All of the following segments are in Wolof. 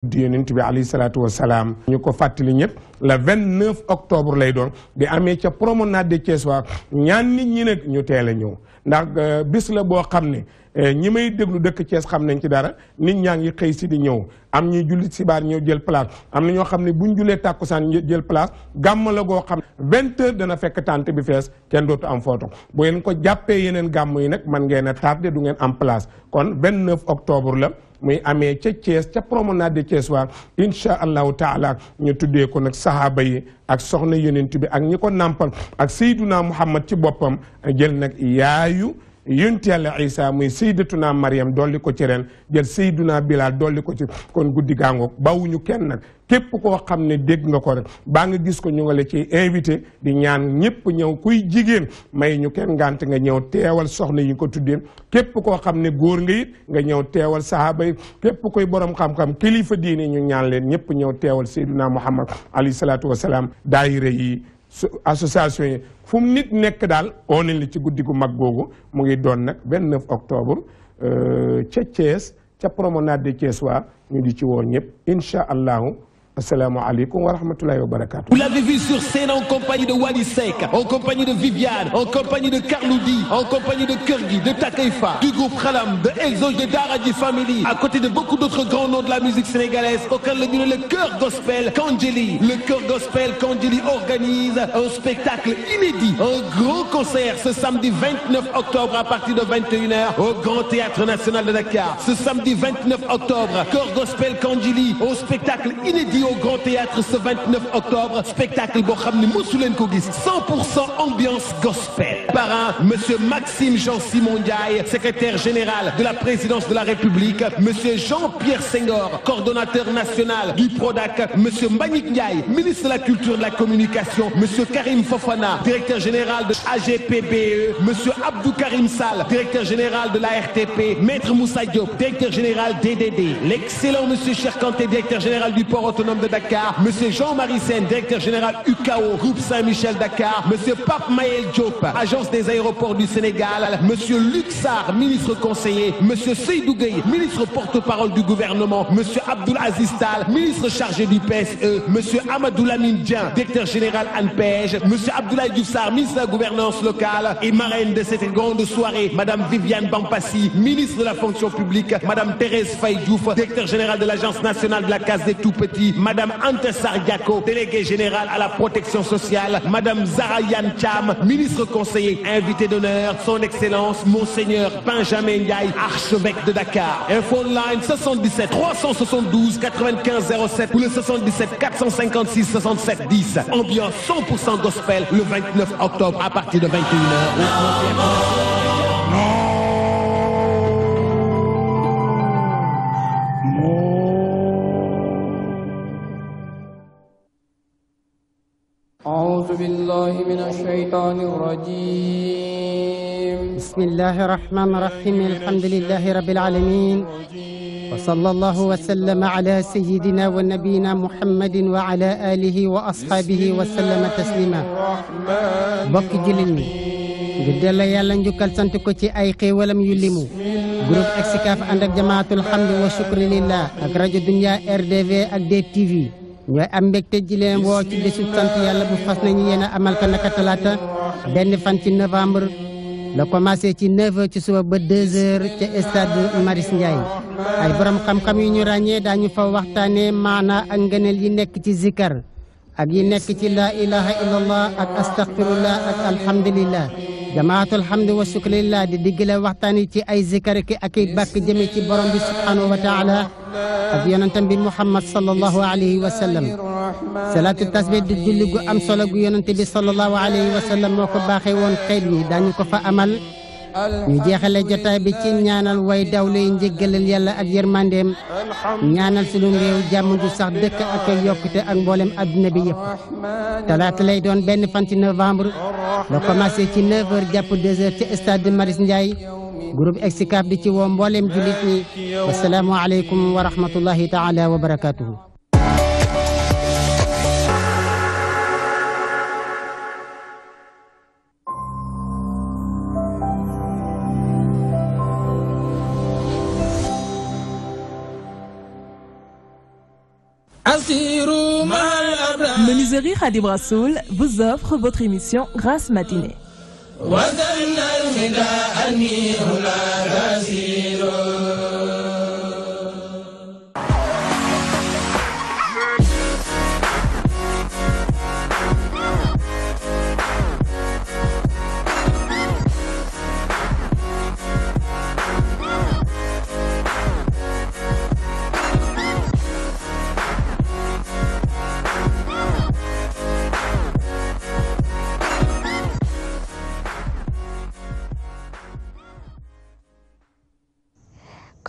di yonent bi alayhi salaatu wasalaam ñu ko fàttali ñëpp le 29 octobre lay doon di amee ca promenade de Thiès waa ñaan nit ñi nag ñu teel a ñëw ndax euh, bis la boo xam ne euh, ñi may déglu dëkk Thiès xam nañ ci dara nit ñaa ngi xëy si di ñëw am ñuy jullit sibaar ñëw jël place am na ñoo xam ne buñ julee tàkkusaan jël place gàmm la goo xam vingt heures dana fekk tante bi fees kenn dootu am photo bu ngeen ko jàppee yeneen gàmm yi nag man ngeen a tardé du ngeen am place kon 29 octobre la muy amé ca Thiès ca promenade de Thiès wa insha allahu taala ñu tuddee ko nag sahaba yi ak soxna yonent bi ak ñi ko ak sayduna muhammad ci boppam jël nag yaayu yonent yàlla isa muy sayyidatuna Maryam doli ko ci ren jël sayyiduna Bilal doli ko ci kon guddi gaangoog bawuñu kenn nag képp koo xam ne dégg nga ko rek baa nga gis ko ñu nga la ci invité di ñaan ñëpp ñëw kuy jigéen may ñu kenn ngant nga ñëw teewal soxna yi ko tuddee képp koo xam ne góor nga yi nga ñëw teewal sahaba yi képp koy borom xam-xam kilifa diine ñu ñaan leen ñëpp ñëw teewal sayyiduna Muhammad ali salaatu wasalaam daayira yi association yi fu nit nekk daal oo nañ ci guddi gu mag googu mu ngi doon nag 29 octobre euh, ca Thiès ca promenade de Thiès waa ñu di ci woo ñëpp incha allahu Vous l'avez vu sur scène en compagnie de Wally en compagnie de Viviane, en compagnie de Karloudi, en compagnie de Kurgi, de Takaifa, du groupe Khalam, de Exoge, de Daradi Family, à côté de beaucoup d'autres grands noms de la musique sénégalaise, auquel le le cœur gospel Kandjili. Le cœur gospel Candili organise un spectacle inédit, un gros concert ce samedi 29 octobre à partir de 21h au Grand Théâtre National de Dakar. Ce samedi 29 octobre, cœur gospel Kandili, au spectacle inédit au Grand Théâtre ce 29 octobre spectacle de Moussoulen ne 100 ambiance gospel parrain monsieur Maxime Jean-Simon Diaye, secrétaire général de la présidence de la République monsieur Jean-Pierre Senghor coordonnateur national du PRODAC monsieur Manik Ndiaye ministre de la culture et de la communication monsieur Karim Fofana directeur général de AGPBE monsieur Abdou Karim Sal, directeur général de la RTP maître Moussa Diop directeur général DDD l'excellent monsieur Cherkanté directeur général du port autonome de Dakar, Monsieur Jean-Marie Sen, directeur général UKO, Groupe Saint-Michel Dakar, Monsieur Pape Maël Diop, Agence des aéroports du Sénégal, Monsieur Luxar, ministre conseiller, Monsieur Seydou ministre porte-parole du gouvernement, Monsieur Abdul Aziz ministre chargé du PSE, Monsieur Amadou Lamine directeur général ANPEJ, Monsieur Abdoulaye Dufsar, ministre de la gouvernance locale et marraine de cette grande soirée, Madame Viviane Bampassi, ministre de la fonction publique, Madame Thérèse Faye directeur général de l'Agence nationale de la case des tout-petits, Madame Ante Sardiako, déléguée générale à la protection sociale, Madame Zara Yann Cham, ministre conseiller, invité d'honneur, Son Excellence, Monseigneur Benjamin Ndiaye, archevêque de Dakar. Info online 77 372 95 07 ou le 77 456 67 10. Ambiance 100% gospel le 29 octobre à partir de 21h. أعوذ بالله من الشيطان الرجيم بسم الله الرحمن الرحيم الحمد لله رب العالمين وصلى الله وسلم على سيدنا ونبينا محمد وعلى آله وأصحابه وسلم تسليما بقي جلن جد الله يالن جوكال سنتكو أيقي ولم يلموا جروب اكسكاف عندك جماعة الحمد والشكر لله أكراج الدنيا RDV أكدي تيفي ñooy am mbégte ji leen woo ci bésu sant yàlla bu fas nañu yéen a amal ko naka talaata benn fan ci novembre la commencé ci 9 ci suba ba 2h ca stade Maris Ndiaye ay borom xam-xam yu ñu ràññee daa ñu fa waxtaanee maanaa a ngeneel yi nekk ci zikar ak yi nekk ci laa ilaha illallah ak astaghfirullah ak alhamdulillah جماعه الحمد والشكر لله دي ديغ لا تي اي ذكرك اكي باك جيمي تي بروم بي سبحانه وتعالى ابينا نتم بي محمد صلى الله عليه وسلم صلاه التسبيح دي جولي ام صلاه يونتي بي صلى الله عليه وسلم مكو باخي وون خيل ني فا عمل ñu jéxalé jotaay bi ci ñaanal way dawlé yi yalla ak yermandem ñaanal suñu rew jamm ju sax dekk ak ay yokkute ak mbolém aduna bi yépp talaata lay doon ben fan ci novembre la commencé ci 9h japp 2h ci stade de Maris Ndiaye groupe Excaf di ci woo mboolem jullit ñi wasalaamu aleykum wa rahmatullahi taala wa barakatuhu Menuiserie Hadi Brassoul vous offre votre émission Grâce Matinée.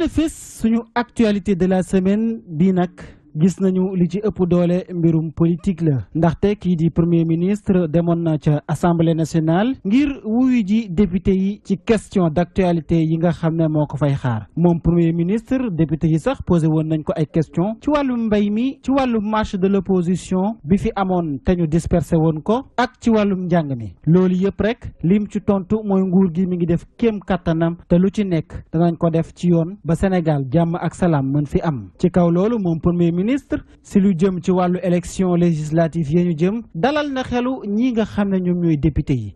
le sur une actualité de la semaine Binak gis nañu li ci ëpp doole mbirum politique la ndaxte kii di premier ministre demoon na ca assemblée nationale ngir wuyu ji député yi ci question d'actualité yi nga xam ne moo ko fay xaar moom premier ministre député yi sax posé woon nañ ko ay question ci wàllum mbay mi ci wàllum marche de l'opposition bi fi amoon te ñu dispersé woon ko ak ci wàllum njàng mi loolu yëpp rek lim ci tontu mooy nguur gi mi ngi def kéem kattanam te lu ci nekk danañ ko def ci yoon ba Sénégal jàmm ak salaam mën fi am ci kaw loolu moom premier ministre si lu jëm ci wàllu élection législative ya jëm dalal na xelu ñi nga xam ne ñoom député yi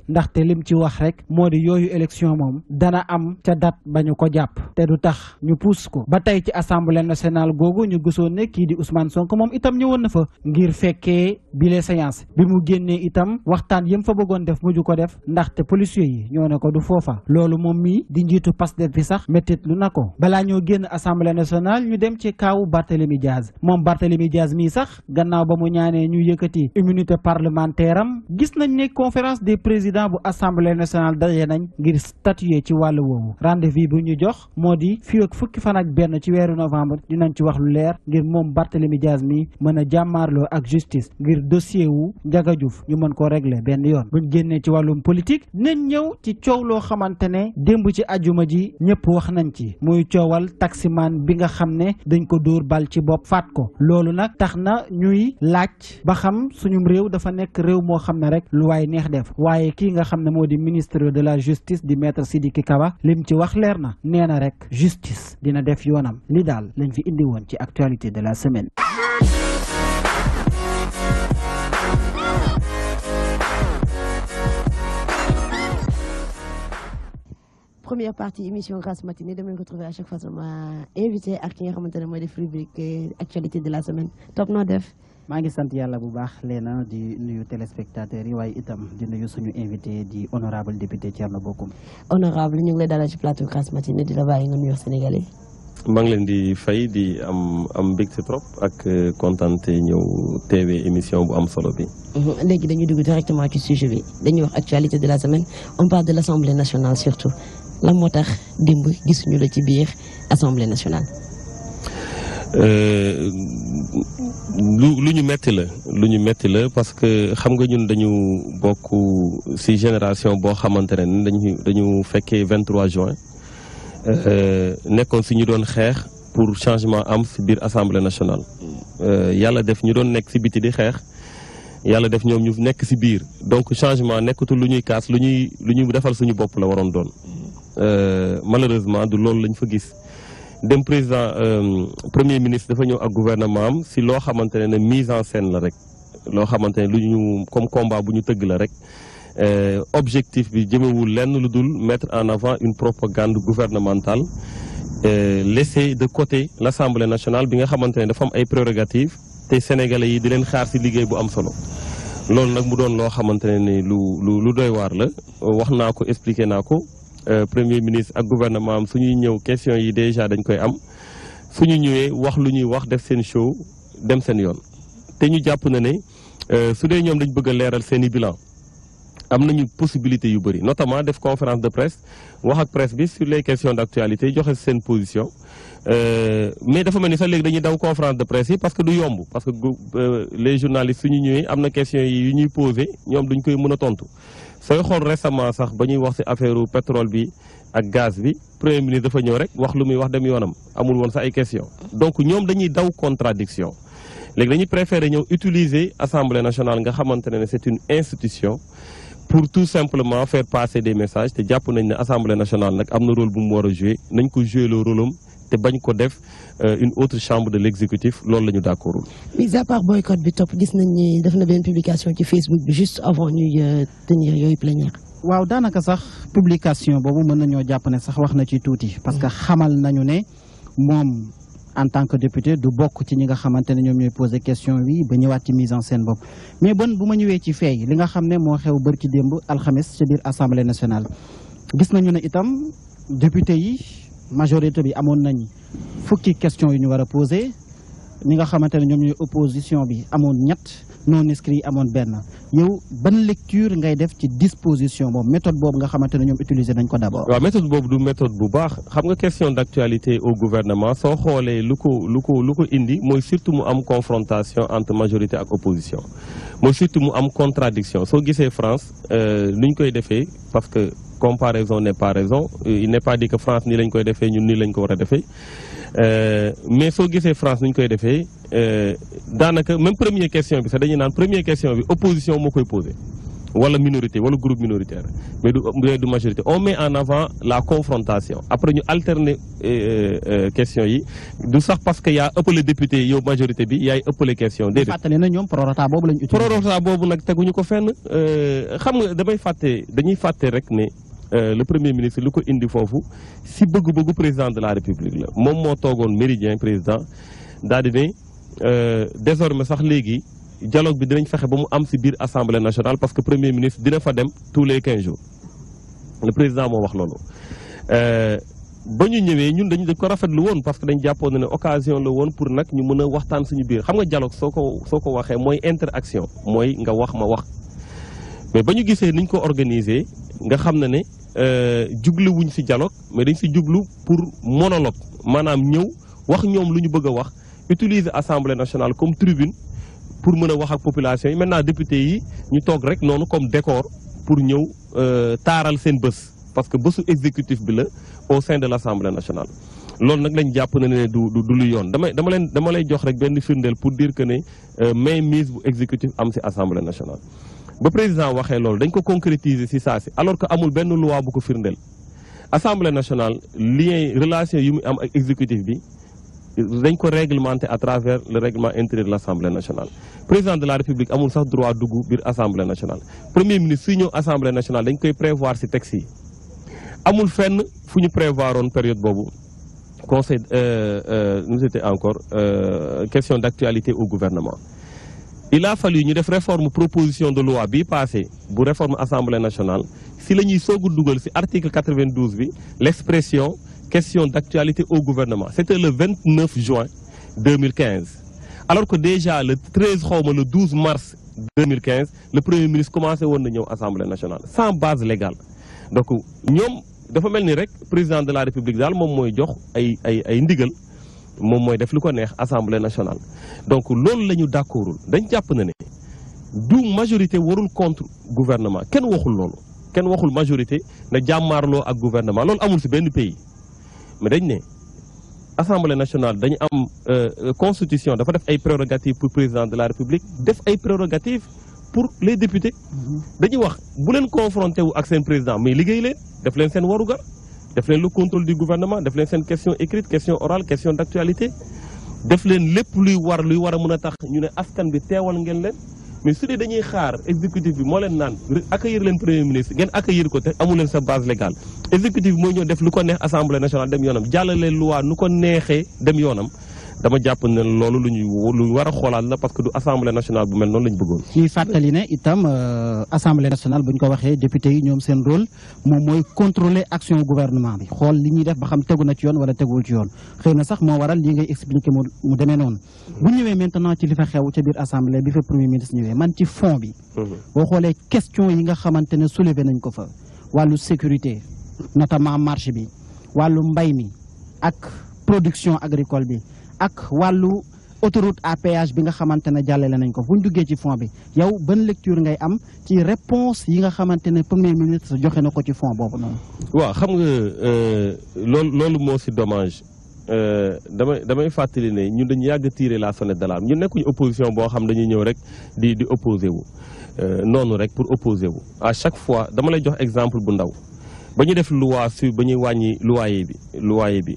lim ci wax rek moo di élection dana am ca date ba ñu ko jàpp te du tax ñu puus ko ba ci assemblée nationale ñu di Ousmane Sonko moom itam ñëwoon na fa ngir fekkee bile séance bi mu itam waxtaan yëm fa def muju ko def ndaxte policiers yi ñoo ne ko du foofa loolu moom mii di njiitu Pastef nasional sax méttit lu na ko ñoo génn assemblée nationale ñu dem ci kaawu Barthélemy Diaz moom Barthélemy Diaz mii sax gannaaw ba mu ñaanee ñu yëkkati immunité parlementaire am gis nañ ne conférence des présidents bu assemblée nationale daje nañ ngir statuer ci wàllu woowu rendez-vous bu ñu jox moo di fii ak fukki fan ak benn ci weeru novembre dinañ ci wax lu leer ngir moom Barthélemy Diaz mi mën a jàmmaarloo ak justice ngir dossier wu Ndiaga Diouf ñu mën koo régler benn yoon buñ génnee ci wàllum politique dinañ ñëw ci coow loo xamante ne démb ci ajuma ji ñëpp wax nañ ci muy coowal taximaan bi nga xam ne dañ ko ko Tahna, Nui, na ñuy lacc ba xam suñum réew dafa nek réew mo ministre de la justice di maître Sidiki Kaba lim ci wax justice dina def Yonam, li dal lañ actualité de la semaine première partie émission grâce Matinée damay retrouver à chaque fois m'a invité à ki nga xamante ne mooy def rubrique euh, actualité de la semaine Top noo def. mangi ngi sant l'un bu baax leena di nuyu téléspectateurs yi waaye itam di nuyu suñu invité di honorable député Thierno Bokoum. honorable nous ngi lay la ci plateau Grasse Matinée de la bàyyi nga nuyu Sénégalais. maa leen di fay di am am mbégte trop ak contenté euh, ñëw TV émission bu am solo bi. Mhm. légui dañuy dugg directement ci sujet bi dañuy wax actualité de la semaine on parle de l'Assemblée nationale surtout la motax tax gisunu la ci biir assemblée nationale. euh luñu metti la luñu metti la parce que xam nga ñun dañu bokku ci génération bo xamantene dañu dañu fekkee 23 juin euh nekkoon ci ñu doon xeex pour changement am ci biir assemblée nationale. euh yalla def ñu doon nek ci biti di xeex yalla def ñom ñu nek ci biir donc changement nekkatul lu ñuy kaas luñuy luñuy lu defal suñu bop la waron doon. Euh, malheureusement du lol lañ fa gis dem président euh, premier ministre dafa ñëw ak gouvernement si lo xamantene ne mise en scène la rek lo xamantene lu ñu comme combat bu ñu tëgg la rek euh, objectif bi jëmewul lenn lu dul mettre en avant une propagande gouvernementale laisser de côté l'Assemblée nationale bi nga xamantene ne dafa am ay prérogatives té sénégalais yi di leen xaar ci liguey bu am solo loolu nak mu doon lo xamantene ne ni lu lu doy war la waxnako expliquer nako euh, premier ministre ak gouvernement am suñuy ñew question yi déjà dañ koy am suñu ñewé wax lu ñuy wax def sen show dem sen yoon té ñu japp na ne euh, su dee ñom dañ bëgg léral leeral bilan am nañu possibilité yu bari notamment def conférence de presse wax ak presse bi sur les questions d'actualité, actualité joxe seen position euh, mais dafa melni ni légui dañuy daw conférence de presse yi parce que du yomb parce que les journalistes suñu ñewé amna question questions yi ñuy poser ñom duñ koy mëna tontu sooy xool récemment sax ba ñuy wax ci affaire pétrole bi ak gaz bi premier ministre dafa ñëw rek wax lu muy wax dem yoonam amul woon sax ay question donc ñoom dañuy daw contradiction léegi dañuy préférer utiliser assemblée nationale nga xamante c'est une institution pour tout simplement faire passer des messages te jàpp nañ ne assemblée nationale nag am rôle bu mu a jouer nañ ko jouer le rôle te bañ ko def euh, une autre chambre de l'exécutif exécutif loolu la ñu mis à part boycott bi top gis nañ ni def na benn publication ci Facebook bi juste avant ñuy euh, tenir yoy plénière. waaw danaka sax publication bobu mën nañu jàpp ne sax wax na ci touti parce que xamal nañu ne mom en tant que député du bokk ci ñi nga xamante ñom ñoy poser question wi ba ñëwaat ci mise en scène boobu. mais bon buma ñëwé ci feey li nga xamné mo xew bër ci al alxames ci bir assemblée nationale gis nañu ne itam député yi majorité bi mon nañ fukki question yu ñu wara poser ni nga opposition bi mon ñet non inscrit ben lecture ngay def ci disposition bob méthode bob, nga de ñom utiliser nañ ko d'abord méthode bob. méthode bu baax xam question d'actualité au gouvernement so xolé indi surtout mu confrontation entre majorité ak opposition moy surtout mu am contradiction so la France euh, nuñ koy fait, parce que comparaison n'est pas raison euh, il n'est pas dit que France ni lañ koy nous ni nii lañ ko war euh, mais si c'est France ni ñu koy euh, dans la même première question bi dire dañuy la première question bi opposition moo ou posé wala minorité wala groupe minoritaire mais du du majorité on met en avant la confrontation après ñu alterner question yi du sax parce que yaa ëppale député yow majorité bi les questions. question déedéet. fàttali na ñoom prorata boobu lañ. prorata boobu nag teguñu ko fenn xam nga damay fàtte dañuy fàtte rek ne. Euh, le premier ministre lu indi Fofu, si beaucoup beaucoup président de la république la moom moo méridien président daal di euh, désormais sax léegi dialogue bi dinañ fexe bamu am ci biir assemblée nationale parce que premier ministre dina fa dem tous les quinze jours le président mo wax loolu. euh bañu ñëwé ñun dañu dañ ko rafetlu won parce que dañ jàppoon né occasion la won pour nak ñu mëna waxtaan suñu biir xam nga dialogue soko soko waxé moy interaction moy nga wax ma wax mais bañu ñu niñ ko organiser nga xam né euh djuglu wuñ ci dialogue mais dañ ci djuglu pour monologue manam ñew wax ñom lu ñu bëgg wax utiliser assemblée nationale comme tribune pour mëna wax ak population maintenant député yi ñu tok rek nonu comme décor pour euh taral seen bëss parce que bëssu exécutif bi la au sein de l'Assemblée nationale. lool nak lañ japp na né du du lu yoon dama dama leen dama lay jox rek benn firndel pour dire que euh, main mise bu exécutif am ci assemblée nationale. Le président waxee il dañ concrétiser ça. alors que amul benn loi bu ko assemblée nationale lien relation avec l'exécutif. am ak à travers le règlement intérieur de l'Assemblée nationale. nationale président de la république a le droit de l'Assemblée assemblée nationale premier ministre l'Assemblée nationale dañ prévoir ce texte yi amul fenn une période de conseil euh, euh, nous étions encore euh, question d'actualité au gouvernement il a fallu une réforme proposition de loi bi passé pour réforme assemblée nationale si l'on article 92 l'expression question d'actualité au gouvernement c'était le 29 juin 2015 alors que déjà le 13 ou le 12 mars 2015 le premier ministre commençait à na assemblée nationale sans base légale donc nous, dafa président de la république dal mom moy jox ay mom moy def lu neex assemblée nationale donc loolu lañu ñu d'accordul dañ japp na ne du majorité warul contre gouvernement kenn waxul loolu que waxul majorité na jamarlo ak gouvernement loolu amul ci benn pays mais dañ né assemblée nationale dañ am euh, constitution dafa def ay prérogatives pour président de la république def ay prérogatives pour les députés si mm-hmm. wax bu leen confronté wu ak sen président mais ligéy leen def leen sen warugar def le contrôle du gouvernement def question écrite question orale question d'actualité. def tax askan bi mais su dañuy xaar exécutif bi accueillir le premier ministre ngeen accueillir sa base légale exécutif def lu assemblée nationale dem yonam jallale loi nu dem dama jàpp ne lolu lu ñuy lu wara xolal la parce que du assemblée nationale bu mel non la bëggoon. ci fàttali ne itam euh, assemblée nationale buñ ko waxé député yi ñom seen rôle moom moy contrôler action gouvernement bi xol li ñuy def ba xam tegu na ci yoon wala teggul ci yoon xeyna sax mo waral lii ngay expliqué mo mu demee noonu. bu ñëwee maintenant ci li fa xew ci biir assemblée bi fa premier ministre ñëwé man ci fond bi. Mhm. boo xolé question yi nga xamante ne soulevé nañ ko fa walu sécurité notamment marché bi walu mbay mi ak production agricole bi ak walu autoroute à péage bi nga xamantene ne nañ ko bu duggé ci fond bi yow ban lecture ngay am ci réponse yi nga xamantene premier ministre joxé na ko ci fond bobu non wa xam nga euh lolu mo si dommage euh, damay damay fàttali ne ñun dañu yag tirer la sonnette d'alarme ñun nekkuñu opposition bo xam dañuy ñëw rek di di opposer wu euh, nonu rek pour opposer wu à chaque fois dama lay jox exemple bu ndaw bañu def loi su ba wañi loi yi bi yi bi.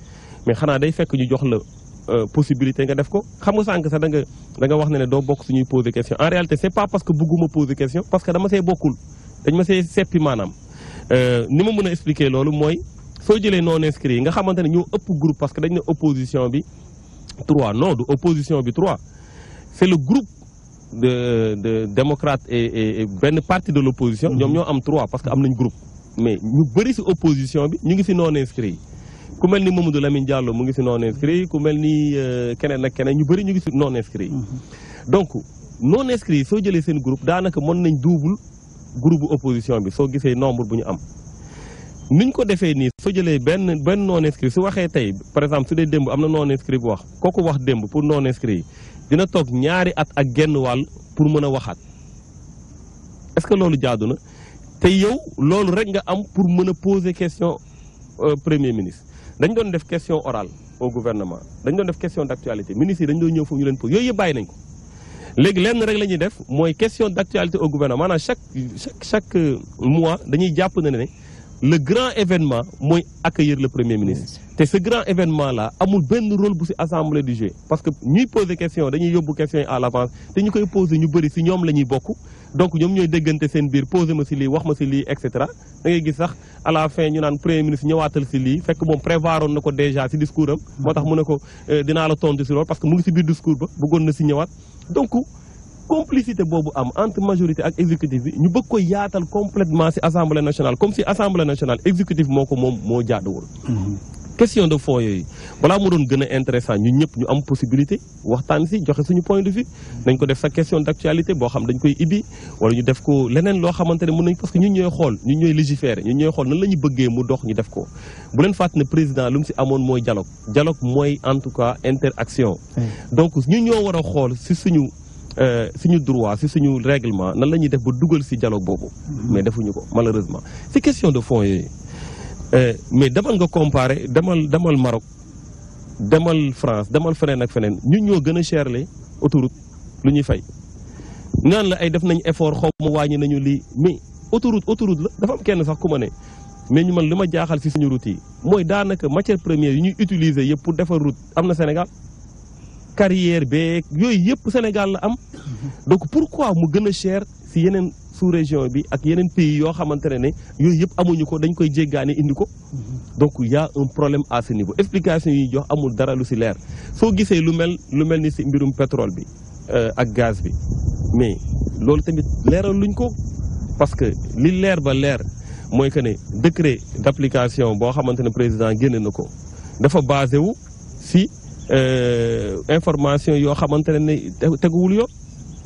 mais xana day fekk ñu jox la euh, possibilité nga def ko xam nga sank sa da nga da nga wax ne do nous suñu poser question en réalité c'est pas parce que bëgguma poser question parce que dama see bokul dañ ma see manam euh ni ma mëna expliquer lolu moy soo jëlee non inscrits nga xamante ñu un ëpp groupe parce que dañ ne opposition bi trois non du opposition bi trois c'est le groupe de de démocrate et et ben parti de l'opposition mmh. ñom ñoo am trois parce que am nañ groupe mais ñu bari ci opposition bi ñu ngi fi non inscrits ku mel ni Mamadou Lamine Diallo mu ngi si non inscrit ku mel ni euh, keneen ak keneen ñu bëri ñu ngi si non inscrit mhm. donc non inscrit yi soo jëlee seen groupe daanaka mën nañ double groupe opposition bi soo gisee nombre bu ñu am. niñ ko defee nii soo jëlee benn benn non inscrit su waxee tey par exemple su dee démb am na non inscrit bu wax kooku wax démb pour non inscrit yi dina toog ñaari at ak genn wàll pour mën a waxaat est que loolu jaadu na te yow loolu rek nga am pour mën a poser question euh, premier ministre. dañ doon def question orale au gouvernement dañ doon def question d'actualité, actualité ministres dañ doon ñëw Nous ñu leen po yooyu yëpp nañ ko question d'actualité au gouvernement chaque chaque euh, mois dañuy japp le grand événement moy accueillir le premier ministre té ce grand événement là amul un rôle bu l'Assemblée assemblée du jeu parce que ñuy poser question dañuy yobbu question questions à l'avance. té ñukoy des questions poser ñu bari ci ñom lañuy bokku donc ñoom ñooy déggante seen biir posé ma si lii wax ma si lii et cetera da ngay gis sax à la fin ñu naan premier ministre ñëwaatal si lii fekk moom prévoiroon na ko déjà ci discours am. Mm-hmm. moo tax mu ne ko euh, dinaa la tontu si loolu parce que mu ngi si biir discours ba bëggoon na si ñëwaat. donc complicité boobu am entre majorité ak exécutif bi ñu bëgg koy yaatal complètement si assemblée nationale comme si assemblée nationale exécutif moo ko moom moo jaaduwul. Mm-hmm. question de fond yooyu wala mo doon gëna intéressant ñun ñëpp ñu am possibilité waxtaan ci joxe suñu point de vue dañ ko def sa question d'actualité bo xam dañ koy ibbi wala ñu def ko leneen lo xamante mënañ parce que ñun ñoy xol ñun ñoy légiférer ñun ñoy xol nan lañu ñu bëggee mu dox ñu def ko bu len fàtte ne président lu ci amone moy dialogue dialogue moy en tout cas interaction donc ñun ñoo xol ci suñu si suñu euh, suñu droit si suñu règlement nan la ñuy def ba dugal si dialogue boobu mm-hmm. mais defuñu ko malheureusement si question de fond. yooyu eh, mais demal nga comparer d'amal d'amal Maroc d'amal France d'amal france ak fenen ñun ñoo gëna cher cherle autoroute lu ñuy fay. nan la ay def nañ effort xaw wañi nañu li mais autoroute autoroute la dafa am kenn sax kuma ne mais ñu man luma ma jaaxal si suñu route yi moy danaka matière première yi ñuy utiliser yépp pour defar route amna na Sénégal. carrière beeg yoy yépp Sénégal la am mhm. donc pourquoi mu gëna cher si yenen sous région bi ak yenen pays yo xamantene ne yoy yep amuñu ko dañ koy jéggaane indi ko donc y a un problème à ce niveau explication yi jox amul dara lu si leer soo gisee lu mel lu mel ni si mbirum pétrole bi euh, ak gaz bi mais lolou tamit leeral luñ ko parce que li lèr ba lèr moy que né décret d'application bo xamantene président génne nako dafa basé wu ci euh information yo xamantene ne teguwul yo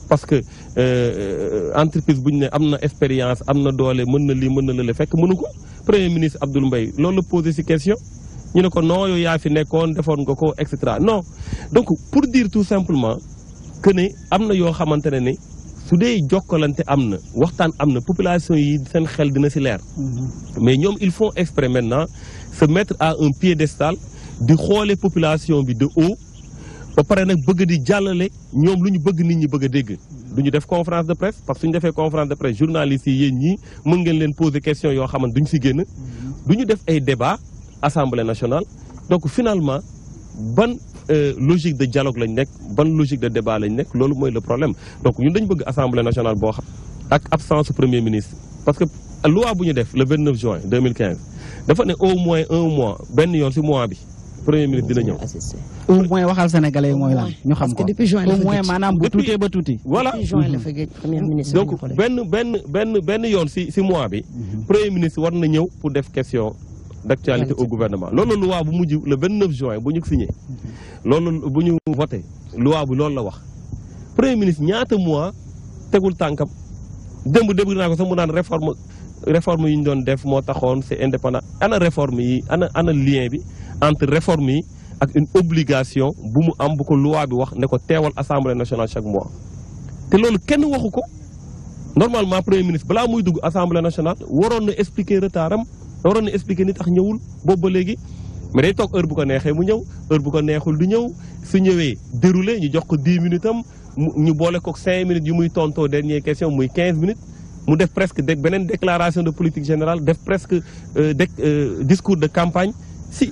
parce que euh, euh, entreprise bu né amna expérience amna na mëna li mëna lii fekk mënu ko premier ministre Abdoul mbay lolu poser ci question ñu né ko non yo ya fi nekkoon defoon nga ko etc. non donc pour dire tout simplement que né amna yo xamantene né su dee jokkalante amna na waxtaan am population yi sen xel dina ci lèr mm-hmm. mais ñom ils font exprès maintenant se mettre à un piédestal di xolé population bi de haut ba paré nak bëgg di jallalé ñom luñu bëgg nit ñi bëgg dégg duñu def conférence de presse parce que suñu une conférence de presse les journalistes yi ñi des mën ngeen leen poser question yo xamante duñ si génn mhm. def ay débat assemblée nationale donc finalement bonne euh, logique de dialogue lañ bonne logique de débat C'est nek lolu le problème donc ñun dañ bëgg assemblée nationale avec l'absence du premier ministre parce que la loi le 29 juin 2015 dafa né au moins un mois ben yoon un mois premier ministre dina ñëw. au moins waxal sénégalais yi mooy lan ñu xam ko au moins maanaam bu tuutee ba tuuti. voilà mhm. donc benn benn benn benn yoon si si mois bi. Mhm. premier ministre war na ñëw pour def question. d' actualité au gouvernement loolu waa bu mujj le 29 juin bu ñu signé. Mhm. loolu bu ñu voté loi bu loolu la wax. premier ministre ñaata mois tegul tànkam démb dégg naa ko sax mu naan réforme réforme yi ñu doon def moo taxoon c' est indépendant ana réforme yi ana ana lien bi. entre réforme une obligation bu mu am ko loi bi wax ne ko assemblée nationale chaque mois te loolu kenn waxu ko normalement premier ministre balaa muy dugg assemblée nationale il na expliquer retard am expliquer ni tax ñëwul boobu ba léegi mais day toog heure bu ko neexee mu ñëw heure bu ko neexul du ñëw su déroulé ñu jox 10 minutes Nous ñu 5 minutes yu muy tontoo dernière question muy 15 minutes mu def presque une déclaration de politique générale def presque euh, euh, discours de campagne si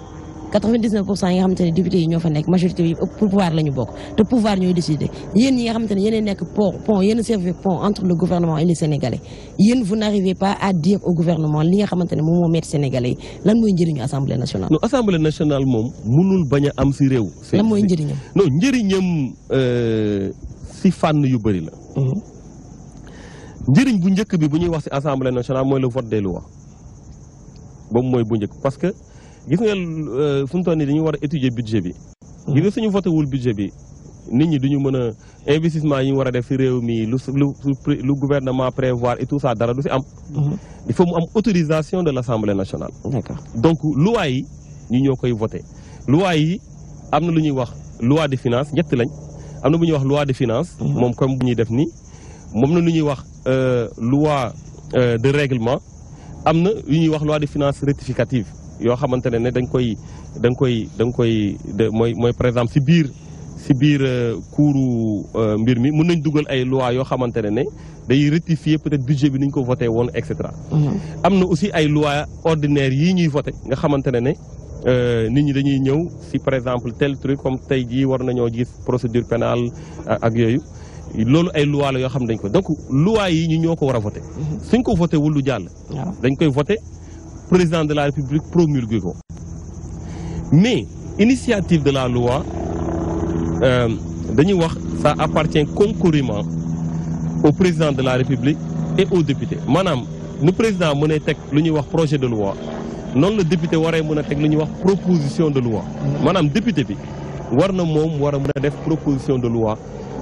99 yi nga xamante ne député yi ñoo fa nekk majorité bi pouvoir lañu bok bokk te pouvoir ñoy décider yeen yi nga xamante ne yéen nekk pont pont yéen de pont entre le gouvernement et les sénégalais yeen vous n'arrivez pas à dire au gouvernement li nga xamanteni ne mo met sénégalais lan moy njëriñu assemblée nationale. non assemblée nationale mom mënul baña am ci réew. lan moy njëriñam non euh ci fànn yu bari la. Mhm. njëriñ bu njëkk bi bu ñuy wax ci assemblée nationale moy le vote des lois boobu moy bu njëkk parce que gis nga euh, fu mu toll nii dañu war étudier budget bi. Hmm. gis nga suñu voté wul budget bi nit ñi duñu mën a investissement yi ñu war a def si réew mi lu lu lu gouvernement prévoir et tout ça dara du si am. Hmm. il faut mu am autorisation de l' assemblée nationale. donc loi yi ñu ñoo koy voté. loi yi am na lu ñuy wax loi de finance ñett lañ am na bu ñuy wax loi de finance. Hmm. moom comme bu ñuy def ni moom na lu ñuy wax euh, loi euh, de règlement am na lu ñuy wax loi de finance rectificative yo xamante ne dañ koy dañ koy dañ koy moy moy par exemple ci bir ci bir couru euh, euh, mbir mi mën nañ dugal ay loi yo xamante ne day rectifier peut-être budget bi niñ ko voté won et cetera. Mhm. am aussi ay loi ordinaire yi ñuy voté nga xamante ne euh nit ñi dañuy ñëw si par exemple tel truc comme tay ji war nañoo gis procédure pénale ak yoyu lolu ay loi la yo xam dañ ko donc loi yi ñu ñoko wara voter mhm. suñ ko voter wul du jall dañ koy voter président de la République promulgué mais l'initiative de la loi euh, ça appartient concurremment au président de la République et aux députés Madame, nous président nous le le projet de loi non le député nous a proposition de loi Madame, député bi proposition de loi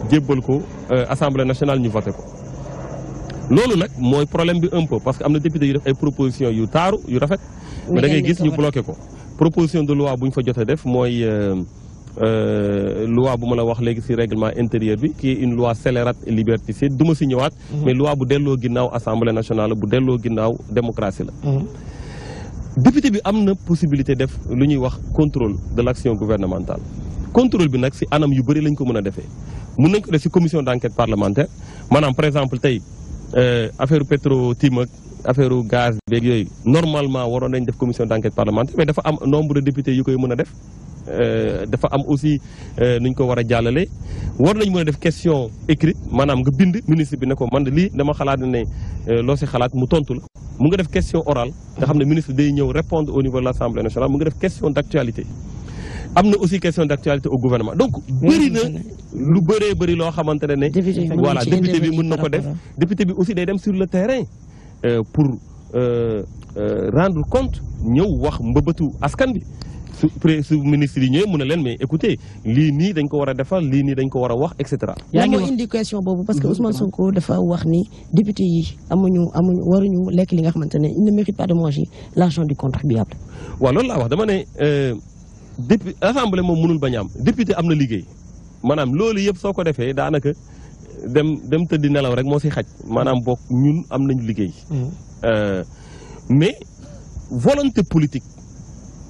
de ko euh, assemblée nationale de loolu nak moy problème bi un peu parce que amna député yu def ay proposition yu taru yu rafet mais da ngay gis ñu bloqué ko proposition de loi buñ fa jotté def mooy euh, euh, loi bu mala la wax légui ci règlement intérieur bi qui est une loi scélérate et liberticide du ma ci ñëwaat mhm. mais loi bu delloo ginnaw assemblée nationale bu delloo ginnaw démocratie la mhm. député bi amna possibilité def luñuy wax contrôle de l'action gouvernementale contrôle bi nak ci anam yu bari lañ ko mëna défé mën nañ ko def ci commission d'enquête parlementaire manam par exemple tay Euh, affaire pétro tim ak affaire gaz beeg yooyu normalement waroon nañ def commission d' enquête parlementaire mais dafa am nombre de députés yu koy mën a def euh, dafa am aussi euh, nuñ ko war a jàllale war nañ mën a def question écrite maanaam nga bind ministre bi ne ko man lii dama xalaat ne loo si xalaat mu tontu la mu nga def question orale nga xam ne ministre day ñëw répondre au niveau de l' assemblée nationale mu nga def question d' actualité amna aussi question d'actualité au gouvernement donc bëri na lu beure beuri lo xamantene voilà député bi mën nako def député bi aussi day dem sur le terrain euh, pour euh, euh, rendre compte ñëw wax mbëbëtu askan bi su pré ministre yi ñëwee mun mais écoutez li ni dañ ko wara defal li ni dañ ko wara a wax etc ya ngi indi question bobu parce que mhm. Ousmane Sonko dafa wax ni député yi amuñu amuñu waruñu lekk li nga xamantene ne il mérite pas de manger l'argent du contribuable. wa loolu la wax dama euh député assemblée moom mënul bañ am député am na liggéey maanaam loolu yëpp soo ko defee daanaka dem dem tëddi nelaw rek moo si xaj maanaam bokk ñun am nañu liggéey. Hmm. Euh, mais volonté politique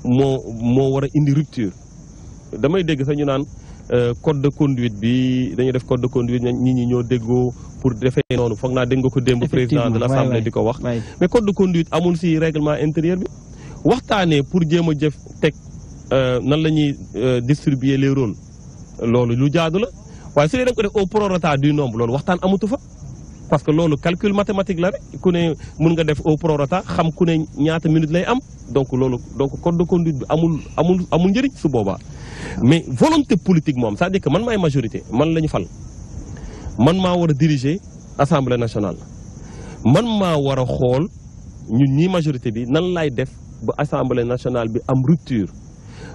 moo moo war a indi rupture damay dégg sax ñu naan euh, code de conduite bi dañu def code de conduite nit ñi ñoo déggo pour défé nonu foog na dégg ko démb président de l'assemblée diko wax mais code de conduite amul si règlement intérieur bi waxtané pour jéem a jëf teg Euh, nan la ñuy euh, distribuer les rôles loolu lu jaadu la waaye su dee da nga ko def au prorata du nombre loolu waxtaan amatu fa parce que loolu calcul mathématique la rek ku ne mun nga def au prorata xam ku ne ñaata minute lay am donc loolu donc code de conduite bi amul amul amul njëriñ su boobaa. mais volonté politique moom sa à dire que man maay majorité man la ñu fal man maa war a diriger assemblée nationale man maa war a xool ñun ñii majorité bi nan laay def ba assemblée nationale bi am rupture.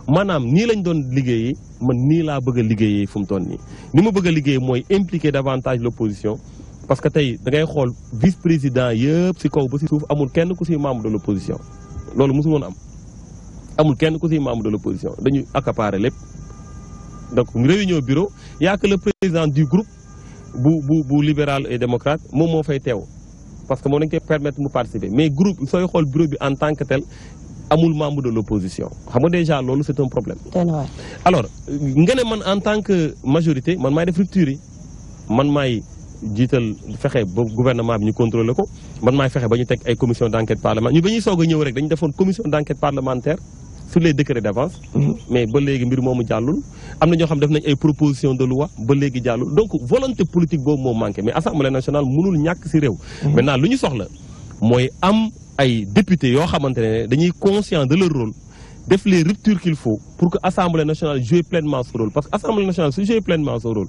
manam ni lañ doon liggéeyee man ni la bëgg a fu mu ni ni ma bëgg a liggéey mooy impliquer davantage l'opposition, parce que tay da ngay xool vice président yépp si kaw ba si suuf amul kenn ku si membre de l'opposition. opposition loolu mosu woon am amul kenn ku si membre de l'opposition. dañu accaparer lépp donc réunion bureau yaa que le président du groupe bu bu bu libéral et démocrate moom moo fay teew parce que moom dañ koy permettre mu participer mais groupe sooy xool bureau bi en tant que tel amul membre de l'opposition xam déjà loolu c'est un problème. alors nga man en tant que majorité man may def rupture yi man may jiital fexé gouvernement bi ñu contrôler ko man may fexé bañu tek ay commission d'enquête parlementaire ñu bañuy ñuy rek dañu commission d'enquête parlementaire sur les décrets d'avance. Mm-hmm. mais ba légui mbir momu jallul amna ño xam def nañ ay proposition de loi ba légui jallul donc volonté politique boobu mo manqué mais assemblée nationale mënul ñak ci rew mm-hmm. maintenant luñu soxla moy am. Les députés yo conscients dañuy conscient de leur rôle def les ruptures qu'il faut pour que l'Assemblée nationale joue pleinement son rôle parce que l'Assemblée nationale joue pleinement son rôle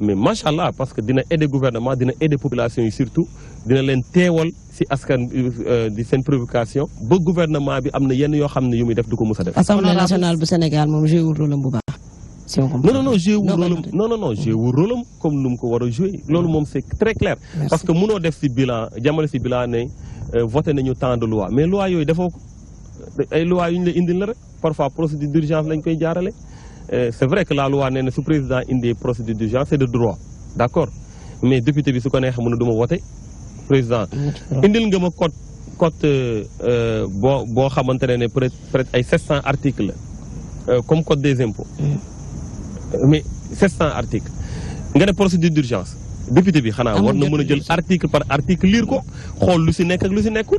mais machallah parce que dina aider gouvernement dina aider population surtout dina len téwol si askan euh, di sen prévocation ba gouvernement bi amna yenn yo ne def du nationale du Sénégal mom joue un rôle am bu baax. non non non j'ai un rôle non non rôle comme nous ko joué c'est très clair. parce que nous, def ci bilan jàmmale ci bilan euh, voté nañu tant de loi mais loi yoy defoo ay loi yu ñu une la parfois procédure d'urgence lañ koy euh, c'est vrai que la loi n'est sous président indé procédure d'urgence c'est de droit d'accord mais député bi su ko neexee mënu duma président indil nga ma code code euh, bo boo xamante ne 700 articles comme code des impôts mm. mais 600 articles nga des procédure d'urgence député bi xana war na mëna jël article par article lire ko xol lu ci nek ak lu ci nekkul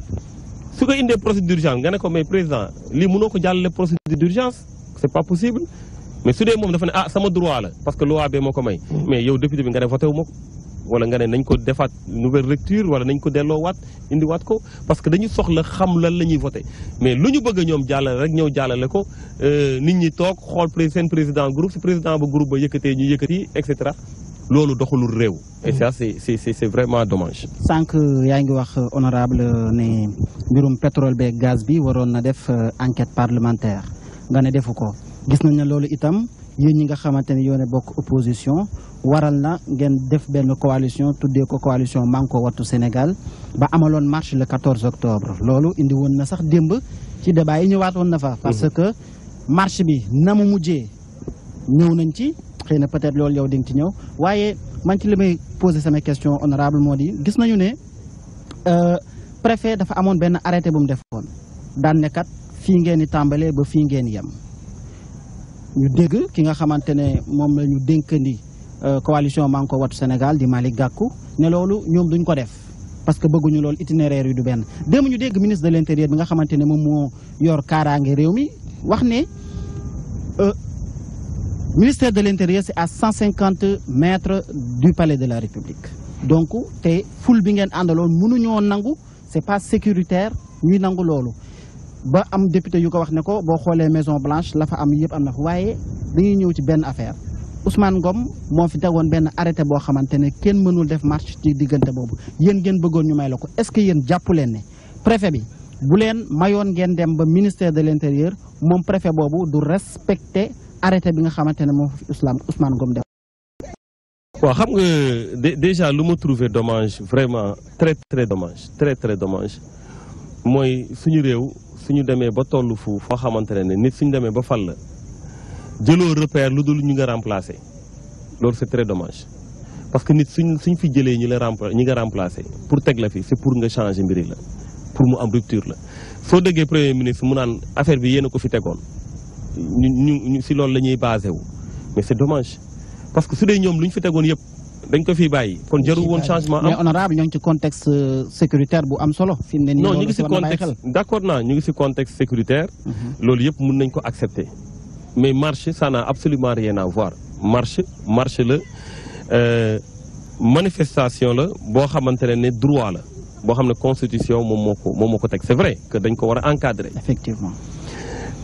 su ko indé procédure d'urgence nga ko mais président li mëno ko jàllale procédure d'urgence c'est pas possible mais su dee moom dafa né ah sama droit la parce que loi bee moko may mais yow député bi nga ne voté wu wala nga né nañ ko défat nouvelle lecture wala nañ ko wat indi wat ko parce que dañu soxla xam lan la ñuy voté mais luñu bëgg ñom jàllale rek ñew jallalé ko euh nit ñi tok xol président groupe si président ba groupe ba yëkëté ñu yëkëti et cetera lolu doxulul rew et ça c'est c'est c'est vraiment dommage. sank yaa ngi wax euh, honorable né mbirum pétrole beeg gaz bi waron na def euh, enquête parlementaire nga ne defu gis nañ ne loolu itam yéen ñi nga xamanteni yone bok opposition waral na ngeen def ben coalition tuddé ko coalition Manko Wattu Sénégal ba amalon marche le 14 octobre lolu indi won na sax demb ci débat yi wat won na fa. parce mhm. que marche bi namu mujjé ñew nañ ci xëy na peut-être lool yow di ci ñew waaye man ci li poser sama question honorable modi gis nañu ne euh, préfet dafa amone ben arrêté bu mu defoon daan ne kat fi ngeen di tàmbalee ba fi ngeen yam ñu dégg ki nga xamantene mom lañu la ñu dénkandi euh, coalition Manko wat Sénégal di malik Gakou né loolu ñoom duñ ko def parce que ñu lool itinéraire yu du ben démb ñu dégg ministre de l'intérieur bi nga xamantene mom mo yor karangé réew mi wax euh ministère de l'intérieur c'est à 150 mètres du palais de la république donc te foule bi ngeen àndaloon mënuñoo nangu c'est pas sécuritaire ñuy nangu loolu ba am député yu ko wax ne ko boo xoolee Maison Blanche la fa am yëpp am na fa waaye dañuy ñëw ci affaire Ousmane Ngom mon fi tegoon ben arrêté bo xamante ne kenn mënul def marche ci digënté bobu yeen gën bëggoon ñu maylako est-ce que yeen jappu leen ne préfet bi bu leen mayon gën dem ba ministère de l'intérieur mon préfet bobu du respecter arrêté bi nga xamante ne moom fi Ousmane Ousmane Ngom def. waaw xam nga déjà lu ma trouver domage vraiment très très dommage très très dommage mooy suñu réew suñu demee ba toll fu foo xamante ne nit ñu demee ba fal la jëloo repère lu dul ñu nga remplacé loolu c'est très dommage parce que nit su ñu fi jëlee ñu la rempla ñi nga remplacé pour teg la fi c'est pour nga changer mbiri la pour mu am rupture la foo déggee premier ministre mu naan affaire bi yéen a ko fi tegoon. si l'on basé mais c'est dommage parce que si nous ñoom lu ñu fi tegoon yëpp dañ ko fi changement am mais honorable nous un contexte euh, sécuritaire bu am solo. non contexte d'accord nous avons un contexte sécuritaire. nous mhm. yëpp accepter. mais marcher ça n'a absolument rien à voir marcher, marche euh, manifestation le boo le droit la constitution c'est vrai que nous devons encadrer. effectivement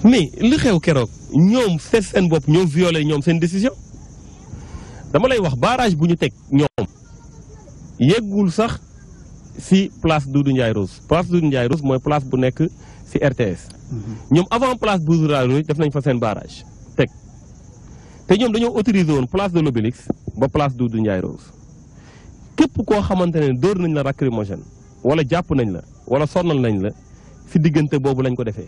mais li xew keroog ñom fees seen bopp ñoom violé ñoom seen décision dama lay wax barrage buñu tek ñom yegul sax si place Doudou ndjay Rose place Doudou ndjay Rose moy place bu nek si RTS. Mhm. ñom avant place Doudou Ndiaye def nañ fa seen barrage tek té ñom dañoo autoriser woon place de l'Obélisque ba place Doudou ndjay Rose képp ko xamantene ne nañ la lacrymogène wala japp nañ la wala sonnal nañ la si digënté bobu lañ ko défé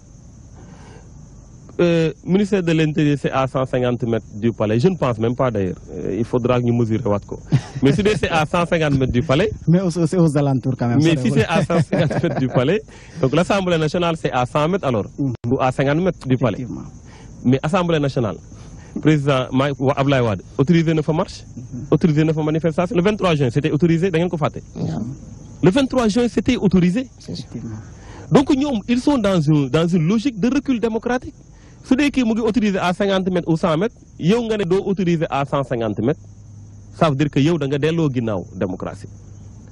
le euh, ministère de l'Intérieur, c'est à 150 mètres du palais. Je ne pense même pas d'ailleurs. Euh, il faudra que nous mesurions Mais si c'est à 150 mètres du palais. Mais c'est aux alentours quand même. Mais si c'est à 150 mètres du palais. Donc l'Assemblée nationale, c'est à 100 mètres alors. Mm. Ou à 50 mètres du palais. Mais Assemblée nationale, président Ablaï Wad, autorisé fois marche, mm-hmm. autorisé -hmm. autorisé manifestation. Le 23 juin, c'était autorisé. Le 23 juin, c'était autorisé. Donc, ils sont dans une, dans une logique de recul démocratique. su dee kii mu ngi autorisé à cinquante mètres ou cent mètres yow nga ne doo autorisé à cent cinquante mètres ça dire que yow da nga delloo ginnaaw démocratie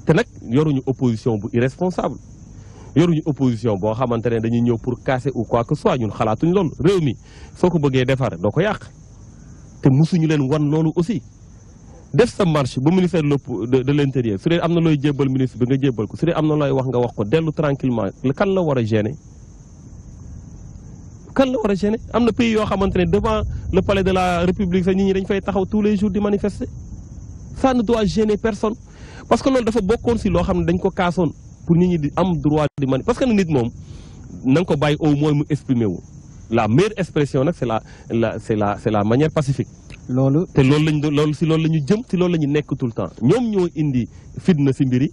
te nag yoruñu opposition bu irresponsable yoruñu opposition boo xamante ne dañuy ñëw pour casser ou quoi que soit ñun xalaatuñu loolu réew mi soo ko bëggee defar doo ko yàq te musuñu leen wan loolu aussi def sa marche ba ministère de de l' intérieur su dee am na looy jébbal ministre bi nga jébbal ko su dee am na looy wax nga wax ko dellu tranquillement kan la war a gêner kan la war gêné am pays yo xamantene devant le palais de la république sax nit ñi dañ fay taxaw tous les jours di manifester ça ne doit gêner personne parce que loolu dafa bokkon si lo xamne dañ ko kasson pour nit ñi di am droit di mani parce que nit mom nang ko baye au moins mu exprimer wu la meilleure expression nak c'est la c'est la c'est la manière pacifique lolu té lolu lañ loolu si lolu lañu jëm si lolu lañu nek tout le temps ñom ñoo indi fitna ci mbiri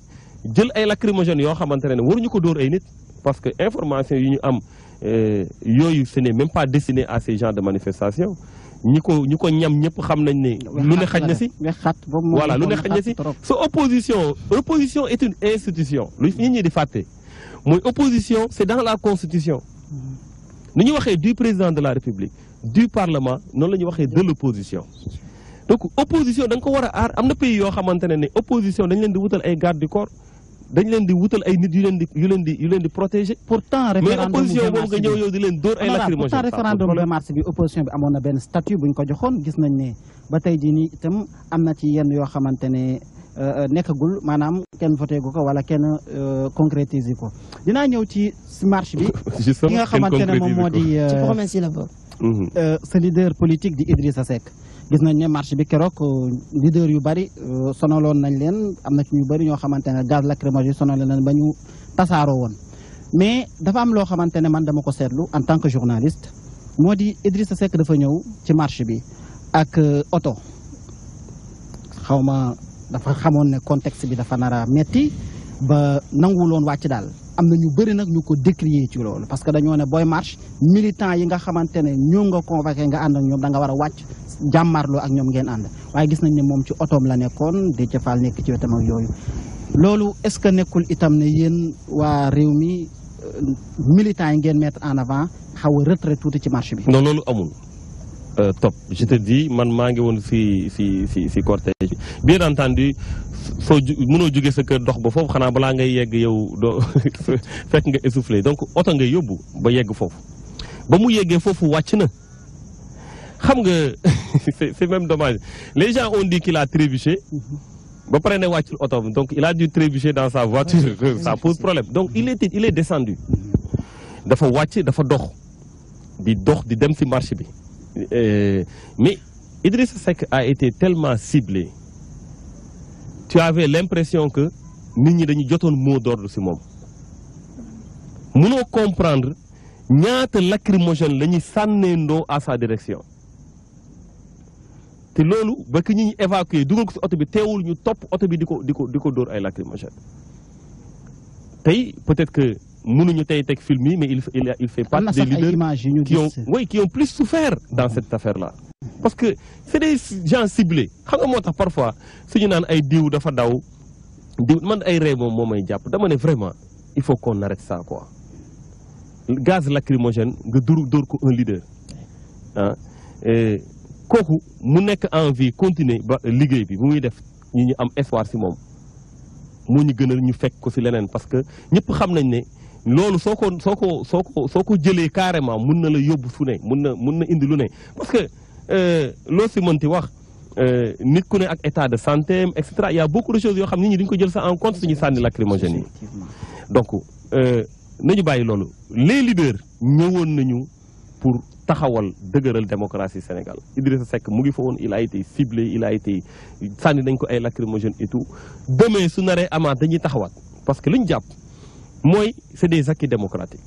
jël ay lacrymogènes yo xamantene ne waruñu ko door ay nit parce que information yi ñu am euh, Yo, ce n'est même pas destiné à ces genres de manifestations nous ne voilà nous opposition opposition est une institution l'opposition opposition c'est dans la constitution mm-hmm. nous ñu du président de la république du parlement nous de l'opposition donc opposition da nga un opposition garde du corps dañ leen di wutal ay nit yu leen di yu leen di yu leen di protéger. pourtant référendum mais opposition boobu nga ñëw yow di leen door ay lacrymogène. pourtant référendum de mars bi opposition bi amoon na benn statut buñ ko joxoon gis nañ ne ba tey jii nii itam am na ci yenn yoo xamante ne euh, euh, nekkagul maanaam kenn voté gu ko wala kenn euh, concrétiser ko. dinaa ñëw ci marche bi. ki nga xamante ne moom moo di. ci promesse yi la bokk. sa leader politique di Idrissa Seck. gis nañ ne marche bi keroog euh, leader yu bëri euh, sonaloon nañ leen am na ci ñu bëri ñoo xamante ne gaz lacrymogène sonaloon nañ ba ñu tasaaroo woon mais dafa am loo xamante ne man dama ko seetlu en tant que journaliste moo di Idrissa Seck dafa ñëw ci marché bi ak euh, oto xawma dafa xamoon ne contexte bi dafa nara a metti ba loon wàcc daal am na ñu bëri nag ñu ko décrier ci loolu parce que dañoo ne booy marche militant yi nga xamante ne ñoom nga convoqué nga ànd ak ñoom da nga war a wàcc jàmmarloo ak ñoom ngeen ànd waaye gis nañ ne moom ci otoom la nekkoon di jëfaal nekk ci wetam ak yooyu loolu est-ce que nekkul itam ne yéen waa réew mi euh, militants yi ngeen mettre en avant xaw a retrait tuuti ci marche bi. non loolu amul. Euh, top je te dis man maa ngi woon si si si si cortège bi bien entendu soo mënoo jóge sa kër dox ba foofu xanaa balaa ngay yegg yow do fekk nga essoufflé donc oto ngay yóbbu ba yegg foofu ba mu yeggee foofu wàcc na xam nga c'est même dommage les gens ont dit qu'il a trébuché mm-hmm. ba pare ne wàccul oto bi donc il a dû trébucher dans sa voiture ça pose problème donc il est il est descendu mm-hmm. dafa wàcc dafa dox di dox di dem ci marché bi mais Idrissa Seck a été tellement ciblé tu avais l'impression que nous avons dañu un mot d'ordre ci moom Nous comprendre ñaata lacrymogène la ñuy à sa direction Et nous ba évacué peut-être que nous avons été filmés, mais il il fait pas des leaders oui qui ont plus souffert dans cette affaire là parce que c'est des gens ciblés xam nga moo tax parfois suñu naan ay diw dafa daw man ay rey moom moo jàpp dama ne vraiment il faut qu'on arrête ça quoi gaz lacrymogène nga dóor dóor ko un leader ah. mu nekk en vie continuer liggéey bi bu muy def ñi ñu am espoir si moom ñu gënal ñu fekk ko si leneen parce que ñëpp xam nañ ne loolu soo ko soo ko soo ko soo ko jëlee carrément mun na la yóbbu fu ne na mun na indi lu ne parce que Euh, lo si mënti wax euh, nit ku ne ak état de santé etc. il y' a beaucoup de choses yo xam nit ñi dañu ko jël ça en compte suñu sànni lacrymogène donc donc euh, nañu bayyi lolu les leaders ñëwoon nañu pour taxawal dëgëral démocratie Sénégal Idrissa Seck mu ngi fawone il a été ciblé il a été sànni nañ ko ay lacrymogène et tout demain su naree amant dañuy taxawat parce que luñu japp moy c'est des acquis démocratiques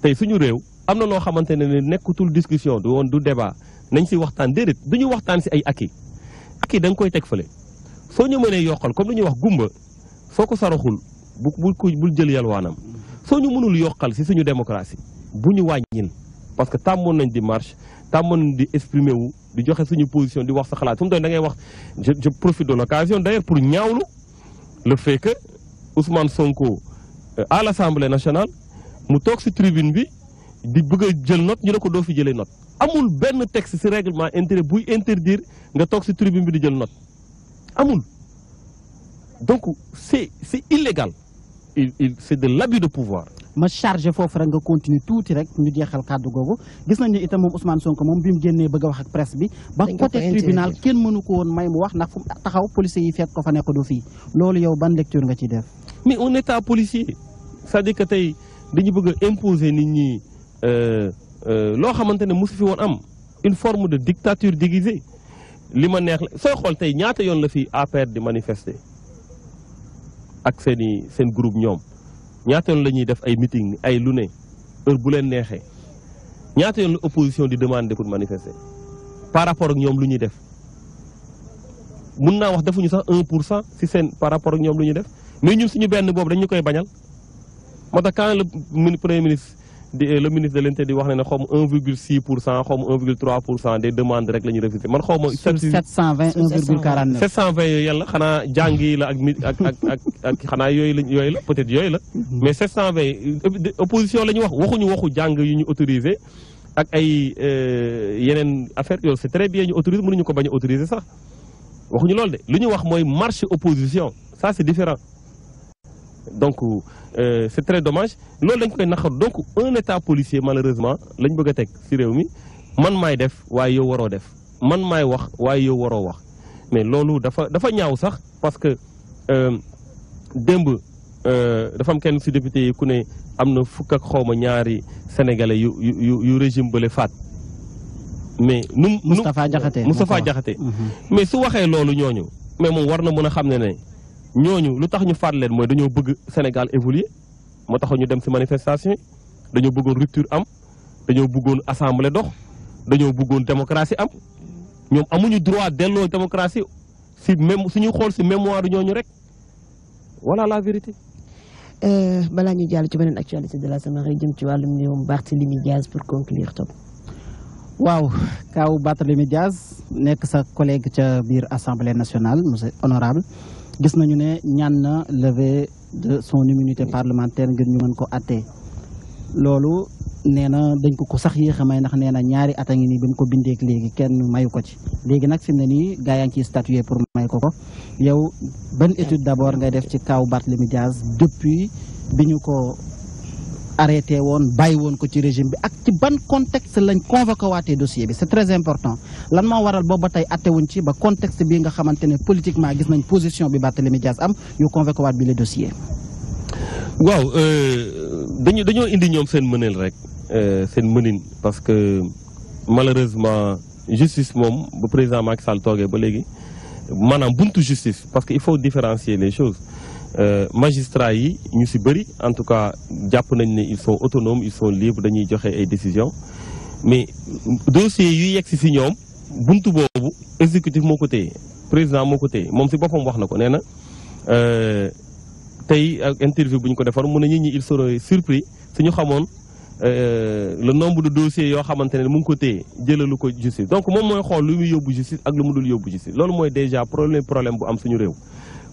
tay suñu rew amna lo xamantene xamante ne nekkutul discussion du woon du débat nañ fi waxtaan déedéet duñu waxtaan si ay aki aki da koy teg fële soo ñu mënee yokkal comme lu wax gumba soo ko saraxul bu bu bul jël yalwaanam soo ñu mënul yokkal si suñu démocratie bu ñu wàññil parce que tàmmoon nañ di marche tàmmoon di exprimer wu di joxe suñu position di wax sa xalaat fu mu doon da ngay wax je profite de l'occasion d'ailleurs pour ñaawlu le fait que Ousmane Sonko euh, à l'Assemblée nationale mu si tribune bi di bëgg a jël note ñu fi note amul ben texte ci règlement intérêt buy interdire nga tok ci tribune bi di jël note amul donc c'est c'est illégal il il c'est de l'abus de pouvoir. ma charge fofu rek nga continuer touti rek ñu jeexal cadre gogo gis nañu itam mom Ousmane Sonko mom bimu génné bëgg wax ak presse bi. ba côté tribunal kenn mënu ko won may mu wax nak fu taxaw policier yi fekk ko fa nekk do fi lolu yow ban lecture nga ci def. mais on est policier ça dit que tay diñu bëgg imposer nit ñi. Euh, euh, lo xamantene ne fi won am une forme de dictature déguisée li ma neex la xol tay ñaata yoon la fi APR di manifester ak seni sen groupe ñom ñaata yoon lañuy def ay meeting ay lune heure bu len neexee ñaata yoon opposition di demander pour manifester par rapport ak ñom lu def mën na wax defuñu sax 1% pour cent si seen par rapport ak ñom lu def mais ñun suñu benn bobu dañu koy bañal motax tax quand le premier ministre eh, le ministre de l'intérieur wax 1,6 1,3 des demandes rek man 720 1,49 720 720 opposition waxu euh, c'est très bien de wax marche opposition ça c'est différent donc. Euh, c'est très dommage loolu dañ koy naxar donc un état policier malheureusement lañ bëgg a teg ci réew mi man maay def waaye yow waroo def man maay wax waaye yow waroo wax mais loolu dafa dafa ñaaw sax parce que euh, démb euh, dafa kenn ci député yi ku ne am na fukk ak xawma ñaari sénégalais yu yu yu régime bële faat mais nu Moustapha Diakhaté Moustapha Diakhaté mhm. mais su waxee loolu ñooñu mais moom war na mën a xam ne ne ñooñu lu tax ñu faat leen mooy dañoo bëgg Sénégal évoluer moo tax ñu dem si manifestation yi dañoo bëggoon rupture am dañoo bëggoon assemblée dox dañoo bëggoon démocratie am ñoom amuñu droit delloo démocratie si même suñu xool si mémoire ñooñu rek voilà la vérité. Euh, balaa ñu jàll ci beneen actualité de la semaine jëm ci wàllum ñoom Barthélémy Diaz pour conclure top waaw kaaw Barthélémy Diaz nekk sa collègue ca biir assemblée nationale monsieur honorable gis nañu ñaan de son immunité parlementaire ngir ñu mën ko nous lolu néna dañ ko ko sax yi xamay nak néna ñaari kenn mayu ko ci pour may ko ko yow ban étude d'abord nga def ci Barthélémy Diaz depuis arrêté un bàyyi woon ko ci régime bi ak ci ban contexte lañ convoqué dossier c'est très important lan moo waral booba tey attewuñ ci ba contexte bien nga xamantene politiquement gis nañ position bi les médias. am ñu convoqué waat bi le dossier. waaw euh, dañu dañoo indi ñom seen menel rek euh, seen menine parce que malheureusement justice mom ba président Macky Sall togué ba légui manam buntu justice parce qu'il faut différencier les choses. Euh, magistrats yi ñu en tout cas jàpp ne ils sont autonomes ils sont libres dañuy prendre ay décisions mais dossiers yu yegg si si buntu boobu exécutif moo ko président moo ko téye je ne boppam wax na ko nee na euh, tey ak interview buñ ko defar mu ñi ils seront surpris suñu xamone euh le nombre de dossiers yo xamantene ne mu ko téye jëlalu ko justice donc mom moy xol lu muy yóbbu justice ak lu mu dul justice loolu moy déjà problème problème bu am suñu rew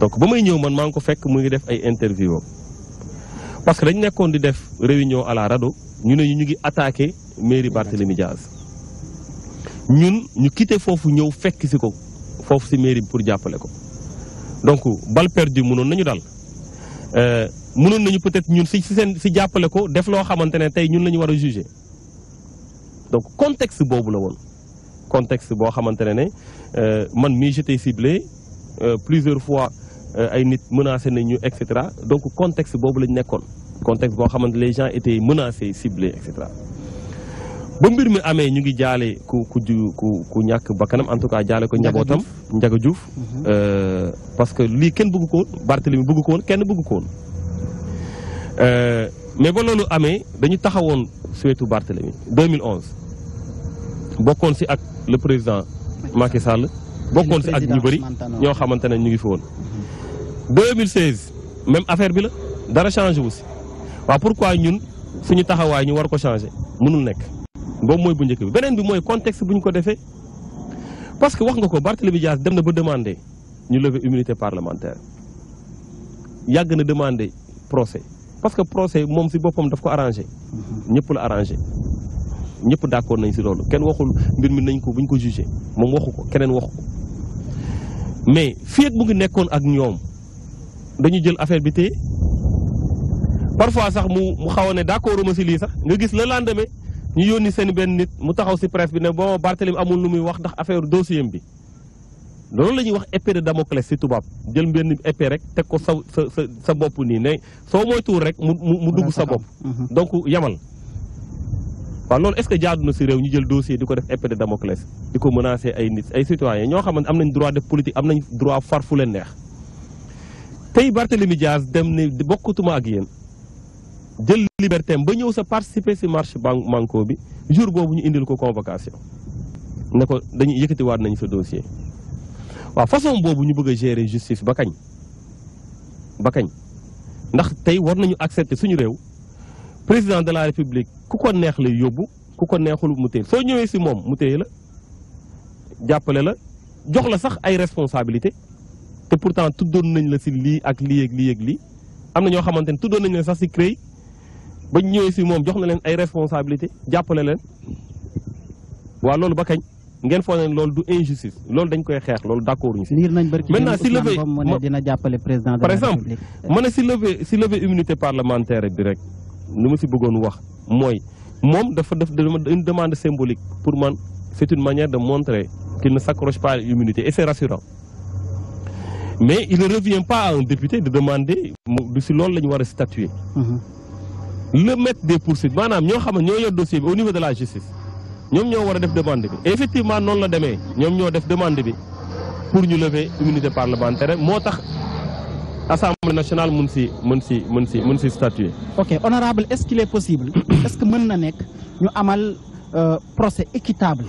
donc ba may ñëw man maa ngi ko fekk mu ngi def ay interview parce que dañ nekkoon di def réunion à la rado ñu ne ñu ngi attaqué mairie Barthélémy Diaz ñun ñu quitté foofu ñëw fekk si ko foofu si mairie pour jàppale ko donc bal perdu mënoon nañu dal euh, mënoon nañu peut-être ñun si si seen si jàppale ko def loo xamante ne tey ñun la ñu war a juger donc contexte boobu la woon contexte boo xamante ne ne euh, man mii j'étais ciblé euh, plusieurs fois euh, ay nit menacé etc donc contexte est la ñu contexte est que les gens étaient menacés ciblés etc ba mbir mi amé ñu ngi jalé ku ku ku en tout cas mhm. euh, parce que kenn bëgg ko Barthélemy bëgg ko won kenn euh, mais ba amé dañu taxawone 2011 le président Macky Sall ci ak ñu 2016 même affaire bi la dara changé wu si pour pourquoi ñun ñu taxawaay ñu war ko changé mënul nekk boobu mooy bu njëkk bi beneen bi mooy contexte bu ñu ko defee parce que wax nga ko bi Dias dem na ba demandé ñu lever immunité parlementaire yàgg na demandé procès parce que procès moom si boppam daf ko arrangé ñëpp la arrangé ñëpp d'accord nañ si loolu kenn waxul mbir mi nañ ko buñ ko jugé moom waxu ko keneen waxu ko mais fii mu ngi nekkoon ak ñoom dañu jël affaire bi téye parfois sax mu mu xaw a ne d'accord ma si lii sax nga gis le lendemain ñu yónni seen benn nit mu taxaw si presse bi ne bon Barthélemy amul lu muy wax ndax affaire dossier bi loolu la ñuy wax épée de Damoclès si tubaab jël benn épée rek teg ko sa sa sa sa bopp nii ne soo moytuwul rek mu mu dugg sa bopp. donc yamal. waaw loolu est-ce que jaadu na si réew ñu jël dossier di ko def épée de Damoclès di ko menacer ay nit ay citoyens ñoo xam ne am nañ droit def politique am nañ droit far fu leen neex. tay Barthélemy Diaz dem ne bokkutuma ak liberté ba sa participer marche manko bi jour ñu indil ko convocation ne ko dañuy dossier façon bobu ñu bëgg justice ba ba ndax war nañu président de la république ku ko neex la ku ko neexul mu si mom mu la la jox la sax ay et pourtant tuddoon nañ la si lii ak li ak li ak li. Amna na ñoo xamante ne tuddoon nañ la sax si CREI ba ñëw ci mom jox na leen ay responsabilité jappalé leen Wa loolu ba kañ ngeen foog ne loolu du injustice loolu dañ koy xeex loolu d' accord ñu si. maintenant si levée dina jappalé président de la république par exemple ma ne si levée si levée immunité parlementaire bi rek nu mu si bëggoon wax moy mom dafa def une demande symbolique pour man c' une manière de montrer qu'il ne s'accroche pas à l'immunité et c'est rassurant mais il ne revient pas à un député de demander de si que la devons statuer mhm. le maître des poursuites On nous un dossier au niveau de la justice Nous avons demander. demande effectivement nous la demee demande pour nous lever l'immunité parlementaire moo Assemblée nationale national si si statuer ok honorable est-ce qu'il est possible est-ce que nous avons un amal euh, procès équitable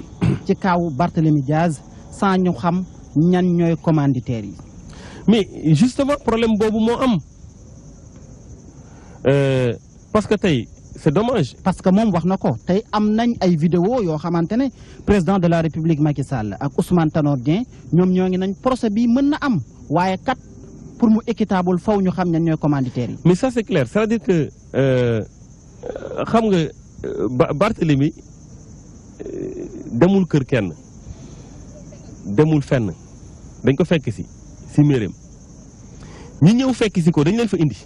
cas où Barthélémy Diaz sans ñu xam ñan ñooy commanditaires mais justement problème bobu mo am euh, parce que tay c'est dommage. parce que mom wax nako tay am nañ ay vidéo yo xamantene président de la république Macky Sall ak Ousmane Tanor Dieng ñoom ñoo nañ procès bi mëna am waye kat pour mu équitable faw ñu xam ñan ñoy commanditaire mais ça c'est clair c'est-à-dire que euh, xam nga euh, Barthélemy demul kër kenn demul fenn dañ ko fekk si. si méréem ñi ñëw fekk si ko dañu leen fa indi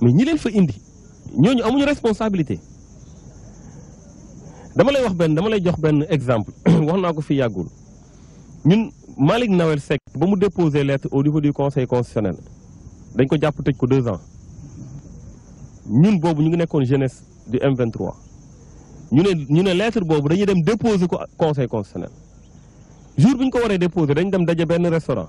mais ñi leen fa indi ñooñu amuñu responsabilité dama lay wax benn dama lay jox benn exemple wax naa ko fi yàggul ñun Malick Nawel Seck ba mu déposé lettre au niveau du conseil constitutionnel dañ ko jàpp tëj ko deux ans ñun boobu ñu ngi nekkoon jeunesse du M23 ñu ne ñu ne lettre boobu dañuy dem déposé ko conseil constitutionnel jour bi ñu ko waree déposé dañ dem daje benn restaurant.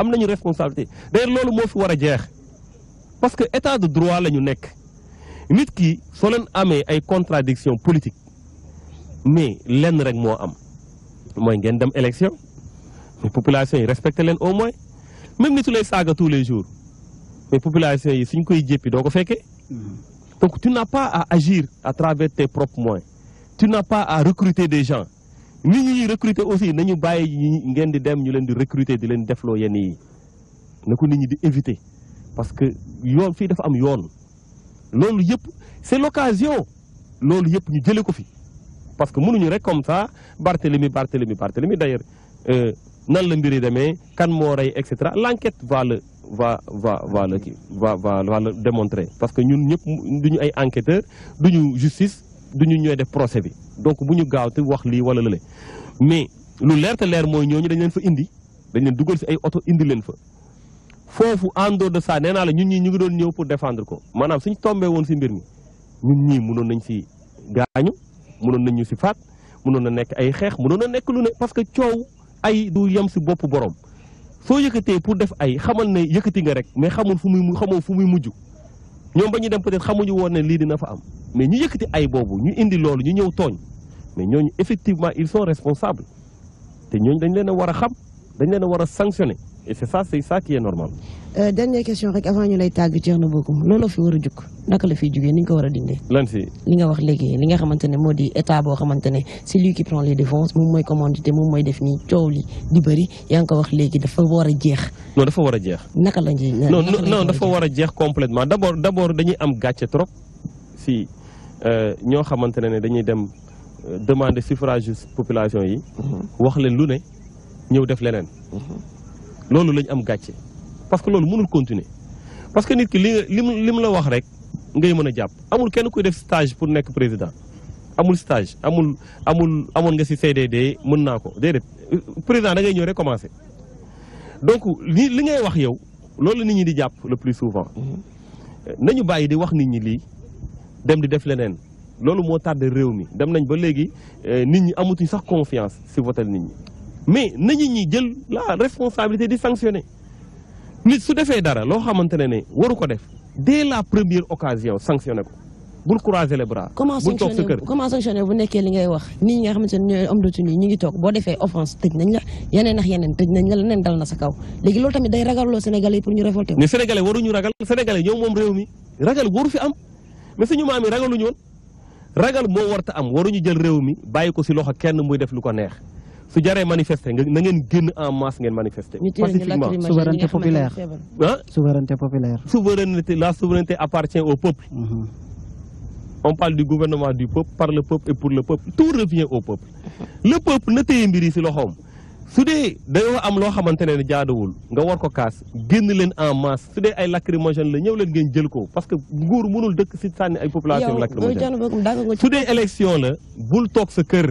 avons une responsabilité d'ailleurs loolu moo fi war parce que état de droit la ñu nekk nit ki soo leen ay contradiction politique mais l'un rek moins am mooy ngeen dem élection Les population yi respecté au moins même si su lay sages tous les jours les populations, yi suñ koy jéppi doo ko mm-hmm. donc tu n'as pas à agir à travers tes propres moyens tu n'as pas à recruter des gens nous, nous recruter aussi nous bàyyi nous ngeen di dem ñu di recruter di leen déployer. Nous yi di éviter parce que yoon fii dafa am yoon c'est l'occasion nous yëpp ñu jëlee ko fi parce que mënuñu rek comme ça Barthélemy Barthélemy Barthélemy d'ailleurs euh, nan la mbiri demee kan moo rey etc. l'enquête va le va va va le va va va le démontrer parce que nous, nous duñu ay enquêteurs duñu justice duñu ñooy def procès bi donc bu ñu gaaw te wax lii wala lële mais lu leer leer mooy ñooñu dañ leen fa indi dañ leen dugal si ay oto indi leen fa. foofu en dehors de ça naa la ñun ñii ñu ngi doon ñëw pour défendre ko maanaam su ñu tombee woon si mbir mi ñun ñii mënoon nañ si gaañu mënoon nañ ñu si faat mënoon na nekk ay xeex mënoon na nekk lu ne parce que coow ay du yem si bopp borom soo yëkkatee pour def ay xamal na yëkkati nga rek mais xamul fu muy xamoo fu muy mujj. ñom bañu dem peut-être xamuñu woon ne lii dina fa am mais ñu yëkëti ay bobu ñu indi loolu ñu ñëw togn mais ñooñu effectivement ils sont responsables té ñooñu dañ leena wara xam dañ leena wara sanctionner et c'est ça c'est ça qui est normal Euh, dernière question rek avant ñu lay tàgg Thierno Bocoum looloo fi war a jug naka la fiy jugee ni ñu war a dindee. lan si li nga wax léegi li nga xamante ne moo di état boo xamante ne c'est lui qui prend les dépenses moom mooy commandité moom mooy def nii coow li di bëri yaa ngi ko wax léegi dafa war a jeex. non dafa war a jeex. naka la ñuy non dafa war a jeex complètement d'abord d'abord dañuy am gàcce trop si euh, ñoo xamante ne dañuy dem euh, demander suffrage population yi. Mhm. wax leen lu ne ñëw def leneen. Mhm. loolu lañ am gàcce. parce que loolu mënul continuer parce que nit ki li li li mu la wax rek ngay mën a amul kenn kuy def stage pour nek président amul stage amul amul amoon nga si CDD mën naa ko déedéet président da ngay ñëw rek donc li li ngay wax yow loolu nit ñi di japp le plus souvent mhm. nañu bàyyi di wax nit ñi lii dem di def leneen loolu moo tardé réew mi dem nañ ba léegi euh, nit ñi amatuñ sax confiance si votel nit ñi mais nañu ñi jël la responsabilité di sanctionner nit su defee dara loo xamante ne ne waru ko def dès la première occasion sanctionné ko bul croiser les bras. bul toog sa kër comment sanctionné bu nekkee li ngay wax ni ñi nga xamante ne ñooy ñu ngi toog boo defee offense tëj nañ la yeneen ak yeneen tëj nañ la leneen dal na sa kaw léegi loolu tamit day ragaloo Sénégalais yi pour ñu révolter. mais Sénégalais waruñu ragal Sénégalais ñoom moom réew mi ragal waru fi am mais suñu maam yi ragaluñu woon ragal moo warta am waruñu jël réew mi bàyyi ko si loxo kenn muy def lu ko neex. su jaree manifester nga na ngeen génn en masse ngeen manifester. pacifiquement souveraineté populaire. ah souveraineté populaire. souveraineté la souveraineté appartient au peuple. Mhm. on parle du gouvernement du peuple par le peuple et pour le peuple tout revient au peuple. le peuple ne téye mbir yi si loxoom su dee dañoo am loo xamante ne jaaduwul nga war ko kaas génn leen en masse su dee ay lacrymogène le ñëw leen ngeen jël ko parce que nguur mënul dëkk si sànni ay population lacrymogène su dee élection la bul toog sa kër.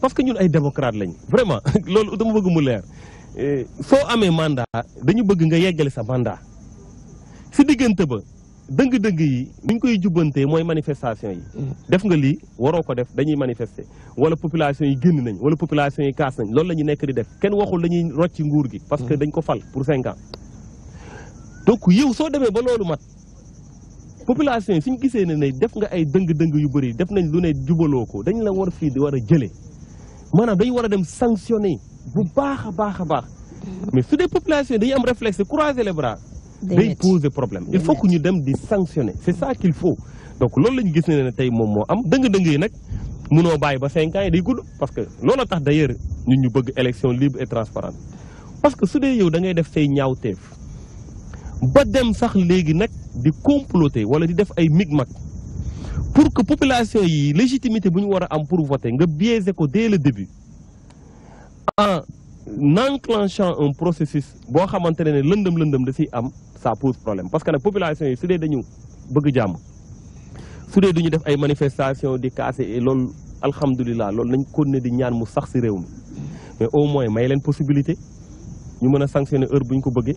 parce que ñun ay démocrate lañ vraiment loolu dama bëgg mu leer fo eh, amé mandat dañu bëgg nga yeggale sa mandat si digënté ba dëng-dëng yi ñu koy jubbantee moy manifestation yi mm. def nga li waro ko def dañuy manifester wala population yi génn nañ wala population yi kaas nañ loolu lañu nekk di def kèn waxul dañuy rocci nguur gi parce que mm. dañ ko fal pour 5 ans donc yow so démé ba loolu mat population suñu suñ gisee ne ne def nga ay dëng-dëng yu bëri def nañ lu ne jubaloo ko dañ la war fii di war a Maintenant, dañu wara sanctionner mais si les populations ont am réflexe croiser les bras day des problème il faut que nous dem sanctionner c'est ça qu'il faut donc loolu que nous gis ne c'est que am ans day parce que loolu tax d'ailleurs ñun ñu bëgg élection libre et transparente parce que si vous yow da ngay def say ñaawteef ba dem sax comploter pour que la population yi légitimité bu ñu am pour voter nga biaisé ko dès le début en enclenchant un processus pour xamantene ne lendeum lëndëm da ci am ça pose problème parce que la population yi su dee dañu bëgg jamm su duñu def ay manifestation di casser et loolu alhamdulilah loolu nañ kon ne di ñaan mu sax ci réew mais au moins may leen possibilité ñu mëna sanctionner heure buñ ko bëggé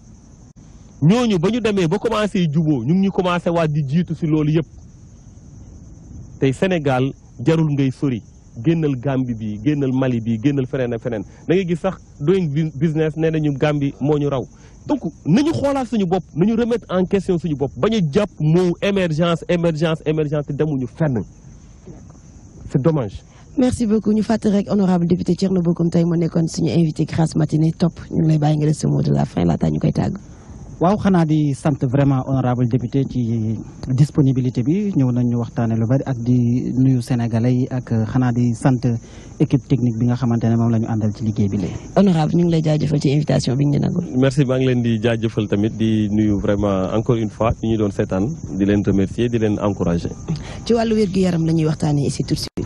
ñooñu des démé ba commencé nous ñu ngi commencé wa di jitu si loolu yépp tay Sénégal jarul ngay sori Nous Gambie bi Mali bi Nous ak fenen da sax doing business nañu Gambie moñu raw donc nañu suñu bop nañu remettre en question suñu bop des japp émergence émergence fenn c'est dommage. merci beaucoup Nous fàttali honorable député Thierno Bocoum tey moo nous invité grâce matinée top. Nous lay mot de la fin La ñu koy waaw xanaa di sant vraiment honorable député ci disponibilité bi ñëw nañu waxtaane lu bari ak di nuyu sénégalais yi ak xanaa di sant équipe technique bi nga xamante ne moom la ñu àndal ci liggéey bi léegi. honorable ñu ngi lay jaajëfal ci invitation bi ñu nangul. merci maa ngi leen di jaajëfal tamit di nuyu vraiment encore une fois ñu ñu doon seetaan di leen remercier di leen encourager. ci wàllu wér-gu-yaram la ñuy waxtaanee ici tout de suite.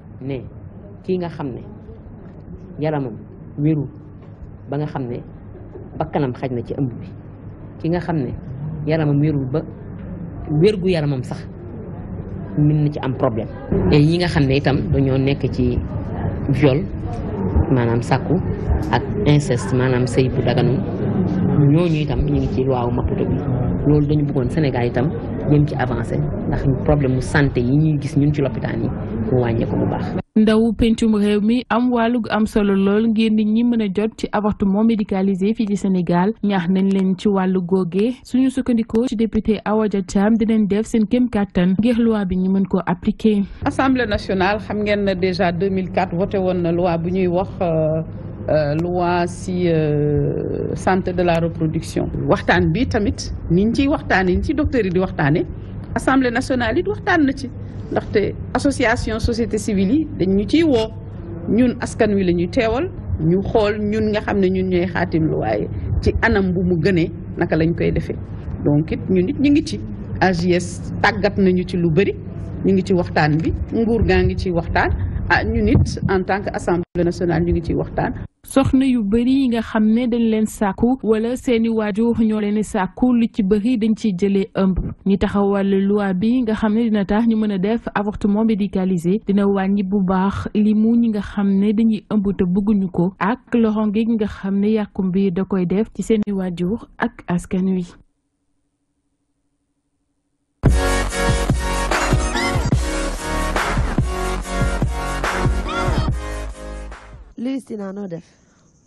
ne kii nga xam ne yaramam wéru ba nga xam ne bakkanam xaj na ci ëmb bi ki nga xam ne yaramam wérul ba wérgu yaramam sax mën na ci am problème et ñi nga xam ne itam dañoo nekk ci viol maanaam sàkku ak inceste maanaam sëy bu daganum ñooñu itam ñu ngi ci waaw Maputo bi loolu dañu bëggoon Sénégal itam jëm ci avancé ndax problème mu santé yi ñuy gis ñun ci lopitaan yi mu wàññeeku bu baax. ndaw pencum réew mi am wàllug am solo lool ngir nit ñi a jot ci avortement médicalisé fii ci Sénégal ñaax nañ leen ci wàllu googe suñu sukkandikoo ci député Awa Dia Thiam dinañ def seen kéem kàttan ngir loi bi ñu mën koo assemblée nationale xam ngeen ne déjà 2004 woon na loi Euh, loi si santé euh, de la reproduction. waxtaan bi tamit ni ñu ciy waxtaan ni ci docteurs yi di waxtaane assemblée nationale it waxtaan na ci ndaxte association société civile yi dañ ñu ciy woo ñun askan wi lañuy teewal ñu xool ñun nga xam ne ñun ñooy xaatim lu waaye ci anam bu mu gënee naka lañ koy defee donc it ñun it ñu ngi ci AJS tàggat nañu ci lu bëri ñu ngi ci waxtaan bi nguur gaa ngi ciy waxtaan ah ñun it en tant que assemblée nationale ñu ngi ciy waxtaan. soxna yu bëri yi nga xam ne dañ leen sàkku wala seeni waajur ñoo leen sàkku li ci bari dañ ciy jëlee ëmb ñi taxawal loi bi nga xam ne dina tax ñu mën a def avortement médicalisé dina wàññi bu baax li mu ñi nga xam ne dañuy ëmb te bëgguñu ko ak loxonge gi nga xam ne yàkkum bi da koy def ci seeni waajur ak askan wi. Luus dinaa noo def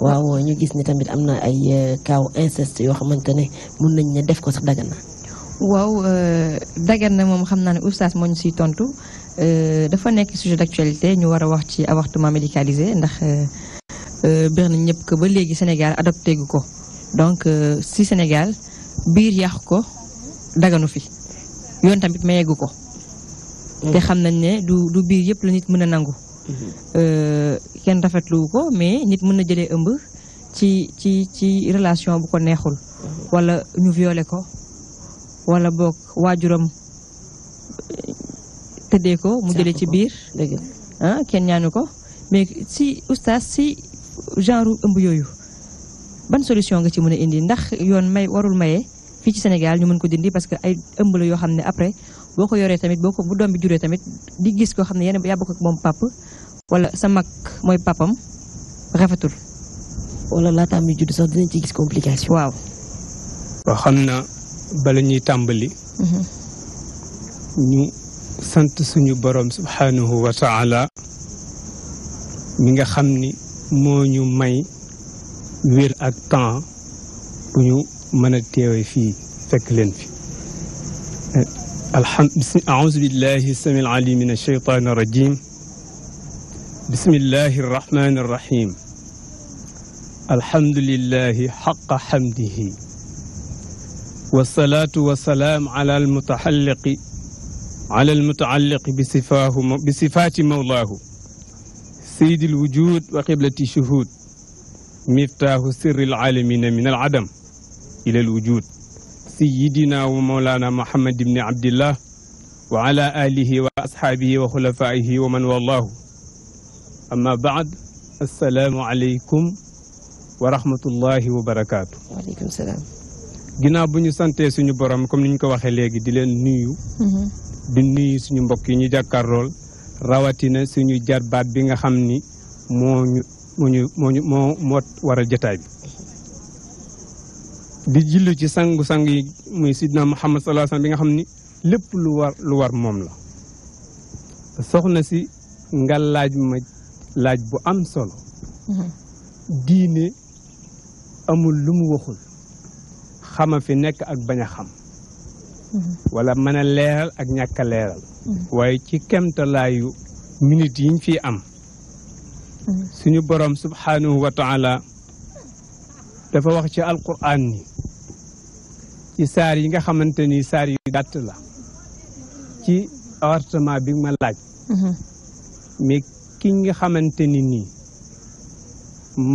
waaw ñu gis ni tamit am na ay kaw euh, inceste yoo xamante ne mun nañ ne def ko sax dagan na waaw euh, dagan na moom xam naa ne oustaz moo ñu siy tontu euh, dafa nekk sujet d'actualité ñu war a wax ci avortement médicalisé ndax bir na ñëpp ko ba léegi Sénégal adopté gu ko donc si Sénégal biir yàqu ko daganu fi yoon tamit mayeegu ko mm. te xam nañ ne du du biir yëpp la nit mën a nangu Euh, kenn rafetlu ko mais nit mën na jëlee ëmb ci ci ci relation bu ko neexul. wala ñu violé ko wala boog waajuram tëddee ko mu jëlee ci biir. ah kenn ñaanu ko mais si oustaz si genre ëmb yooyu ban solution nga ci mun a indi ndax yoon may warul maye fii ci Sénégal ñu mën ko dindi parce que ay ëmb la yoo xam ne après. boko ko yoree tamit boko bu doom bi juree tamit di gis ko xam yene yéen bokk ak mom papa wala sa mag papam rafetul. wala la tammi judd sax dinañ ci gis complication. waaw. waaw xam naa bala ñuy mhm. ñu sante suñu borom subhanahu wa taala mi nga xamni ni ñu may wir ak temps bu ñu mëna téwé fi fekk leen fi. الحمد بسم أعوذ بالله السميع العليم من الشيطان الرجيم بسم الله الرحمن الرحيم الحمد لله حق حمده والصلاة والسلام على المتحلق على المتعلق بصفاه بصفات مولاه سيد الوجود وقبلة الشهود مفتاح سر العالمين من العدم إلى الوجود sayidina wa mawlana muhammad ibni abdillah wa ala alihi wa asxaabihi wa xulafaihi wa man wallahu amma baat assalaamu aleykum wa rahmatullahi wa barakaatu waaleykum bu ñu santee suñu borom comme ni ñu ko waxee léegi di leen nuyu mm-hmm. di nuyu suñu mbokk yi ñu jàkkaarlool rawatina suñu jarbaat bi nga xam ni moo ñu moo moo moo moo war a jataay bi di julli ci sangu sang muy sidna muhammad sallallahu alaihi wasallam bi nga xamni lepp lu war lu war mom la soxna si nga laaj ma laaj bu am solo mhm. diine amul lu mu waxul xama fi nek ak baña xam mhm. wala mana leral ak ñaka leral mhm. waye ci kemta layu minute yiñ fi am suñu borom subhanahu wa taala dafa wax ci alquran ni ci saar yi nga xamante ni saar yu gàtt la ci avortement bi ma laaj mais ki nga xamante ni nii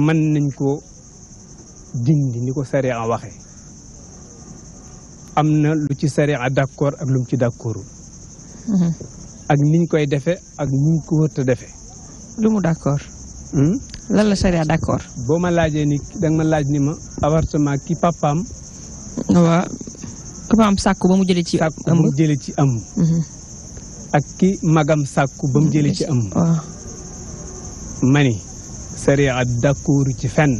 mën nañ ko dindi ni ko sariya waxee am na lu ci d' accord ak lu mu ci d' d'accordul ak niñ koy defee ak niñ ko wër te defee lu mu d' accord. lan la d' accord. boo ma laajee ni da nga ma laaj ni ma avortement ki papaam waaw dafa am sàkku ba mu jëlee ci ëmb. ba mu ci ëmb. Mhm. ak ki magam sàkku ba mu mhm. jëlee ci ëmb. mani sariya d'accord ci fenn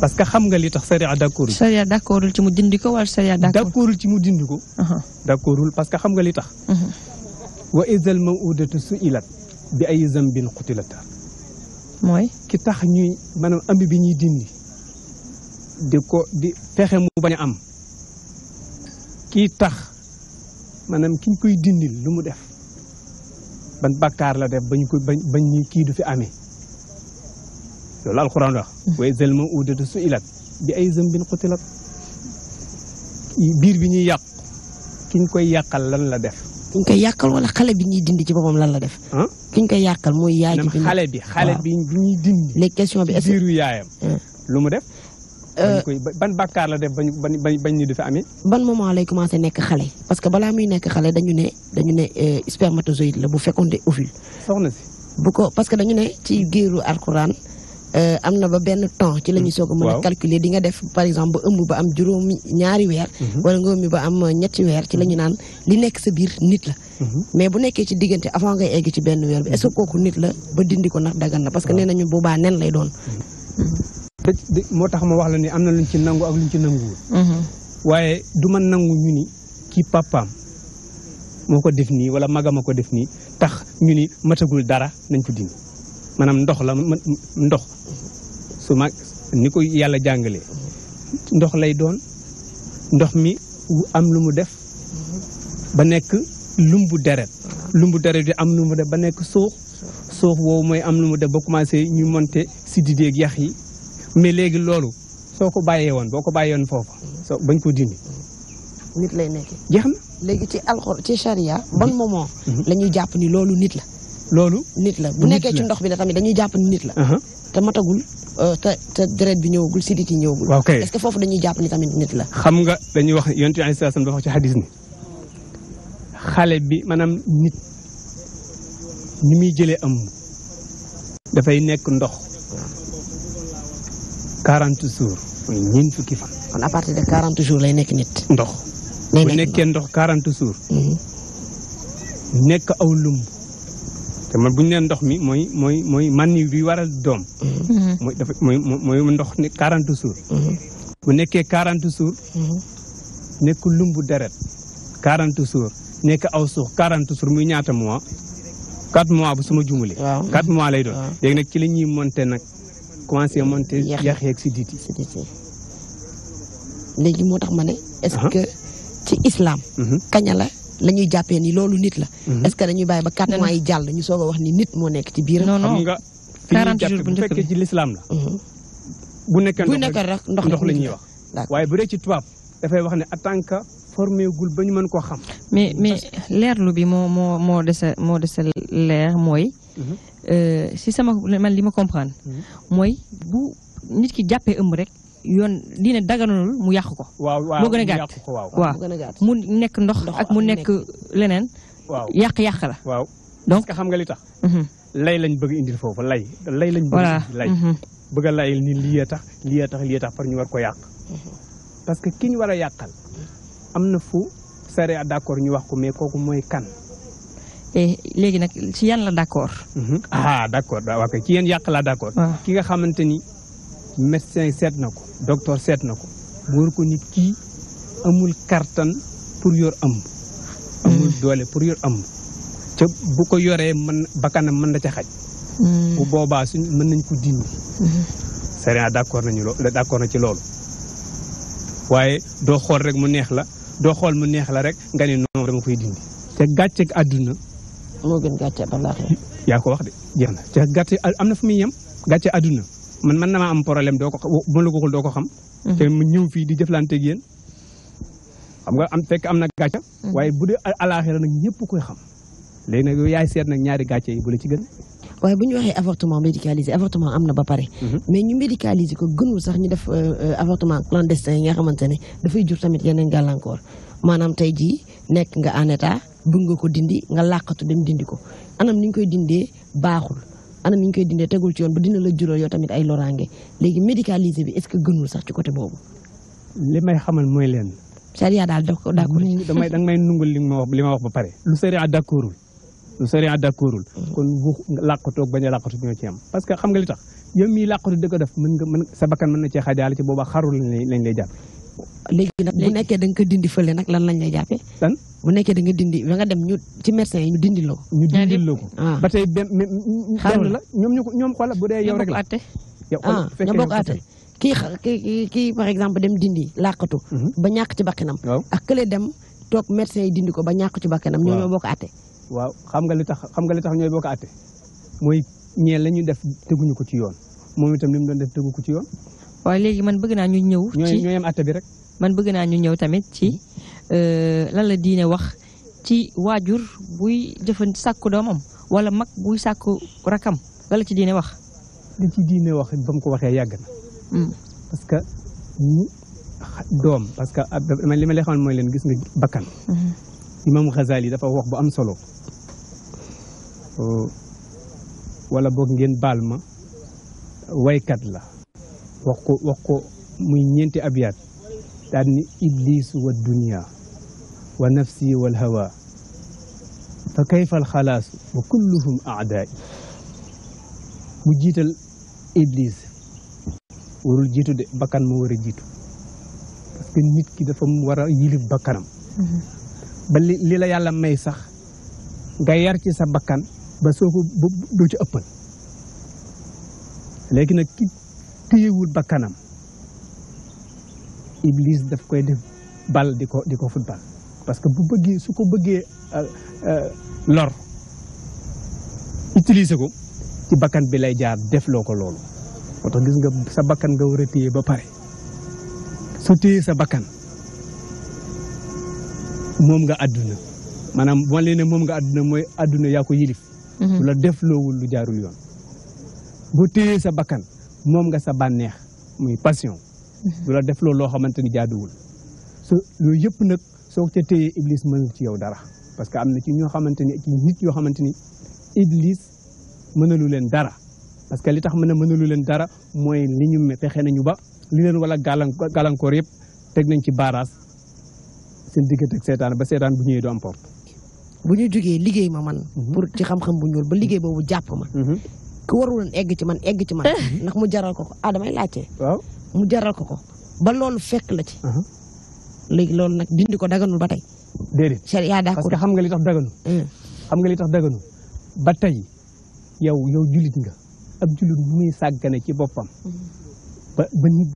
parce que xam nga li tax sariya d'accord. sariya ci mu dindi ko sariya d'accord ci mu dindi ko. Uh-huh. parce que xam nga li tax. Uh-huh. wa izal mawudatu suilat bi ay zambin qutilat mooy ki tax ñuy maanaam ëmb bi ñuy dindi. di ko di fexe mu bañ a am kii tax maanaam ki ñu koy dindil lu mu def ban bakkaar la def bañ ko bañ bañ ni kii du fi amee loolu alxuraan wax hmm. way zel ma uudatu su ilat bi ay zambin xutilat biir bi ñuy yàq kiñ koy yàqal lan la def ki ñu koy yàqal xale bi ñuy dindi ci boppam lan la def ki ñu koy yàqal mooy yaay bi xale bi xale bi ñuy dindi léegi question bi biiru yaayam hmm. lu mu def Euh, ban bàkkaar la def bañ bañ bañ ni du fi ban moment lay commencé nekk xale parce que balaa muy nekk xale dañu ne dañu ne euh, spermatozoïde la bu fécondé ovule. soxna si bu ko parce que dañu ne ci géeru alxuraan euh, am na ba benn temps ci la ñuy soog a mën a di nga def par exemple ba ëmb ba am juróomi ñaari weer. Mhm. wala nga ba am ñetti weer ci la ñu mhm. naan li nekk sa biir nit la. Mhm. mais bu nekkee ci diggante avant ngay egg ci benn weer bi est-ce kooku nit la ba dindi ko ndax dagan na parce que nee nañu boobaa nen lay doon. moo tax ma wax la ni am na luñ ci nangu ak luñ ci nanguwul mhm. waaye du ma nangu ñu ni kii papaam moo ko def nii wala magam a ko def nii tax ñu ni matagul dara nañ ko dindi maanaam ndox la ndox su mag ni ko yàlla jàngalee ndox lay doon ndox mi am lu mu def ba nekk lumbu deret lumbu deret bi am lu mu def ba nekk suux suux woowu mooy am lu mu def ba commencé ñu monte si dideeg yax yi mais léegi loolu soo ko bàyyee woon boo ko bàyyee woon foofu soo bañ ko dindi. nit lay nekkee. jeex na léegi ci alxor ci charia ban moment. Mhm. Mhm. la ñuy jàpp ni loolu nit la. loolu nit la bu nekkee ci ndox bi la tamit dañuy jàpp ni nit la. te matagul euh, te te deret bi ñëwagul sidit yi ñëwagul. waaw kay foofu dañuy jàpp ni tamit nit la. xam nga dañuy wax yonent bi alayhi salaam dafa wax ci hadis ni xale bi maanaam nit ni muy jëlee am dafay nekk ndox. quarante jours mooy ñeent fukki fan. kon à partir de quarante jours lay nekk nit. ndox bu nekkee ndox quarante jours. Mhm. nekk aw lumb. bu ñu nee mi mooy mooy mooy mànni bi waral doom. Mhm. mooy dafa mooy mooy ndox ne quarante jours. Mhm. bu nekkee quarante jours. nekk lumbu deret quarante jours nekk aw suux quarante jours muy ñaata mois quatre mois bu suma jumulee. waaw quatre mois lay doon. léegi ci la ñuy monter commencé monté yax yeeg siditi siditi léegi moo tax ma ne est-ce uh-huh. que ci islam uh-huh. kaña la la ñuy jàppee ni loolu nit la uh-huh. est-ce que dañuy bàyyi ba quatre mois yi jàll ñu soog wax ni nit moo nekk ci biir non non xam nga fi ñuy bu fekkee ci l'islam la bu nekkee bu ndox ndox la ñuy wax waaye bu dee ci tubaab dafay wax ne a tant que formé gul ba man mën koo xam mais mais lu bi moo moo moo dese moo dese leer mooy Euh, si sama man li ma comprendre. Hmm. mooy bu nit ki jàppee ëmb rek yoon diine daganul mu yàq ko. waaw waaw mu gën a gàtt waaw mu nekk ndox ak mu nekk leneen. waaw yàq-yàq la. waaw donc xam nga li tax. Mhm. lay lañ bëgg indil foofu lay. lay lañ bëgg lay mhm. bëgg a lay ni lii a tax lii a tax lii a tax par ñu war ko yàq. Mhm. parce que ki ñu war a yàqal am na fu saree d'accord ñu wax ko mais kooku mooy kan. léegi nag si yan la d' accord. Mhm. ah d' accord waaw kay ci yan yàq laa d' accord. Ah. ki nga xamante ni médecin seet na ko doctor seet na ko wóor ko ni kii amul kartan pour yor ëmb. amul mm. doole pour yor ëmb. ca bu ko yoree mën bakkanam mën na ca xaj. Mm. bu boobaa suñ mën nañ ko dindi. Mm-hmm. Serigne ah, d' accord nañu loo d' na ci loolu. waaye doo xool rek mu neex la doo xool mu neex la rek nga ni non dama koy dindi. te gàcceeg àdduna. moo gën gàcce balaaxe yaa ko wax de jeex na ca gàcce am na fu muy yem gàcce àdduna man man na maa am problème doo ko bu ko waxul doo xam mm-hmm. te mu ñëw fii di jëflanteeg yéen xam nga am fekk am na gàcce mm-hmm. waaye bu dee alaaxira nag ñëpp koy xam léegi nag yow yaay seet nag ñaari gàcce yi bu la ci gën waaye bu ñu waxee avortement médicalisé avortement am na ba pare. Mm-hmm. mais ñu médicalisé ko gënul sax ñu def euh, euh, avortement clandestin yi nga xamante ne dafay jur tamit yeneen gàllankoor maanaam tey jii nekk nga en bëgg nga ko dindi nga làqatu dem dindi ko anam ni ñu koy dindee baaxul anam ni ñu koy dinde tegul ci woon ba dina la jural yow tamit ay loraange léegi médicalisé bi est-ce que gënul sax ci côté boobu. li may mooy leen. sariya daal d'accord damay damay nungul li ma wax ba pare. lu sariya d'accordul lu sariya d'accordul mm. kon bu làqatoo bañ a làqatu ñoo ci am parce que xam nga li tax yow mii làqatu di ko def mën nga mën sa bakkan mën na cee xajaale ci booba xarul lañ lay lañ da ko dindi fële nag lan lañ lay jàppee. bu nekkee da nga dindi da nga dem ñu ci médecin yi ñu dindi la ko. ñu dindi la ko ah. benn ñoom ñu bu dee yow ah, rek la. yow ñoo kii kii kii par dem dindi làqatu. Mhm. ba ñàkk ci bakkanam. ak kële dem toog médecin dindi ko ba ñàkk ci bakkanam. waaw ñoo bokk àtte. waaw xam nga li tax xam nga li tax ñooy bokk àtte mooy ñee la ñuy def teguñu ko ci yoon moom itam li mu doon def tegu ko ci yoon. waaye léegi man bëgg naa ñu ñëw. ci ñooy ñooy bi rek. man bëgg naa ñu ñëw tamit ci mhm. Euh, lan la diine wax ci waajur buy jëfand sàkku doomam wala mag buy sàkku rakam lan la ci diine wax. li ci diine wax ba mu ko waxee yàgg na. Mm. parce doom parce que li ma lay xamal leen gis nga bakkan. Mm-hmm. imam Ghazali dafa wax bu am solo. Euh, wala boog ngeen baal ma waykat la wax ko wax ko muy ñeenti abiyaat daal ni iblis wa dunia ونفسي والهوى فكيف الخلاص وكلهم أعدائي مجيت الإبليس ورجيت بكان موري جيت لكن نيت كي دافم ورا يلي بكانم بل ليلا يالا ماي صاح غا يار سا بكان با سوكو دو تي اوبل لكن كي تيول بكانم إبليس داف كوي ديف بال ديكو ديكو فوتبال parce que bu bëggé su ko lor utiliser ko ci bakkan bi lay jaar def potong loolu auto gis nga sa bakkan nga wara mana ba paré su téye sa bakkan mom nga aduna manam jaru ma leen nga aduna moy aduna ya ko yilif bu mhm. la wul lu jaarul yoon bu sa bakkan mom nga sa banex ya. muy passion bu mhm. la defloo lo xamante ni so lo yep nak soo ca téyee iblis mënul ci yow dara parce que am na ci ñoo xamante ni ci nit yoo xamante ni iblis mënalu leen dara parce que li tax mën a mënalu leen dara mooy li ñu fexe nañu ba li leen wala gàllankoor yëpp teg nañ ci baaraas seen diggante ak seetaan ba seetaan bu ñuy du am bu ñu jógee liggéey ma man mhm. pour ci xam-xam bu ñuul ba liggéey boobu jàpp ma mhm. ku waruloon egg ci man egg ci man ndax mu jaral ko ko ah damay laajte mu jaral ko ko ba loolu fekk la ci mhm. léegi loolu nag di ko daganul ba tey. déedéet sharia parce que xam nga li tax daganu. Mm. xam nga li tax ba tey yow yow julit nga ab julit bu muy sàggane ci boppam. Mm. ba ba nit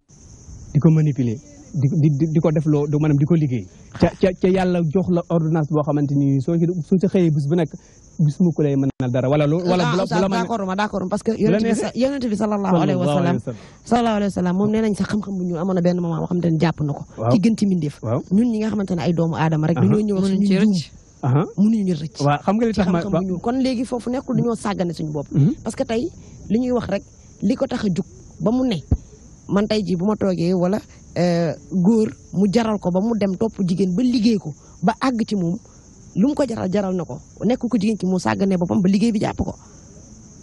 di ko manipuler di di di ko def loo maanaam di ko liggéey. ca ca ca yàlla boo xamante ni soo ci soo ci xëyee bés bu nekk gisuma ku lay mënal dara wala loolu. wala ah, bu la bu la mën d'accord ma d'accord parce que. yonent bi sallallahu alayhi wa sallam wa sallam xam-xam bu ñu amoon na benn moment boo xamante ne jàpp na ko. ci gën ci mbindeef. ñun nga xamante ne ay doomu aadama rek. dañoo ñëw suñu jiw mënuñu ñu rëcc. xam nga li foofu nekkul mhm. dañoo sàggane suñu bopp. Mhm. parce que tey li ñuy wax rek li ko tax a jug ba mu ne man tey jii bu ma toogee wala euh, góor mu jaral ko ba mu dem topp jigéen ba liggéey ko ba àgg ci moom lu mu ko jaral jaral na ko nekk ko jigéen ci mu sàgganee boppam ba liggéey bi jàpp ko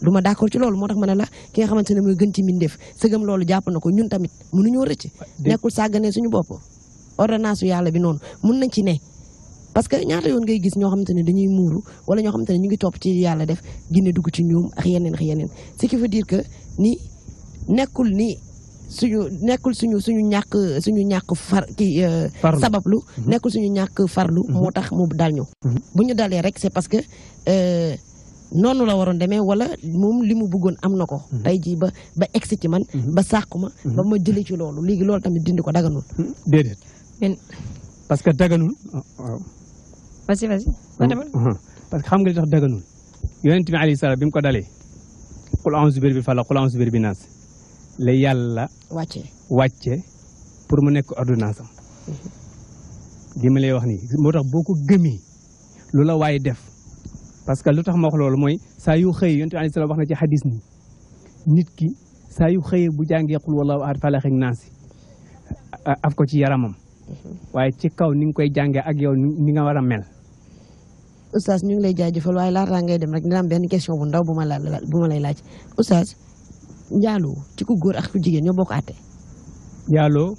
du ma d'accord ci loolu moo tax ma ne la ki nga xamante ne mooy gën ci mbindeef sëgam loolu jàpp na ko ñun tamit mënuñoo rëcc nekkul sàgganee suñu bopp ordonnance yu yàlla bi noonu mun nañ ci ne parce que ñaata yoon ngay gis ñoo xamante ne dañuy muuru wala ñoo xamante ne ñu ngi topp ci yàlla def ginne dugg ci ñoom ak yeneen ak yeneen ce qui veut dire que ni nekkul ni suñu nekkul suñu suñu ñàkk suñu ñàkk far kii euh, sabablu mhm. nekkul suñu ñàkk farlu mhm. moo tax mu dal ñu mhm. bu ñu dalee rek c'est parce que euh, noonu la waroon demee wala moom li mu buggoon am na ko tey jii ba ba egsi ci man ba sàqu ma ba ma jëlee ci loolu léegi loolu tamit dindi ko daganul hmm, parce que daganul ah, waaw vas-y hmm, hmm. parce que xam nga li tax daganul yonent bi alayhi salaam bi mu ko dalee qul a'uuzu bi rabbil falaq qul bi naas la yàlla wàcce pour mu nekk ordonnance am mm-hmm. ma lay wax ni moo tax boo ko gëmee lu la waaye def parce que lu tax ma wax loolu mooy saa yu xëy yonent alayhi salaam wax na ci xadis ni nit ki saa yu xëyee bu jàngee xul wallaahu ahad falaq ak naas af ko ci yaramam mm-hmm. waaye ci kaw ni nga koy jàngee ak yow ni nga war a mel oustaz ñu ngi lay jaajëfal waaye laataa ngay dem rek dina am benn question bu ndaw bu ma la bu ma lay laaj njaaloo ci ku góor ak ku jigéen ñoo bokk àtte. njaaloo.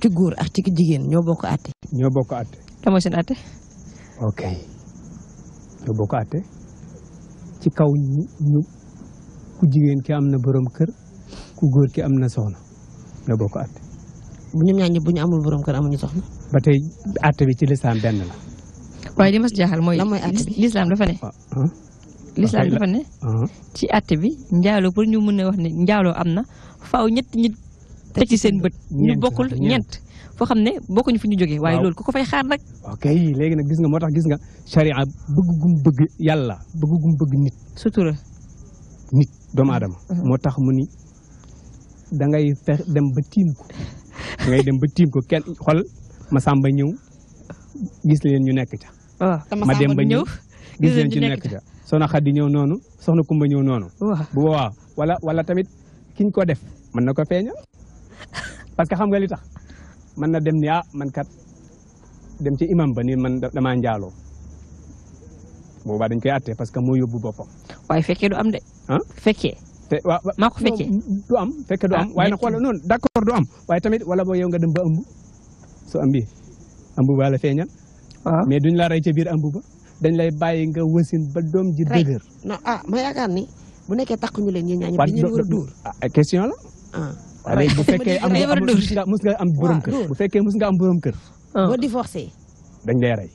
ci góor ak ci ku jigéen ñoo bokk àtte. ñoo bokk àtte. lan ci kaw ñu ku jigéen ki am na borom kër ku góor ki am na soxna ñoo bokk àtte. bu ñoom ñaar ñëpp bu ñu amul borom kër amuñu soxna. ba tey àtte bi ci lislaam benn la. waaye li ma jaaxal mooy. lan mooy àtte bi lislaam dafa ne. Ah, ah. lislaam dafa uh-huh. ci àtte bi njaaloo pour ñu mën a wax ne njaaloo am na faaw ñetti nit te ci seen bët ñu bokkul ñeent foo xam ne bokkuñu fu ñu jógee waaye loolu ku ko fay xaar nag ok léegi nag gis nga moo tax gis nga charia bëgg gum bëgg yàlla bëgg gum bëgg nit sutura nit doomu mm-hmm. aadama mm-hmm. moo tax mu ni dangay fex dem ba tiim ko dangay dem ba tiim ko xol ma sàmba ñëw gis leen ñu nekk ca oh. ma dem ba ñëw gis leen ci nekk soxna Xadi ñew nonu soxna Kumba ñew nonu bu wa wala wala tamit kiñ ko def man nako ko parce que xam nga li tax man na dem ni ah man kat dem ci imam ba ni man ndialo bo ba dañ koy atté parce que mo yobbu bopam way fekkee du am de. han fekkee. té wa mako ko du am fekkee du ah, am. way am. xoolal non d'accord du am way tamit wala bo yow nga dem ba ëmb so ambi bi ëmb ba la am. Ah. mais duñ la ray ci bir ëmb ba dañ lay bàyyi nga wasin ba dom ji deuguer non ah ma yaakaar ni bu nekké takku ñu leen ñi ñaañu bi ñu wara dur dóor ah, question la ah ay bu fekké am nga mus nga am borom ah, kër bu fekké mus nga am borom kër ah. bo divorcé dañ lay ray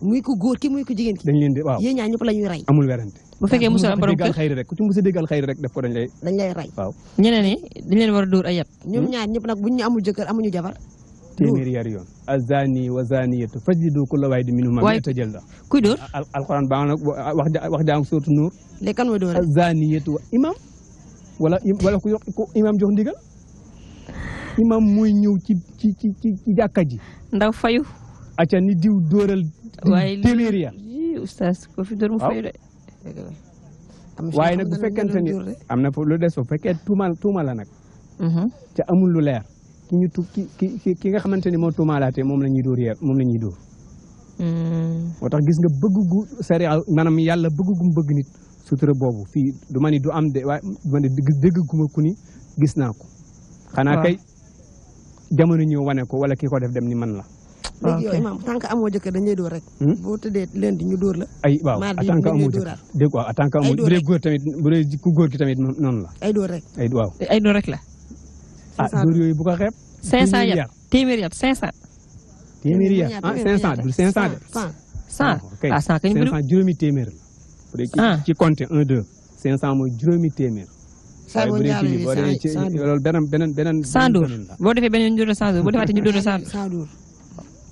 muy ko goor ki muy ko jigen ki dañ leen di waaw ye ñaa ñëpp lañuy ray amul wérante bu fekké fekkee am borom kër xeyr rek ku ci mus déggal xeyr rek def ko dañ lay dañ lay ray waaw ñeneen ni dañ leen wara dur ayat ñom yat ñoom hmm? ñaar ñëpp nag buñ ñu amul jëkkër amuñu jabar téeméeri yar yoon azani wa zaniyatu fajlidu kulla waahidin minhumaa mi'ata jalda kuy dóor alxuraan baa nag wax wax jaam sóotu nuur léegi kan mooy imam wala wala ku ku imam jox ndigal imam mooy ñëw ci ci ci ci jàkka ji ndaw fayu acca ni diw dóoral téeméeri yar fi dóor mu fayu de waaye nag bu fekkente ni am na lu des bu fekkee tuuma nag mhm. ca amul lu leer ki ñu tu ki ki ki nga xamante ni moo tuumaalaatee moom la ñuy dóor yeer moom la ñuy dóor. Hmm. moo tax gis nga bëgg gu sariya maanaam yàlla bëgg bëgg nit sutura boobu fii du ma ni du am de waaye du ma ni dégg ku ni gis naa ko. xanaa kay jamono ñëw wane ko wala ki ko def dem ni man la. waaw léegi yow imaam tant que amoo jëkkër dañuy dee rek. Hmm? boo ñu door la. ay waaw tant que amoo jëkkër dégg nga waaw tant que amoo bu góor tamit bu ku góor ki tamit noonu la. ay rek ay waaw ay door rek la. 500 bu ko Saya 500 timir ya saya 500. timir ya ah saya saya. 500 saya 100 ah 100 kañ bëri 500 juróomi téeméer la. bu dee ci ci compter 1 2 500 saya juróomi téeméer. waaye Saya dee ci bi saya. dee ci loolu beneen beneen beneen. 100 dóor boo defee beneen ñu doon 100 dóor Saya defaatee saya doon 100 dóor.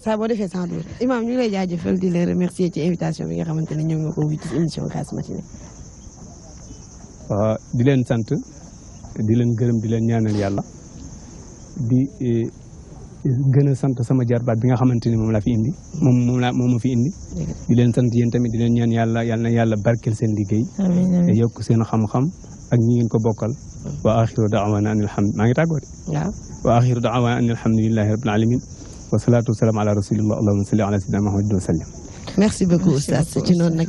saa boo defee sans doute imaam ñu ngi lay jaajëfal di la remercier ci invitation bi nga xamante ne ñoom ñoo ko wuy ci émission Gas Matinée. di leen sant di leen gërëm di leen ñaanal yàlla. di eh, gën a sant sama jarbaat bi nga xamante ni moom laa fi indi moom moom laa moom ma fi indi di leen sant yéen tamit di leen ñaan yàlla yàlla na yàlla barkeel seen liggéey te yokk seen xam-xam ak ñi ngeen ko bokkal wa axiru daawana an alhamd maa ngi tàggoo de wa axiru daawana an alhamdulilahi rabbil alamin wa salaatu wa salaam ala rasulillah allahumma salli ala sayyidina muhammadin wa sallim merci beaucoup oustaz ci noonu nag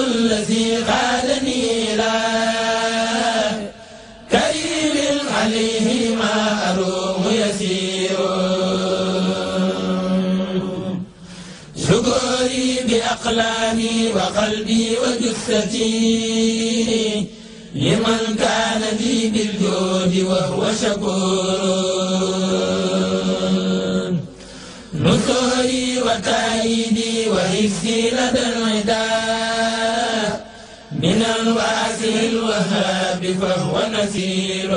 الذي غادني لا كريم عليه ما أروم يسير شكري بأقلامي وقلبي وجثتي لمن كان لي بالجود وهو شكور نصري وتأييدي وحفظي لدى العداد فهو نسير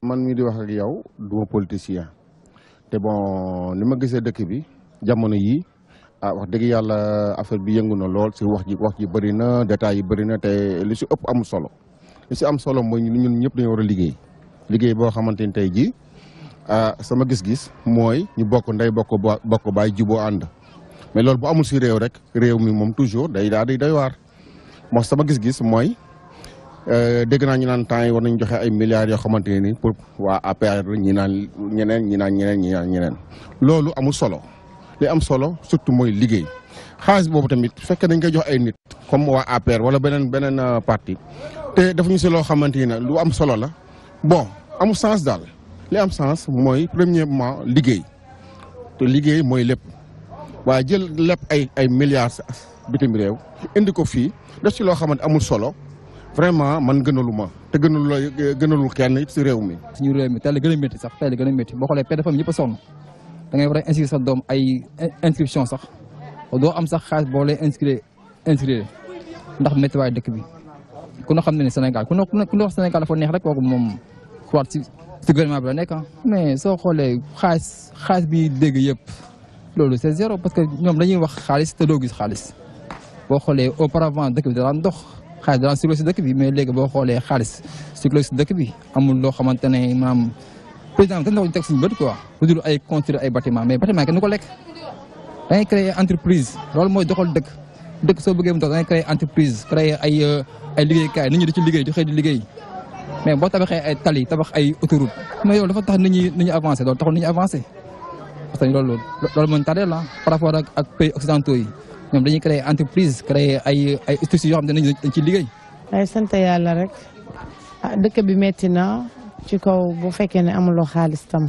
man mi di wax ak yow duma politicien te bon ni ma gisee dëkk bi jamono yi ah wax dëgg yàlla affaire bi yëngu na lool si wax ji wax ji bëri na détails yi bëri na te li si ëpp am solo li si am solo mooy ñun ñëpp dañu war a liggéey liggéey boo xamanteni ni tey jii ah, sama gis-gis mooy ñu bokk nday bokk bokk baay jubo ànd mais loolu bu amul si réew rek réew mi moom toujours day daal di doy waar moo sama gis-gis mooy eh, dégg naa ñu naan temps yi war nañ joxe ay milliards yoo xamante ni pour waa APR ñi naan ñeneen ñi naan ñeneen ñi naan ñeneen loolu amul solo li am solo surtout mooy liggéey xaalis boobu tamit fekk nañ dañ koy jox ay nit comme waa APR wala beneen beneen ah, parti te dafa ñu si loo xamante lu am solo la bon. amul sens daal li am sens mooy premièrement liggéey te liggéey mooy lépp waaye jël lépp ay ay milliards bitim réew indi ko fii def ci loo xamante amul solo vraiment man gënalu ma te gënalu la gënalul kenn si réew mi. suñu réew mi tey la gën a sax tey la gën a métti boo xoolee père de famille sa doom ay inscription sax doo am sax xaalis boo lay inscrire inscrire ndax métti waaye dëkk bi ku ñu xam ne senegal ku ñu ku ñu wax Sénégal dafa neex rek kooku moom. xool bi nekk soo xoolee xaalis xaalis bi dégg yëpp loolu c'est zéro parce que ñoom dañuy wax xaalis te doo gis xaalis boo xoolee auparavant dëkk bi da daan dox xaalis da daan circulé si dëkk bi mais léegi boo xoolee xaalis circulé si dëkk bi amul loo xamante ne maanaam président bi dañu teg suñu bët quoi lu dul ay construire ay bâtiment mais bâtiment kenn du ko lekk da ngay entreprise loolu mooy doxal dëkk dëkk soo bëggee mu dox da ngay créer entreprise créer ay euh, ay liggéeykaay nit di ci liggéey di xëy liggéey mais boo tabaxee ay tali tabax ay autoroute mais yow dafa tax nit ñi nit ñi avancé loolu taxul nit ñi avancé parce que loolu loolu mën la rapport ak ak pays occidentaux yi ñoom dañuy créer entreprise créer ay ay institutions yoo xam ne dañuy dañ ciy liggéey. waaye sant yàlla rek ah dëkk bi metti na ci kaw bu fekkee ne amuloo xaalis tam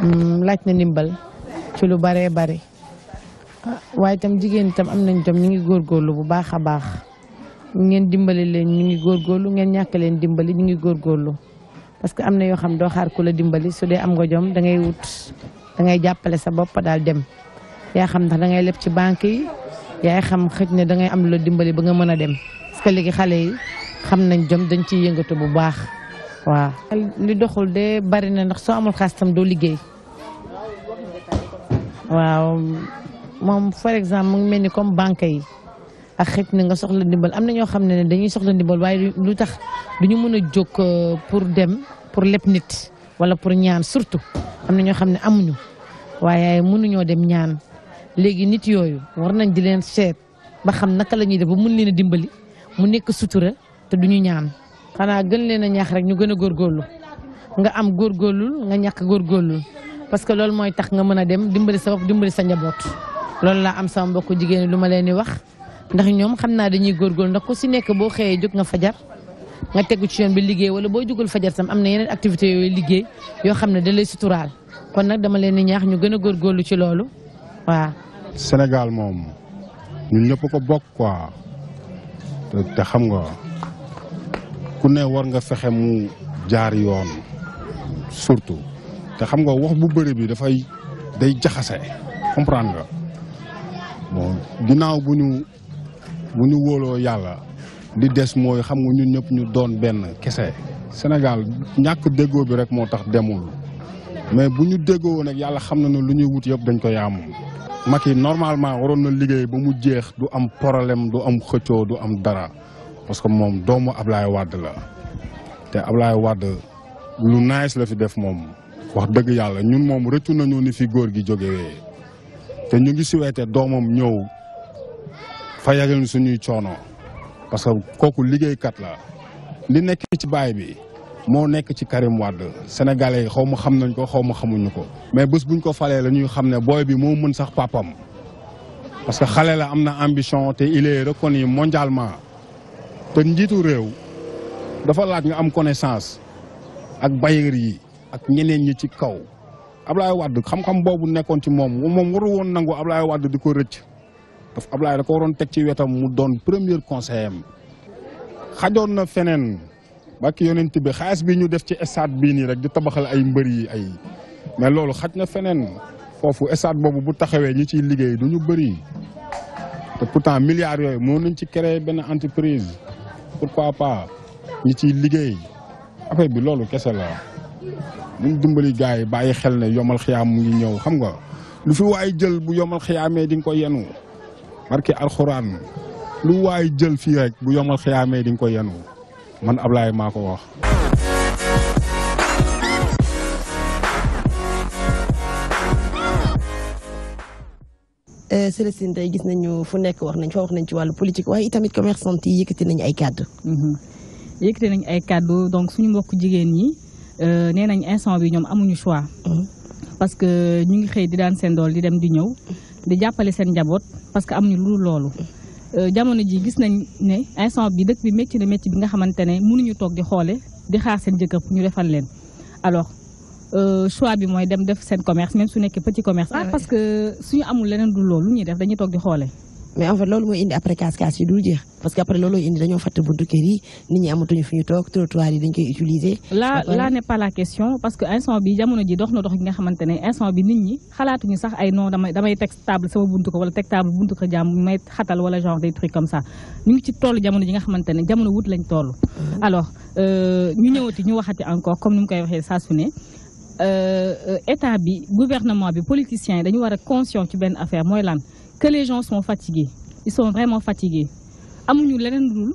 hmm, laaj na ndimbal ci lu bare bari ah, waaye tam jigéen itam am nañ jom ñu ngi góorgóorlu bu baax a baax. ngeen dimbali leen ñu ngi góorgóorlu ngeen ñak leen dimbali ñu ngi góorgóorlu parce que amna yo xam do xaar ku dimbali su dé am nga jom da ngay wut da ngay jappalé sa bop daal dem ya xam ndax da ngay ya ci banque yi yaay xam xëj ne da ngay am lo dimbali ba nga mëna dem parce que ligi xalé yi xam nañ jom dañ ci yëngatu bu baax wa li doxul dé bari na ndax so amul xastam tam liggéey waaw mom for example mu ngi melni comme banque yi ak xit ni nga soxla ndimbal amna ño xamne dañuy soxla ndimbal way lu tax du ñu euh, pour dem pour lepp nit wala pour ñaan surtout amna ño xamne amuñu ne mënu ño dem ñaan légui nit yoyu war nañ di len sét ba xam naka lañuy def bu mën leena dimbali mu nekk sutura te duñu ñaan xana gën leena ñaax rek ñu gëna nga am góorgóorlul nga ñàkk góorgóorlul parce que lool moy tax nga mëna dem dimbali sa bop dimbali sa njabot lool la am sama mbokk jigéen lu leen di wax ndax ñom xamna dañuy gor gor ndax ku ci nek bo xeye juk nga fajar nga teggu ci yoon bi liggey wala bo jugul fajar sam am yeneen activité yo liggey yo xamne da lay sutural kon nak dama leen di ñaax ñu gën gor góorgóorlu ci lolu wa senegal mom ñun ñep ko bok quoi te xam nga ku ne war nga fexé mu jaar yoon surtout te xam nga wax bu bi fay day jaxasse comprendre nga bon bu bu ñu wóoloo yàlla di des mooy xam nga ñun ñëpp ñu doon benn kese. Sénégal ñàkk déggoo bi rek moo tax demul mais bu ñu déggoo nag yàlla xam na ne lu ñuy wut yëpp dañ ko yaamu. Macky normalement waroon na liggéey ba mu jeex du am problème du am xëccoo du am dara parce que moom doomu Ablaye wàdd la te Ablaye wàdd lu nice la fi def moom wax dëgg yàlla ñun moom rëccu nañu ni fi góor gi jógewee te ñu ngi souhaité doomam ñëw. fayagal ñu suñuy coono parce que kooku liggéeykat la li nekk ci baay bi moo nekk ci Karim Wade sénégalais yi xaw ma xam nañ ko xaw ma xamuñu ko. mais bés buñ ko falee la ñuy xam ne booy bi moo mën sax papam parce que xale la am na ambition te il est reconnu mondialement te njiitu réew dafa laaj nga am connaissance ak bailleur yi ak ñeneen ñi ci kaw Ablaye Wade xam-xam boobu nekkoon ci moom moom waru woon nangu Ablaye Wade di ko rëcc. daf Ablaye ko waroon teg ci wetam mu doon premier conseiller am xajoon na feneen ba ki yonent bi xaalis bi ñu def ci stade bii nii rek di tabaxal ay mbër yi ay mais loolu xaj na feneen foofu stade boobu bu taxawee ñu ciy liggéey du ñu bëri te temps milliards yooyu moo nañ ci créer benn entreprise pourquoi pas ñu ciy liggéey affaire bi loolu kese la ñu dumbali gars yi bàyyi xel ne yomal xiyaam mu ngi ñëw xam nga lu fi waay jël bu yomal xiyaamee di nga ko yenu barki alxuraan lu waay jël fii rek bu yomal xiyaamee di nga ko yenu man Ablaye maa ko wax. Euh, Célestine tey gis nañu fu nekk wax nañ fa wax nañ ci wàllu politique waaye itamit commerçant yi yëkkati nañu ay kàddu. Mhm. yëkkati nañu ay kàddu donc suñu mbokk jigéen ñi euh, nee nañ instant bi ñoom amuñu choix. Mhm. parce que euh, ñu ngi xëy di daan seen di dem di ñëw. di jàppale seen njaboot parce que am ñu lu loolu. Euh, jamono ji gis nañ ne instant bi dëkk bi métti na métti bi nga xamante ne ñu toog di xoole di xaar seen jëkkër ñu defal leen alors euh, choix bi mooy dem def seen commerce même su nekkee petit commerce. Ah parce que suñu amul leneen du lu ñuy def dañuy toog di xoole. mais en fait loolu mooy indi après casse casse yi dul jeex parce que après loolu indi dañoo fàtte buntu kër yi nit ñi amatuñu fuñu tok trottoir yi dañ koy utiliser. là là n'est pas la question parce que instant bi jamono ji dox na dox gi nga xamantene instant bi nit ñi xalaatuñu sax ay non damay damay teg table sama buntu ko wala tek table buntu ko jàmm may xatal wala genre des trucs comme ça ñu ci tollu jamono ji nga xamantene jamono wut lañ tollu mm-hmm. alors euh ñu ñëwati ñu waxati encore comme ni koy waxé sa su euh, euh état bi gouvernement bi politiciens dañu wara conscient ci ben affaire moy lan que les gens sont fatigués ils sont vraiment fatigués amuñu leneen dul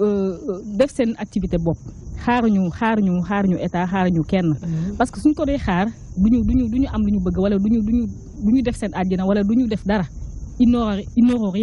euh, def seen activité bopp xaaruñu xaaruñu xaaruñu état xaaruñu kenn. Mhm. parce que suñ ko dee xaar duñu duñu duñu am lu ñu bëgg wala duñu duñu duñu def seen àjjana wala duñu def dara ils n'auront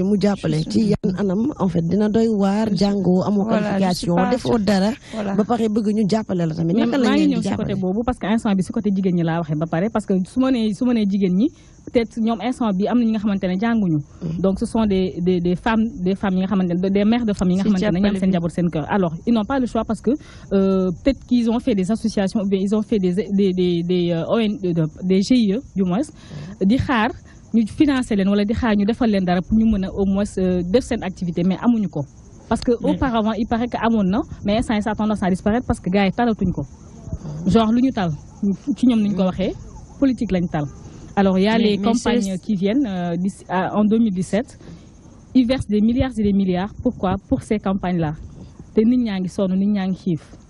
li mu jàppale ci yan anam en fait dina doy war jàngoo amoo qualification defo dara ba pare bëgg ñu jappalé la tamit naka la ñu di jàppale maa ngi ñëw côté bobu parce que instant bi si côté jigen ñi la waxé ba paré parce que suma né suma né jigen ñi peut-être ñom instant bi am na ñi nga xamantene ne ñu mm. donc ce sont des des des femmes des femmes yi nga xamantene des mères de famille yi nga xamantene ñam ñoom seen njaboot seen kër alors ils n'ont pas le choix parce que euh, peut-être qu'ils ont fait des associations ou bien ils ont fait des des des des euh, ON euh, des GIE du moins mm. di xaar nous financer leen wala di xaar ñu defal leen dara pour ñu mën a au moins euh, def seen activité mais amuñu ko. parce que auparavant il paraît que amoon na mais instant a tendance à disparaître parce que gars yi talatuñ ko. genre lu ñu tal ci ñoom nuñ ko mm. waxee politique lañ tal. alors y a les campagnes qui viennent euh, en 2017 ils versent des milliards et des milliards pourquoi pour ces campagnes là te nit ñaa ngi sonn nit ñaa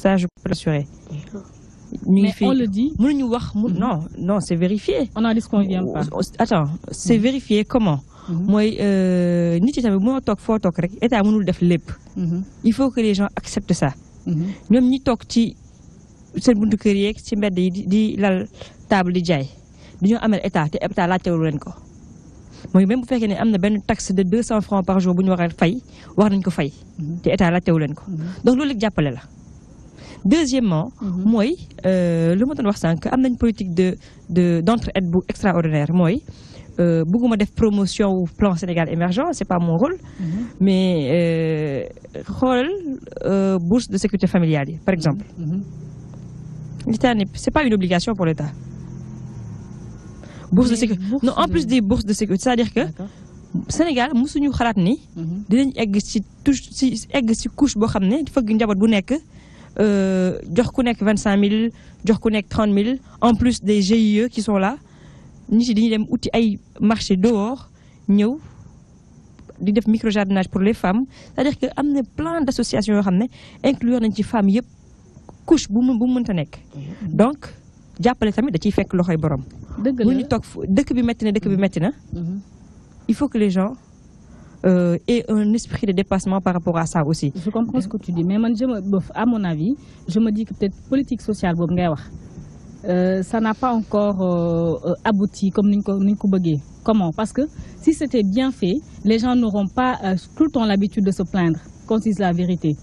Ça, je peux l'assurer. Mais on le dit Non, non, c'est vérifié. On a dit ce qu'on vient pas. Attends, c'est mm. vérifié comment mm-hmm. euh, rek état mënul mm-hmm. il faut que les gens acceptent ça. nous mm-hmm. ñi qui, ci de ci table di jaay dañoo amal état te état ko même bu on taxe de 200 francs par jour on a fay wax nañ ko fay. la état donc deuxièmement mhm. moi, euh, le ma Noir wax 5, une politique de de extraordinaire euh, fais promotion au plan Sénégal émergent c'est pas mon rôle mhm. mais euh, euh, bourse de sécurité familiale par exemple Ce mhm. c'est pas une obligation pour l'État bourse de sécurité non en plus des bourses de sécurité c'est-à-dire que Sénégal ni je connais 25 000, je connais 30 000, en plus des GIE qui sont là. Ni avons les outils aillent marcher dehors, nous, nous avons micro-jardinage pour les femmes. C'est-à-dire que y a plein d'associations qui ont inclus les femmes, qui couchent Donc, j'ai pour les femmes de qui fait que Dès que vous mettez, dès que vous mettez, il faut que les gens euh, et un esprit de dépassement par rapport à ça aussi. Je comprends ce que tu dis, mais à mon avis, je me dis que peut-être politique sociale, euh, ça n'a pas encore euh, abouti comme nous Comment Parce que si c'était bien fait, les gens n'auront pas tout le temps l'habitude de se plaindre quand ils disent la vérité.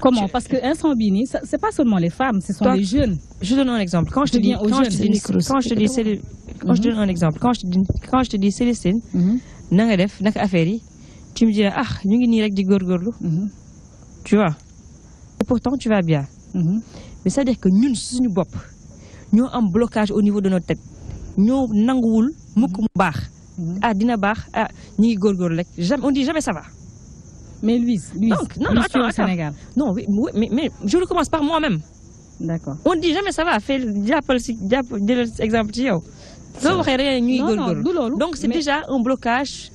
Comment Parce que un sambini, c'est pas seulement les femmes, ce sont les jeunes. Je donne un exemple. Quand je te dis, quand je te dis, quand je te quand je donne un exemple. Quand je te dis Célestine, nanga def naka affaire yi tu me ah ñu ngi ni rek di góorgóorlu. Mhm. tu vois et pourtant tu vas bien. Mhm. mais ça veut dire que ñun suñu bop ñoo am blocage au niveau de notre tête ñoo nanguwul mukk mu bax mhm. ah dina bax ah ñi ngi rek jamais on dit jamais ça va. Mais Louise, Louise, Donc, non, Louise non, attends, au Sénégal. Non, oui, oui mais, mais, je recommence par moi-même. D'accord. On ne dit jamais ça va, fais l'exemple de soo waxee rek ñuy donc c'est déjà un blocage.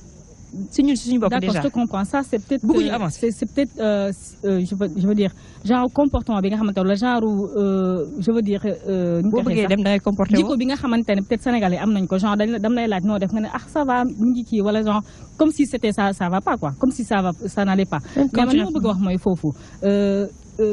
si ñun suñu bopp déjà d'accord je te comprends ça c'est peut-être. bëgguñu euh, c'est peut-être euh, euh, je veux je veux dire genre comportement bi nga xamante ne la genre je veux dire. boo bëggee dem da ngay bi nga peut-être sénégalais am nañ ko genre dañ la dam lay def nga ah ça va mu ngi kii wala genre comme si c'était ça ça va pas quoi comme si ça va ça n'allait pas. mais man veux ma bëgg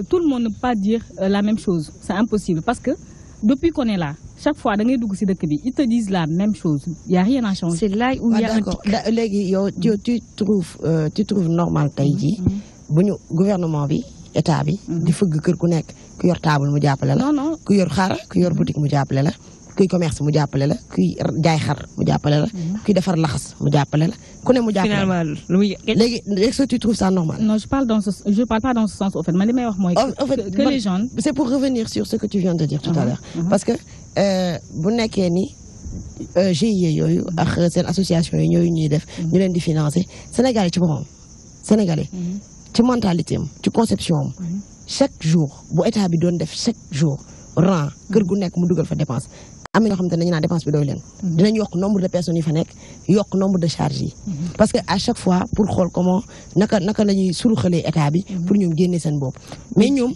tout le monde ne peut pas dire la même chose c'est impossible parce que. Depuis qu'on est là, chaque fois que ngay dugg ci dëkk bi ils te disent la même chose Il y a rien à changer. c'est là où il y a ah, un léegi yow tu trouves euh, tu trouves normal tey dit, mm-hmm. bu gouvernement bi état bi. di Que mm-hmm. tu ku nekk ku yor taabal mu jàppale la. non non ku yor xaar ku yor boutique mu jàppale la kuy commerce mu jàppale la kuy jaay xar mu jàppale la. Mhm. kuy defar laxas mu jàppale la. ku ne mu jàppale la finalement lu muy. léegi est-ce que tu trouves ça normal. non je parle dans ce je parle pas dans ce sens au fait man li may wax mooy. que les gens. c'est pour revenir sur ce que tu viens de dire tout à uh-huh, l'heure uh-huh. parce que euh, bu nekkee ni. Euh, GIE yooyu uh-huh. ak seen association yi ñooyu ñuy def ñu leen di financer sénégalais ci boppam sénégalais ci mentalité am ci conception am chaque jour bu état bi doon def chaque jour ran kër gu nekk mu dugal fa dépense am na ñoo xamante dañu naan dépense bi doy leen. Mm-hmm. dinañ yokk nombre de personnes yi fa nekk yokk nombre de charges yi. Mm-hmm. parce que à chaque fois pour xool comment naka naka la ñuy suruxalee état bi. Mm-hmm. pour ñoom génne seen bopp. mais ñoom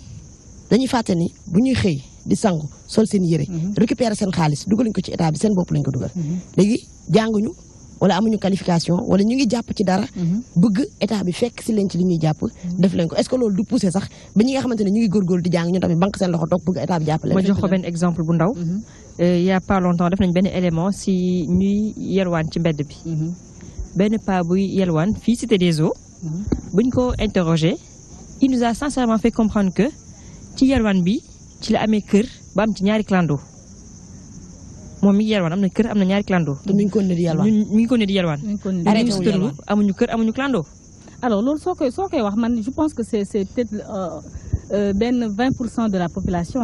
dañuy faté ni bu ñuy xëy di sangu sol sen yéré récupérer sen xaliss dugal ñu ko ci état bi sen bop lañ ko légui jangu ñu wala amuñu qualification wala ñu ngi japp ci dara. Mhm. bëgg état bi fekk ci leen ci li ñuy japp def leen ko est ce que loolu du pousser sax ba ñi nga xamanteni ñu ngi góorgóorlu di jang ñun tamit bank seen loxo tok bëgg état bi jàppale. ma jox ko ben exemple bu ndaw. Mhm. Euh, il y a pas longtemps def nañ ben élément si ñuy yelwaan ci mbedd bi. ben pa buy yelwaan fii cité des eaux. buñ ko interroger il nous a sincèrement fait comprendre que ci yelwaan bi ci la amee kër ba am ci ñaari clando moom mi ngi yalwaan am na kër am ñaari clando. te mi ngi continué di yalwaan mi ngi continué di yalwaan. arrêté wu yalwaan amuñu kër amuñu clando. alors loolu sokay sokay wax man je pense que c'est c'est c' est peut être euh, euh, benn 20 de la population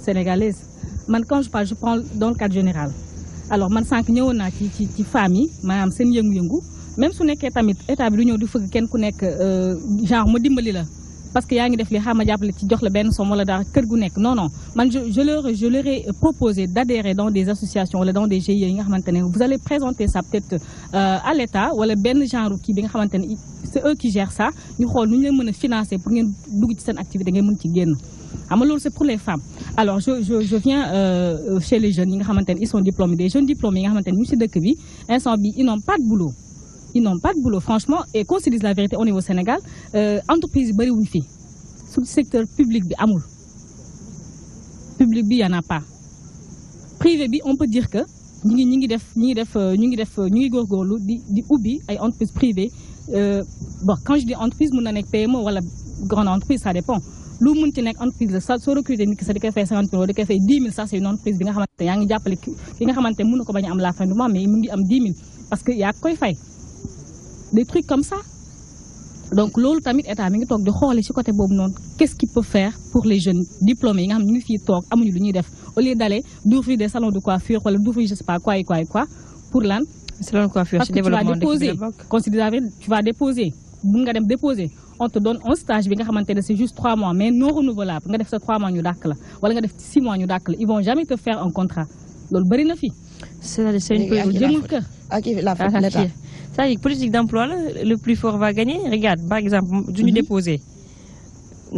sénégalaise man quand je parle je prends dans le cadre général. alors man sank ñëwoon na ci ci ci femmes manam seen yëngu-yëngu même su nekké tamit état bi du ñëw di fëgg kenn ku nekk euh, genre mo dimbali la parce que yaa ngi def li xama jàppale ci jox la benn somme wala dara kër gu nekk non non man je je leur je leur ai euh, proposé d'adhérer dans des associations wala dans des GIE yi nga xamante ne vous allez présenter ça peut-être euh, à l'État wala benn genre kii bi nga xamante ne c'est eux qui gèrent ça ñu xool nu ñu leen mën a financer pour ngeen dugg ci seen activité ngeen mën ci génn xam nga loolu c'est pour les femmes alors je je je viens euh, chez les jeunes yi nga xamante ne ils sont diplômés des jeunes diplômés yi nga xamante ne ñu si dëkk bi instant bi ils n'ont pas de boulot ils n'ont pas de boulot, franchement. Et qu'on se dise la vérité au niveau Sénégal, euh, entreprise bari wuñ fi. Sous le secteur public bi amul. Public bi y en a pas. Privé bi on peut dire que ñu ngi ñu ngi def ñu ngi def euh, ñu ngi def euh, ñu ngi góorgóorlu di di ubbi ay entreprises privées euh, bon quand je dis entreprise mun na nekk PME wala grande entreprise ça dépend lu mun ci nekk entreprise sa so recruté nit ki sax di koy fay cinquante mille wala di koy fay dix mille c'est une entreprise bi nga xamante yaa ngi jàppale ki nga xamante mën ko bañ am la fin du mois mais mu ngi am dix mille parce que ya koy fay des trucs comme ça donc loolu tamit état mi donc, de di xoole ci côté bon non qu'est-ce qu'il peut faire pour les jeunes diplômés yi nga xam ne ñu ngi fii toog amuñu def au lieu d'aller d'ouvrir des salons de coiffure wala d'ouvrir je sais pas quoi et quoi et quoi pour lan. salon de coiffure ci développement parce que tu vas déposer tu vas déposer nga déposer on te donne un stage mais nga xamante c'est juste trois mois mais non renouvelable nga def faire trois mois ñu dàkk la wala nga def 6 mois ñu la ils vont jamais te faire un contrat c'est une na fi. c'est la c'est ah, ah, une ça, à dire politique d'emploi le plus fort va gagner regarde par exemple du ñu mhm. déposer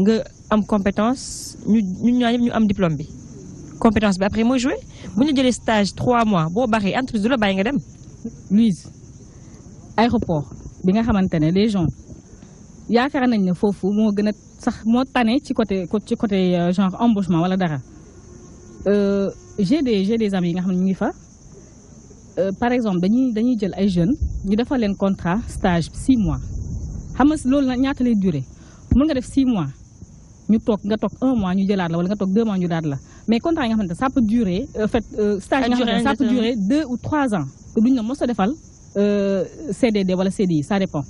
nga am compétence ñu ñun un ñu am diplôme bi compétence bi après moi, jouer bu ñu des stages, trois mois Bon, barré, entreprise du la bàyyi nga dem. Louise aéroport bi nga tu les gens il y nañ ne foofu moo gën a sax moo tane ci côté ci côté euh, genre embauchement wala dara euh, j'ai des j'ai des amis qui nga xam euh, par exemple dañuy dañuy jël ay jeunes ñu defal leen contrat stage 6 mois xam lool na nag ñaata lay duré mën nga def 6 mois ñu tok nga tok 1 mois ñu jëlat la wala nga tok 2 mois ñu daat la mais contrat nga xamanté ça peut durer en euh, fait euh, stage nga xamante ça peut durer 2 ou 3 ans te duñ la mos a defal CDD wala CDI ça dépend.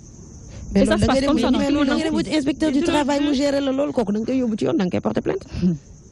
mais ça se passe comme ça non mais loolu da nga inspecteur du travail mu gérer la lool kooku da nga koy yobu ci yoon da nga koy porter plainte. Hmm.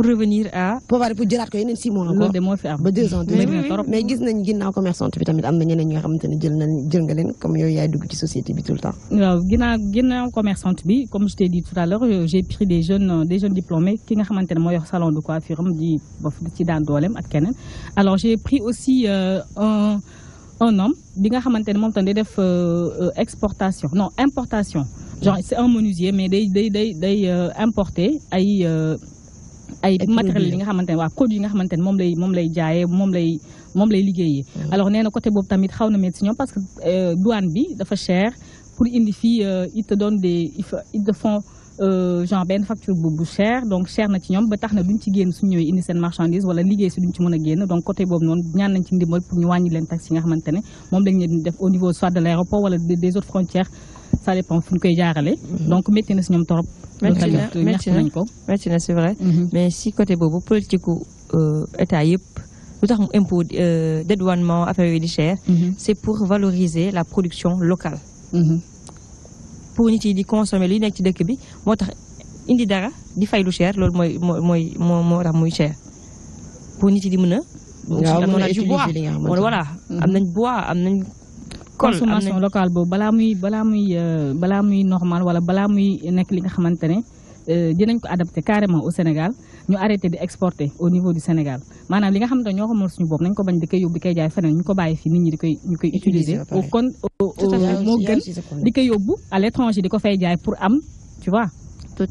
pour revenir à. Poivre pour jëlaat ko yenen 6 mois. loolu de moo fi am ba deux ans. mais gis nañ ginnaw commerçante bi tamit am na ñeneen ñi nga xamante jël nañ jël nga leen comme yoy yaay dugg ci société bi tout le temps. waaw ginnaw ginnaw commerçante bi comme je t'ai dit tout à l'heure euh, j'ai pris des jeunes euh, des jeunes diplômés ki nga xamante moy salon de coiffure am di ci dan dolem ak kenen alors j'ai pris aussi euh, un. un homme bi nga xamante mom moom tam day def euh, exportation non importation genre c'est un menuisier mais day day day day importer ay ay matériel yi nga xamante ne waa code yi nga xamante ne moom lay moom lay jaayee moom lay moom lay liggéeyee mm. alors nee na côté boobu tamit xaw na métti si ñoom parce que euh, douane bi dafa cher pour indi fii euh, il te donne des ils te font euh, genre benn facture bu bu cher donc cher na ci ñoom ba tax na duñ ci génn suñu ñëwee indi seen marchandise wala liggéey si duñ ci mën a génn donc côté boobu noonu ñaan nañ ci ndimbal pour ñu wàññi leen tax yi nga xamante ne moom lañ leen def au niveau soit de l'aéroport wala des autres frontières ça dépend mhm. donc c'est vrai. Mhm. mais pour valoriser la production locale. Mhm. pour consommer li ci dëkk bi indi dara di pour di bois consommation locale boobu bala muy bala muy euh, bala muy normal wala bala muy nek li nga xamante ne euh, dinañ ko adapter carrément au Sénégal ñu arrêté di exporter au niveau du Sénégal manam li nga xamante ñoko mo suñu bopp nañ ko bañ di kay yóbbu di koy jaay feneen ñu ko bayyi fi nit ñi di koy ñu koy utiliser au kon mo gën di koy yóbbu à l'étranger di ko fay jaay pour am tu vois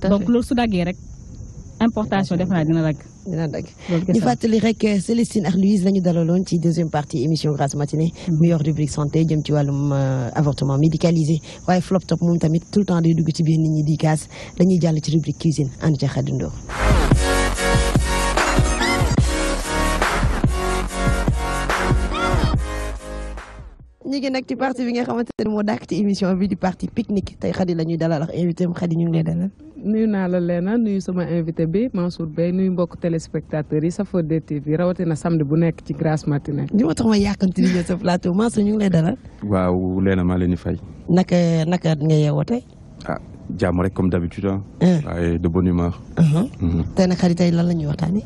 donc loolu su daggee rek importation def naa dina dag dina dag ñu fàttali rek euh, Célestine ak Louise la ñu dalaloon ci deuxième partie émission grâce Matinée. mu mm-hmm. yor rubrique santé jëm ci wàllum euh, avortement médicalisé waaye Flop Top moom tamit tout le temps day dugg ci biir nit ñi di kaas dañuy jàll ci rubrique cuisine ànd ca Khady ñu ngi nag ci parti bi nga xamanteni mo moo ci émission bi di parti pique-nique tay xadi la ñuy dalal ak invité am xadi ñu ngi lay dalal. nuyu naa la leena nuyu sama invité bi Mansour Beye nuyu mbokk téléspectateurs yi safoo DTV na samedi bu nekk ci grâce matinée. li ma tax ma yàkkamti di ñëw sa plateau Mansour ñu ngi lay dalal. waaw leena maa leen di fay. naka naka nga yeewoo tey. ah jàmm rek comme d'habitude ah. ah. waaye de bonne humeur. Uh-huh. Mhm. tey nag Khady tey lan la ñuy waxtaanee.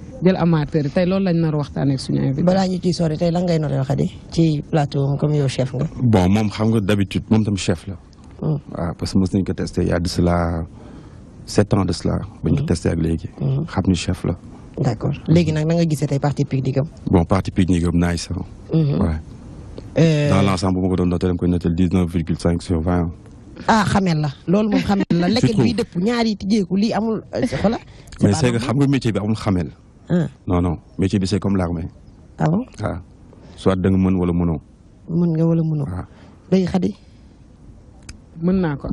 jël amateur yi tey loolu lañ na a waxtaanee ak suñu invité. balaa ñu ciy sori tey lan ngay nar a waxati ci plateau comme yow chef nga. bon moom xam nga d'habitude moom tam chef la. Mm. waaw que mos nañu ko testé a de cela sept ans de cela. bañ ko mm. ak léegi. Mm. xam ni chef la. d'accord léegi nag na nga gisee tey parti pique am. bon parti pique am naaj mm-hmm. sax. Euh, dans l'ensemble bu ma ko doon noter dama koy noter dix-neuf virgule cinq sur vingt. ah xamel la loolu moom la. surtout lekket biy dëpp lii amul. voilà euh, mais c'est xam nga métier bi amul xamel. non non métier bi c'est comme l'armée. ah bon waaw ah. soit da mën wala mënoo. mën nga wala mënoo. waaw ah. day xadi. mën naa ko.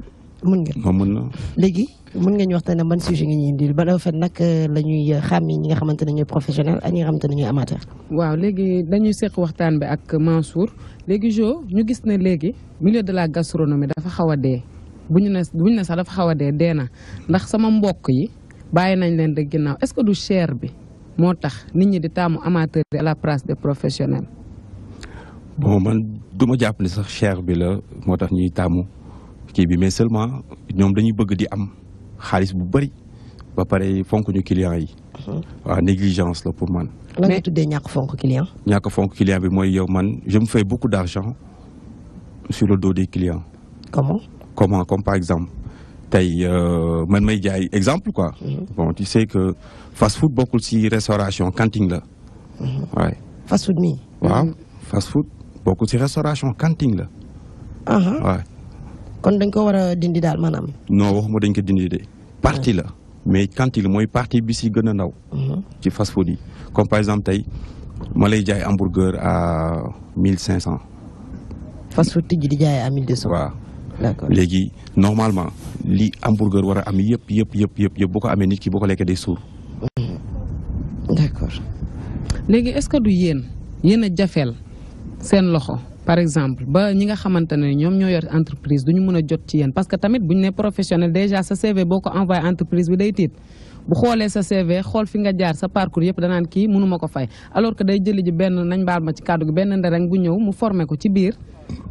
mën nga moom mën na. léegi mën nga ñu waxtaanee ban sujet nga ñuy indil ba la fa nag euh, la ñuy euh, xàmmee ñi nga xamante ne ñooy professionnel ak ñi nga xamante ne ñooy amateur. waaw léegi dañuy seq waxtaan bi ak Mansour léegi Jo ñu gis ne léegi milieu de la gastronomie dafa xaw a dee bu ñu ne bu ñu ne sax dafa xaw a dee dee na ndax sama mbokk yi bàyyi nañ leen de ginnaaw est-ce que du cher bi. motax tax nit ñi di tamu amateur à la place des professionnels. bon man du japp ni sax cher bi la motax ñi tamu taamu bi mais seulement ñom dañuy bëgg di am xaalis bu bari ba pare fonku ñu client yi. Mhm. négligence là, pour man. Mais. nga tuddee ñàkk fonk client. ñak fonku client bi moy yow man je me fais beaucoup d'argent sur le dos des clients. comment comment comme par exemple tey euh, man may exemple quoi. Mhm. bon tu sais que fast food beaucoup ci restauration cantine là mhm. ouais fast food mii. Mhm. fast food beaucoup de restauration cantine la. ouais kon dañ ko war a dindi dal manam. non waxuma dañ ko dindi parti là la mais quand il partie bi ci gën a ndaw. ci fast food yi comme par exemple tay malay lay jaay hamburger à 1500 fast food ti di jaay à 1200 Ouais. léegi normalement li hamburger war a am yëpp yëpp yëpp yëpp yëpp ko amee nit ki boo ko lekkee day suur. Hmm. d'accord léegi est-ce que du yéen yéen a jafeel seen loxo par exemple ba ñi nga xamante ne ñoom ñoo yor entreprise du ñu mën a jot ci yéen parce que tamit bu ñu ne professionnel déjà sa CV boo ko envoyé entreprise bi day tiit. bu xoolee sa CV xool fi nga jaar sa parcours yëpp danaan kii mënuma ko fay alors que day jëli ji benn nañ baal ma ci kàddu gi benn ndereñ bu ñëw mu formé ko ci biir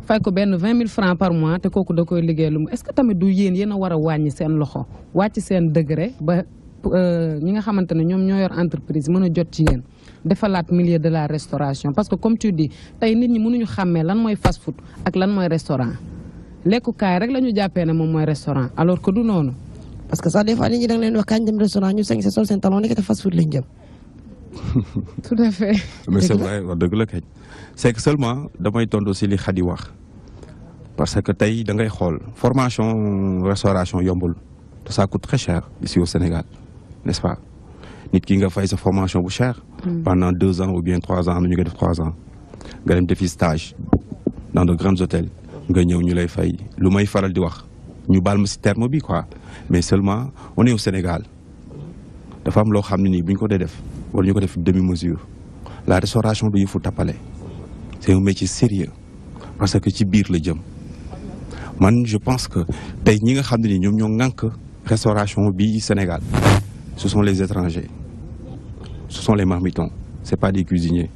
fay ko benn vingt mille francs par mois te kooku da koy liggéey lu mu est-ce que tamit du yéen yéen a war a wàññi seen loxo wàcc seen degré ba euh, ñi nga xamante ne ñoom ñoo yor entreprise mën a jot ci yéen defalaat milieu de la restauration parce que comme tu dis tey nit ñi mënuñu xàmmee mooy fast food ak lan mooy restaurant lekkukaay rek la ñu jàppee ne moom mooy restaurant alors que noonu parce que ça des fois nit ñi da nga leen wax kañ dem restaurant ñu sañ sa sol seen talon nekk te fast food lañ jëm. tout à fait. mais c'est vrai wax dëgg la kay c'est que seulement damay tondo ci li xadi wax parce que tay da ngay xol formation restauration yombul te ça coûte très cher ici au Sénégal n'est-ce pas nit ki nga fay sa formation bu cher. Hmm. pendant deux ans ou bien trois ans ñu ngi def trois ans nga dem def stage dans de grands hôtels nga ñëw ñu lay fay lu may faral di wax. Nous parlons ma quoi mais seulement on est au Sénégal dafa am lo xamni ni buñ ko def wala ñu demi mesure la restauration du yufu tapalé c'est un métier sérieux parce que ci biir la jëm man je pense que tay ñi nga xamni ñom restauration bi Sénégal ce sont les étrangers ce sont les marmitons c'est pas des cuisiniers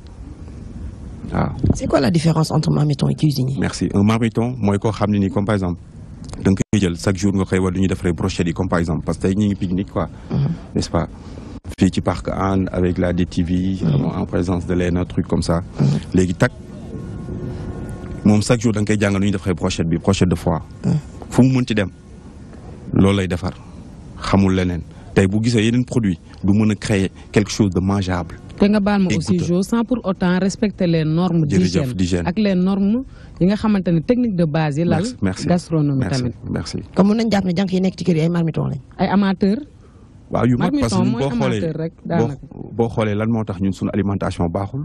c'est quoi la différence entre marmiton et cuisinier. merci un marmiton moi, je ne comme par exemple. Donc, chaque jour nga koy faire des brochettes, comme par exemple parce que nous avons ngi pique-nique quoi. Mm-hmm. n'est-ce pas fii ci parc Anne avec la DTV. Mm-hmm. en présence de un truc comme ça. Mm-hmm. les tak moom chaque jour da nga faire des brochettes, des brochettes brochette bi brochette de foie. fu mu dem loolu lay defar faire. leneen tey bu gisee produits produit du mën créer quelque chose de mangeable te nga baal aussi jour sans pour autant respecter les normes d'hygiène ak les normes yi nga xamante technique de base yi la gastronomie tamit merci comme mun nañ jàpp ne jànk yi nek ci kër yi ay marmiton lañ ay amateur wa yu mag parce que bo xolé bo xolé lan moo tax ñun sun alimentation baaxul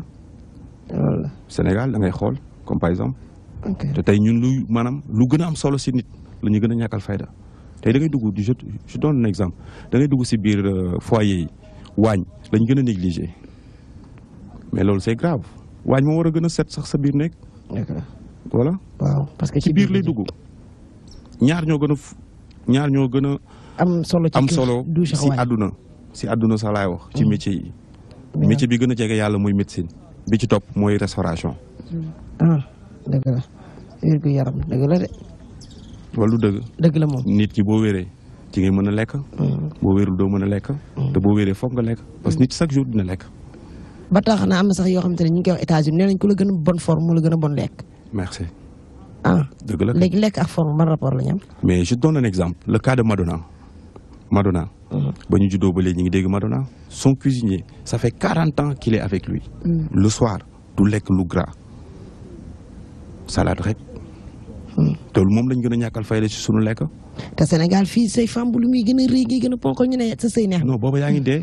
Sénégal da ngay xol comme par exemple te tay ñun lu manam lu gëna am solo ci nit lañu gëna gën fayda tay da ngay dugg je je donne un exemple da ngay dugg ci biir euh, foyer yi lañu gëna négliger mais loolu c'est grave waañ moo war a gën a set sax sa biir nekk. voilà. waaw parce que ci biir lay dugg ñaar ñoo gën a ñaar ñoo gën a. am solo ci am solo si àdduna si àdduna sax laay wax. ci mm. métier yi. bi gën a jege yàlla mooy médecine. bi ci topp mooy restauration. Mm. ah dëgg la wér la de. wala dëgg. dëgg la moom nit ki boo wéree ci ngay mën a lekk. Mm. boo wérul doo mën a lekk. te boo wéree foog nga lekk parce que nit chaque jour dina lekk. ba tax na am na sax yoo xamante ne ñu ngi koy wax États-Unis nee nañ ku la gën bonne forme moo la gën a bon lekk. merci. ah dëgg la léegi lekk ak forme ban rapport la ñu mais je donne un exemple le cas de Madonna. Madonna. Mm-hmm. ba ñu juddoo ba léegi ñu dégg Madonna. son cuisinier ça fait 40 ans qu'il est avec lui. Mm. le soir du lekk lu gras. salade rek. Mm. te moom lañ gën a ñàkkal fayda ci sunu lekk. te Sénégal fi say femme bu lu muy gën a rëy gi gën a ponk ñu ne sa sëy neex. non booba yaa ngi dee.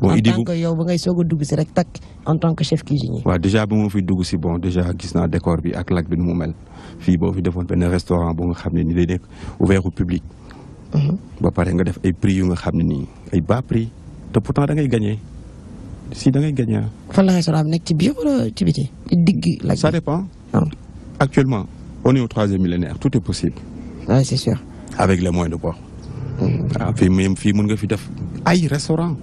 bon en tant que yow ba ngay soog dugg si rek takk en tant que chef cuisinier. wa déjà bu mo fi dugg ci bon déjà gis na décor bi ak lac bi nu mel fi bo fi defoon benn restaurant bu nga xamné ni day nekk ouvert au public. Mhm. ba paré nga def ay prix yu nga xamné ni ay bas prix te pourtant da ngay gagner si da ngay gagner hein. fan la restaurant bi nekk ci biir wala ci biti digg lac ça dépend. Ah. actuellement on est au troisième millénaire tout est possible. oui c'est sûr. avec les moyens de bord. waaw mhm. ah, fii même fi mën nga fi def ay restaurant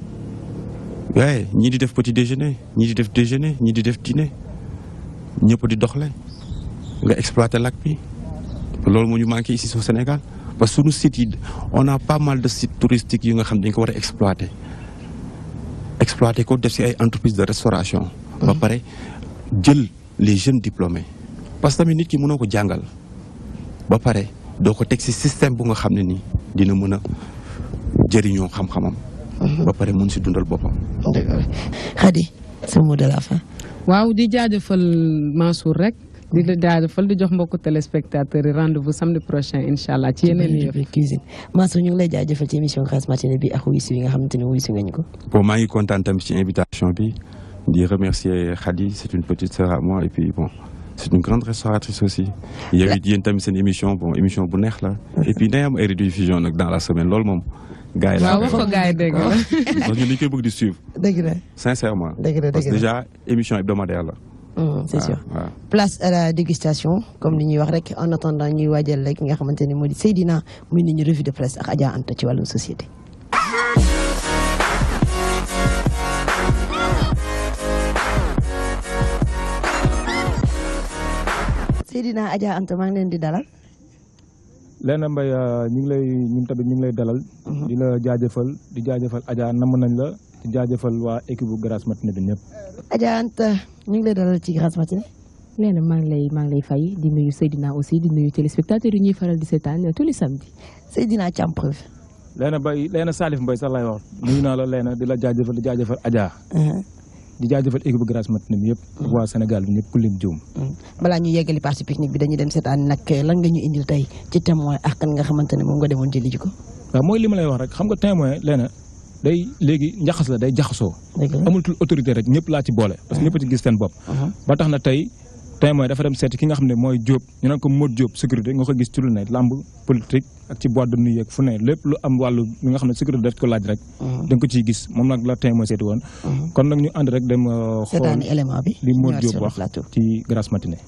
ouais ni di def petit déjeuner ni di def déjeuner ñii di def dîner ñëpp di dox leen nga exploiter lac bi loolu moo ñu ici au Sénégal parce que nos sites on a pas mal de sites touristiques qui nga xam dañ ko war exploiter exploiter ko def ay entreprises de restauration. ba mm-hmm. pare gel les jeunes diplômés. parce que tamit nit ki mënoo ko jàngal ba pare doo ko teg système bu nga ramener ne nii dina mën a jëriñoo xam ba paré mun ci dundal c'est mot de la fin. di Mansour rek. di la di téléspectateurs rendez-vous samedi prochain incha ci yeneen cuisine Mansour lay ci émission bi nga remercier c'est une petite sœur à moi et puis bon. c'est une grande restauratrice aussi. Il y a eu une émission, bon, émission neex Et puis, il y a dans la semaine, gaay la wax ko gaay dégg la bëgg di suivre dégg la sincèrement dégg la parce déjà émission hebdomadaire la mm, c'est sûr place à la dégustation comme li ñuy wax rek en attendant ñuy waajal rek nga xamante ni Seydina muy nit ñi revue de presse ak Adja ci société Seydina Adja ngi leen di dalal Leena Mbaye euh, ñu ngi lay ñun tamit ñu ngi lay dalal. Mhm. di la jaajafal di jaajëfal Adja namm nañ la di jaajëfal waa équipe bu Grasse Matinée bi ñëpp. Adja Anta ñu ngi lay dalal ci Grasse Matinée. Leena maa ngi lay maa ngi lay fay di nuyu Seydina aussi di nuyu téléspectateurs yi ñuy faral di seetaan tous les samedis. Seydina ci am preuve. Leena Mbaye Leena Salif mbay sax laay wax nuyu naa la Leena di la jaajëfal di jaajëfal Adja. Mhm. di jaajëfal équipe Grasse Matinée mi yëpp mm. waa Sénégal bi ñëpp ku leen juum mm. balaa ñu yeggali partie pique-nique bi dañuy dem seetaan nag lan ñu indil tey ci témoin ak kan nga xamante moom nga demoon jëli ko waaw mooy li wax rek xam nga témoin leena day léegi njaxas la day jaxasoo amatul autorité rek ñëpp laa ci boole parce que mm. ñëpp a ci gis seen bopp uh-huh. ba tax na tey tey mooy dafa dem seeti ki nga xam ne mooy Diop ñu naan ko Modou Diop sécurité nga ko gis ci lu ne làmb politique ak ci boîte de nuit yeeg fu ne lépp lu am wàllu li nga xam ne sécurité daf ko laaj rek. Mhm. da nga ko ci gis moom nag la tey mooy seeti woon. Mhm. kon nag ñu ànd rek dem. Euh, xool élément bi li Modou Diop ci Grasse Matinée.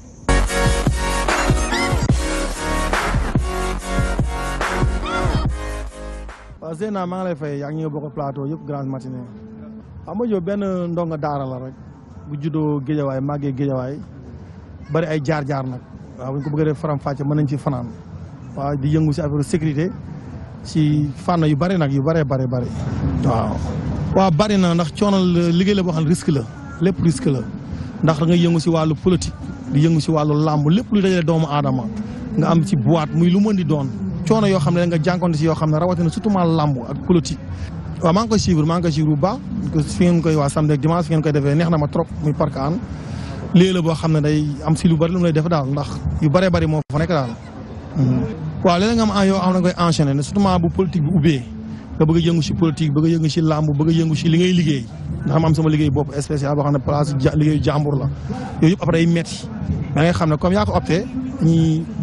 waaw Zeyna maa ngi lay fay yaa ngi ñëw bokk plateau yëpp Grasse Matinée. nga ndongo daara la rek bu juddoo Géejawaay màggee Géejawaay. bari ay jaar-jaar nag waaw bu ñu ko bëggee def faram-fàcce mën nañ ci fanaan waaw di yëngu si affaire sécurité si fànn yu bari nag yu bëree bëri bari waaw waaw bëri na ndax coono liggéey la boo xam ne risque la lépp risque la ndax da nga yëngu si wàllu politique di yëngu si wàllu làmb lépp lu dajale doomu aadama nga am ci boîte muy lu mën di doon coono yoo xam ne nga jànkonte si yoo xam ne rawatina surtout ma làmb ak politique waaw maa ngi koy suivre maa ngi koy suivre bu baax fi ngeen koy waa samedi ak dimanche fi ngeen koy defee neex na ma trop muy parc an lii la boo xam ne day am si lu bari lu mu lay def daal ndax yu bëree bëri moo fa nekk daal. Hmm. waaw léeg nga am yoo xam ne koy enchaîner ne surtout bu politique bi ubbee nga bëgg a yëngu si politique bëgg a yëngu si làmb bëgg a yëngu si li ngay liggéey am sama liggéey bopp spécial boo xam ne place liggéeyu jàmbur la yooyu yëpp après day metti da ngay xam ne comme yaa ko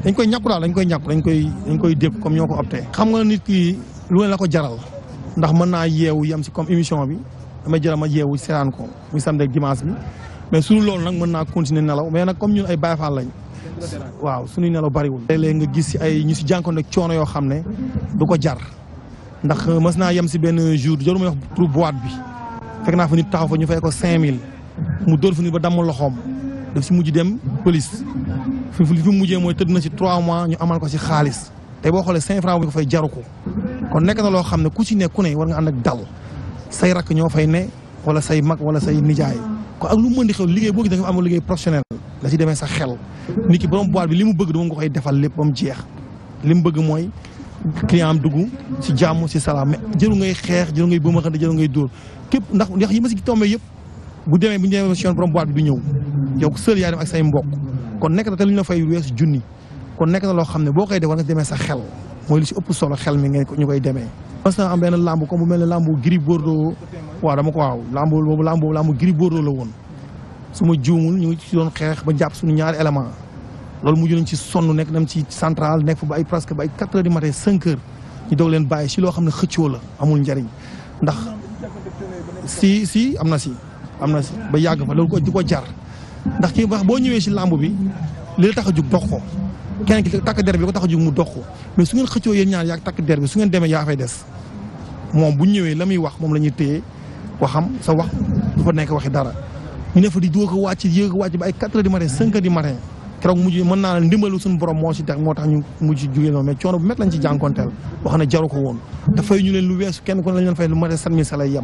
dañ koy ñàkku daal dañ koy ñàkku dañ koy dañ koy dégg comme ñoo ko opté xam nga nit ki lu ne ko jaral ndax mën naa yeewu yam si comme émission bi damay jaral ma yeewu seetaan ko muy samedi ak dimanche bi mais su dul loolu nag mën naa continuer nelaw mais nag comme ñun ay Baye Fall lañ. waaw suñuy nelaw bariwul. léeg-léeg nga gis si ay ñu si jànkoonte ak coono yoo xam ne du ko jar ndax euh, mës naa yem si benn jour jarul may wax pour boîte bi fekk naa fa nit taxaw fa ñu fay ko 5000 mu dóor fa nit ba damm loxoom daf mujj dem police fi mujjee mooy tëdd na si 3 mois ñu amal ko si xaalis te boo xoolee 5 francs bu fay jaru ko kon nekk na loo xam ne ku si ne ne war nga ànd ak dal say rakk ñoo fay ne wala say mag wala say nijaay. ko ak lu mën di xew liggéey boo gis da nga am liggéey professionnel la ci démé sa xel niki borom boal bi limu bëgg du moom nga koy defal lépp ba jeex li bëgg moy client am duggu ci jàmm ci salam jëru ngay xeex jëru ngay bëma bëmaxante jëru ngay dóor képp ndax ndax yi ma si tombé yëpp bu démé bu ñu demee borom boal bi du ñëw yow seul yaa dem ak say mbokk kon nek na té lu fay wess junni kon nek na lo xamné ne boo koy def nga démé sa xel moy li ci ëpp solo xel mi ngeen ñu koy demee. parce que am ben lamb comme bu melni lamb Gris Bordeaux waaw dama ko waaw lambo bobu lambo lambo lamb boro la won suma djumul ñu ci doon xex ba japp suñu ñaar element lolou mu nañ ci sonu nek nam ci central nek fu ba ay presque ba ay 4 h du matin 5 h ñu doog leen bàyyi ci lo xamne xëccio la amul ndariñ ndax si si amna si amna si ba yag fa lolou ko diko ko jar ndax kii wax bo ñëwé ci lambo bi li taxa juk a jug dox ko kenn ki tak der bi ko taxa juk mu dox ko mais su ngeen xëccio yeen ñaar yaa tak der bi su ngeen démé ya fay dess mom bu ñëwé lamuy wax mom lañuy téyé waxam sa wax du fa nekk waxi dara ñu ne fa di jóg a wàcc yéeg a wàcc ba ay 4 heures du matin 5 heures du matin mujj mën naa ne ndimbalu suñu borom moo si tax moo tax mujj jugee noonu mais coono bu métti lu weesu kenn ku ne lañ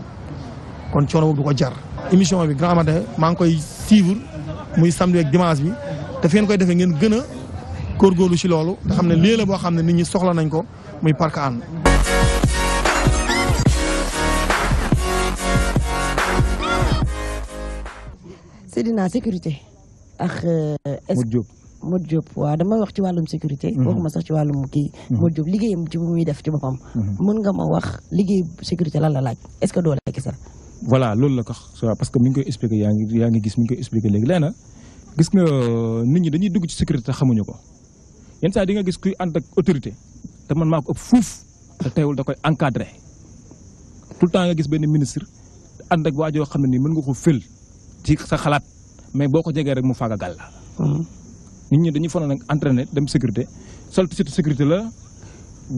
kon coono boobu du ko jar émission bi grand matin maa ngi koy suivre muy samedi ak bi te fi koy defee ngeen gën a góorgóorlu si loolu te xam ne lii la boo xam ne nit soxla nañ ko muy parc Hann Seydina sécurité ak. Euh, Modou Diop Modou Diop waaw dama wax ci wàllum sécurité. Mhm. waxuma sax ci wàllum kii. Mhm. Modou Diop liggéeyam ci bu muy def ci boppam. Mhm. mën nga ma wax liggéey sécurité lan la laaj est-ce que doo la gisal. voilà loolu la ko parce que mi ngi koy expliqué yaa ngi yaa ngi gis mi ngi koy expliqué léegi leena gis nga euh, nit ñi dañuy dugg ci sécurité xamuñu ko yenn saa di nga gis kuy ànd ak autorité te man maa ko ëpp fuuf te teewul da koy encadré tout le temps nga gis benn ministre ànd ak waajoo xam ne nii mën nga ko fël ci sa xalaat mais boo ko jegee rek mu faagagal la. Mm-hmm. nit ñi dañuy foog nag entraîner dem sécurité sol surtout sécurité la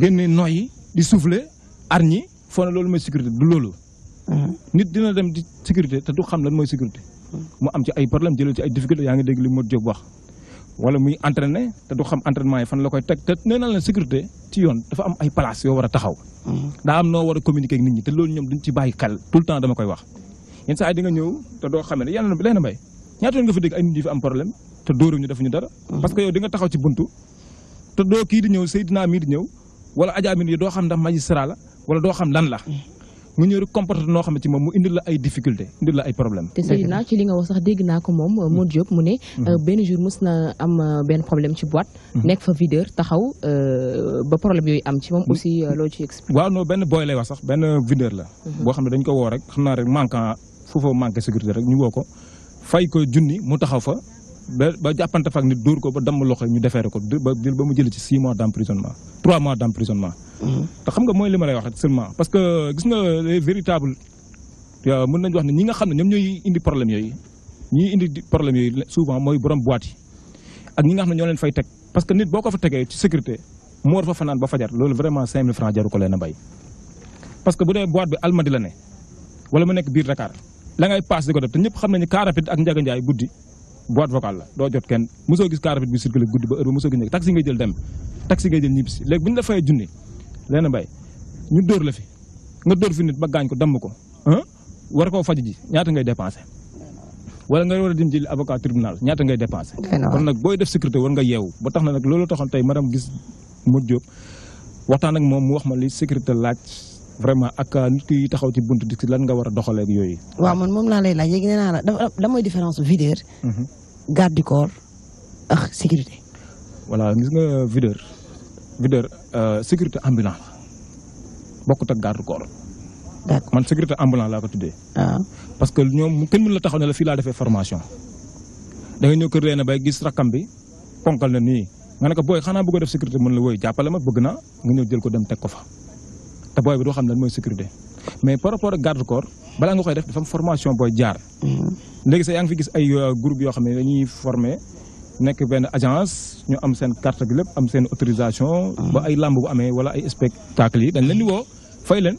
génne noyyi di souffler ar ñi foog ne loolu mooy sécurité du loolu. Mm-hmm. nit dina dem di sécurité te du xam lan mooy sécurité. Mm-hmm. mu am ci ay problème jëlee ci ay difficultés yaa ngi dégg li Modou Diop wax. wala muy entraîner te du xam entraînement yi fan la koy teg te nee la sécurité ci yoon dafa am ay place yoo war a taxaw. daa am noo war a communiquer te loolu ñoom duñ bàyyi xel tout le temps dama yeen saa di nga ñew te do xamé yalla na leena may ñaata nga fi dégg ay nit yi fi am problème te dooru ñu ñu dara mm-hmm. parce que yow di nga taxaw ci buntu te do ki di ñew Seydina mi di ñew wala Adja mii do xam ndax magistrat la wala do xam lan la mu mm-hmm. ñëw rek comporté no xamé ci mom mu indil la ay difficulté indil la ay problème te Seydina ci li nga wax sax dégg na ko mom mo mm-hmm. Diop mu ne euh, ben jour musna am euh, ben problème ci boîte nek fa videur taxaw euh, ba problème yoy am ci mom aussi lo ci expliqué wa no ben boy lay wax sax ben videur la bo xamné dañ ko wo rek xamna rek manquant foofa manke sécurité rek ñu woko fay ko junni mu taxaw fa ba ba fa ak nit dóor ko ba dam loxe ñu defeere ko ba ba mu jël ci 6 mois d'emprisonnement 3 mois d'emprisonnement mhm. ta xam nga moy li ma lay wax seulement parce que gis nga les véritables ya mën nañ wax ni nga xam ñom ñoy indi problème yoy ñi indi problème yoy souvent moy borom boîte ak ñi nga xam ñoo leen fay tek parce que nit boko fa tegee ci sécurité mu fa fanane ba fajar loolu vraiment 5000 francs jaru ko leena bay parce que bu dé boîte bi almadi la né wala mu nek biir Dakar. la ngay paas di ko def te ñëpp xam nañu car rapide ak Ndiaga Ndiaye guddi boîte vocale la doo jot kenn mosoo gis car rapide bi circulé guddi ba heure ba mosoo gis taxi ngay jël dem ñu la fayee la fi nga dóor fi nit ba gaañ ko damm ko war koo faj ji ñaata ngay dépensé wala nga war a dem jël avocat tribunal ñaata ngay dépensé kon nag booy def sécurité war nga yeewu ba tax na nag loolu taxoon tey madame gis mu Diop waxtaan ak moom mu wax ma li sécurité laaj vraiment ak nit yi taxaw ci buntu di lan nga wara doxale ak yoy wa man mom la lay laaj léegi nee naa la da moy différence videur. hmm garde du corps ak sécurité. voilà gis nga videur videur euh sécurité ambulance bokut ak garde du corps. d'accord man sécurité ambulance la ko tuddee. waaw ah. parce que ñom kenn mën la taxaw ne la fi la défé formation. da nga ñu ko réna bay gis rakam bi ponkal na ni nga ne ko boy xana bëgg def sécurité mën la woy jappalama bëgg na nga ñu jël ko dem tek ko fa. te booy bi doo xam lan mooy sécurité mais par rapport ak garde corps balaa nga koy def dafa formation booy jaar. Mm. léegi sax yaa ngi fi gis ay euh, groupe yoo xam ne dañuy former nekk benn agence ñu am seen carte gi lépp am seen autorisation. Mm. ba ay làmb bu amee wala ay spectacle yi dañ leen di woo fay leen.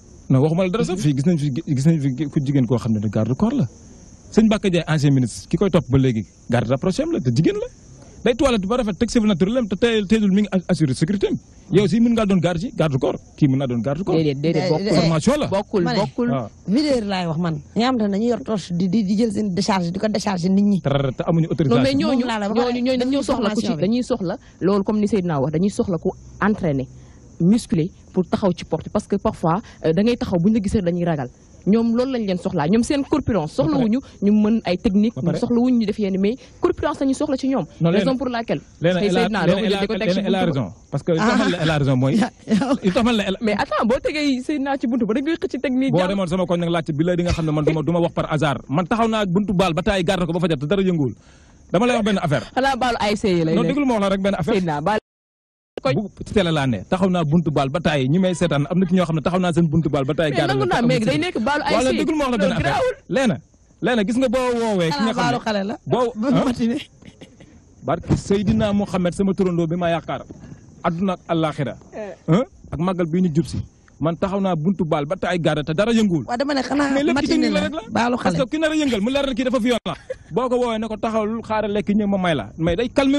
non waxuma la dara sax fi gis nañ fi ku jigéen koo xam ne garde corps la sëñ Mbacke Ndiaye ancien ministre ki koy topp ba léegi garde rapproché la te jigéen la day toilette ba rafet teg si mën ngaa doon garde corps kii mën naa doon garde corps bokkul formation la ah. wax man ñi nga xam ne dañuy yor torche di di jël seen décharge di soxla loolu comme ni Seydina wax dañuy soxla ku entraîné musclé pour taxaw ci porte parce que parfois euh, da ngay taxaw buñu ñu la dañuy ragal ñom loolu lañ leen soxla ñom seen corpulence soxlawuñu ñu mën ay technique ñu soxlawuñu ñu def yenn mais corpulence lañu soxla ci ñom raison pour laquelle c'est elle la raison parce que ah. elle a raison moy il taxmal la mais attends bo tégué tegee na ci buntu ba dañ koy ci technique bo demoon sama koñ nak lacc bi lay di nga xam man duma wax par hasard man taxaw na ak buntu bal ba taay garde ko ba fa jot dara yëngul dama lay wax ben affaire xanaa baalu ay sey lay non déglu mo wax la rek ben affaire koñ teel a laa ne taxaw naa buntu baal ba taay ñi may seetaan am na ci ñoo xam ne taxaw naa seen buntu baal ba taay gaara wala dégul ma wax la benn affaire leena leena gis nga boo woowee ki nga xam ne boo ah? barke Seydina Mouhamed sama turandoo bi ma yakaar adduna ak àllaaxira eh. ak màggal bi ñu jub si man taxaw na buntu baal ba taay gaara te dara yënguwul waaw dama ne xanaa matine la rek la baalu xale parce que ki nar a yëngal mu leer boo ko woowee ne ko taxawul xaaral lekk ñëw ma may la mais day calmé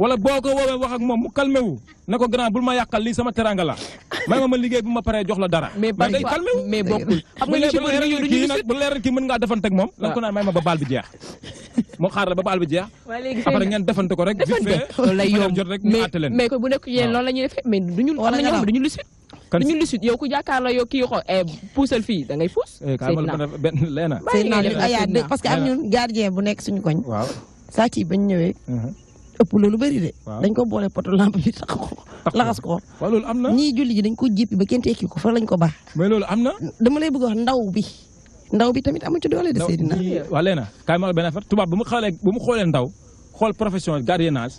wala boko wowe wax ak mom mu calmé wu nako grand bul ma yàqal lii sama teranga la may ma ma liggéey bu ma jox la dara. mais day calmé wu mais bokul xam nga li ci bëri ñu duñu nak bu leeral ki mën nga defante ak mom la ko naan may ma ba bal bi jeex. mo xaar la ba bal bi jeex. waa léegi après ngeen defante ko rek. bi loolu lay yom mais ko bu nekk yeen loolu la def mais duñu. wala nga xam duñu lucide. kan dañu lisit yow ku jàkkaarloo yow ki kii xo eh, poussel fi da ngay ben puus. Eh, Seydina Seydina parce que am ñun gardien bu nekk suñu koñ. waaw sa ci bañ ñëwee. Mhm ëpp loolu bëri de. dañ ko boole poto lampe bi tax ko laxas ko. waaw loolu am na ñii julli ji dañ ko jippi ba amna? tekki ko fa lañ ko baax. mais loolu am dama lay bëgg wax ndaw bi. ndaw bi tamit amu ci doole de Seydina. waaw léegi nag kaay ma benn affaire tubaab bu mu xoolee bu mu xoolee ndaw xool profession gardiennage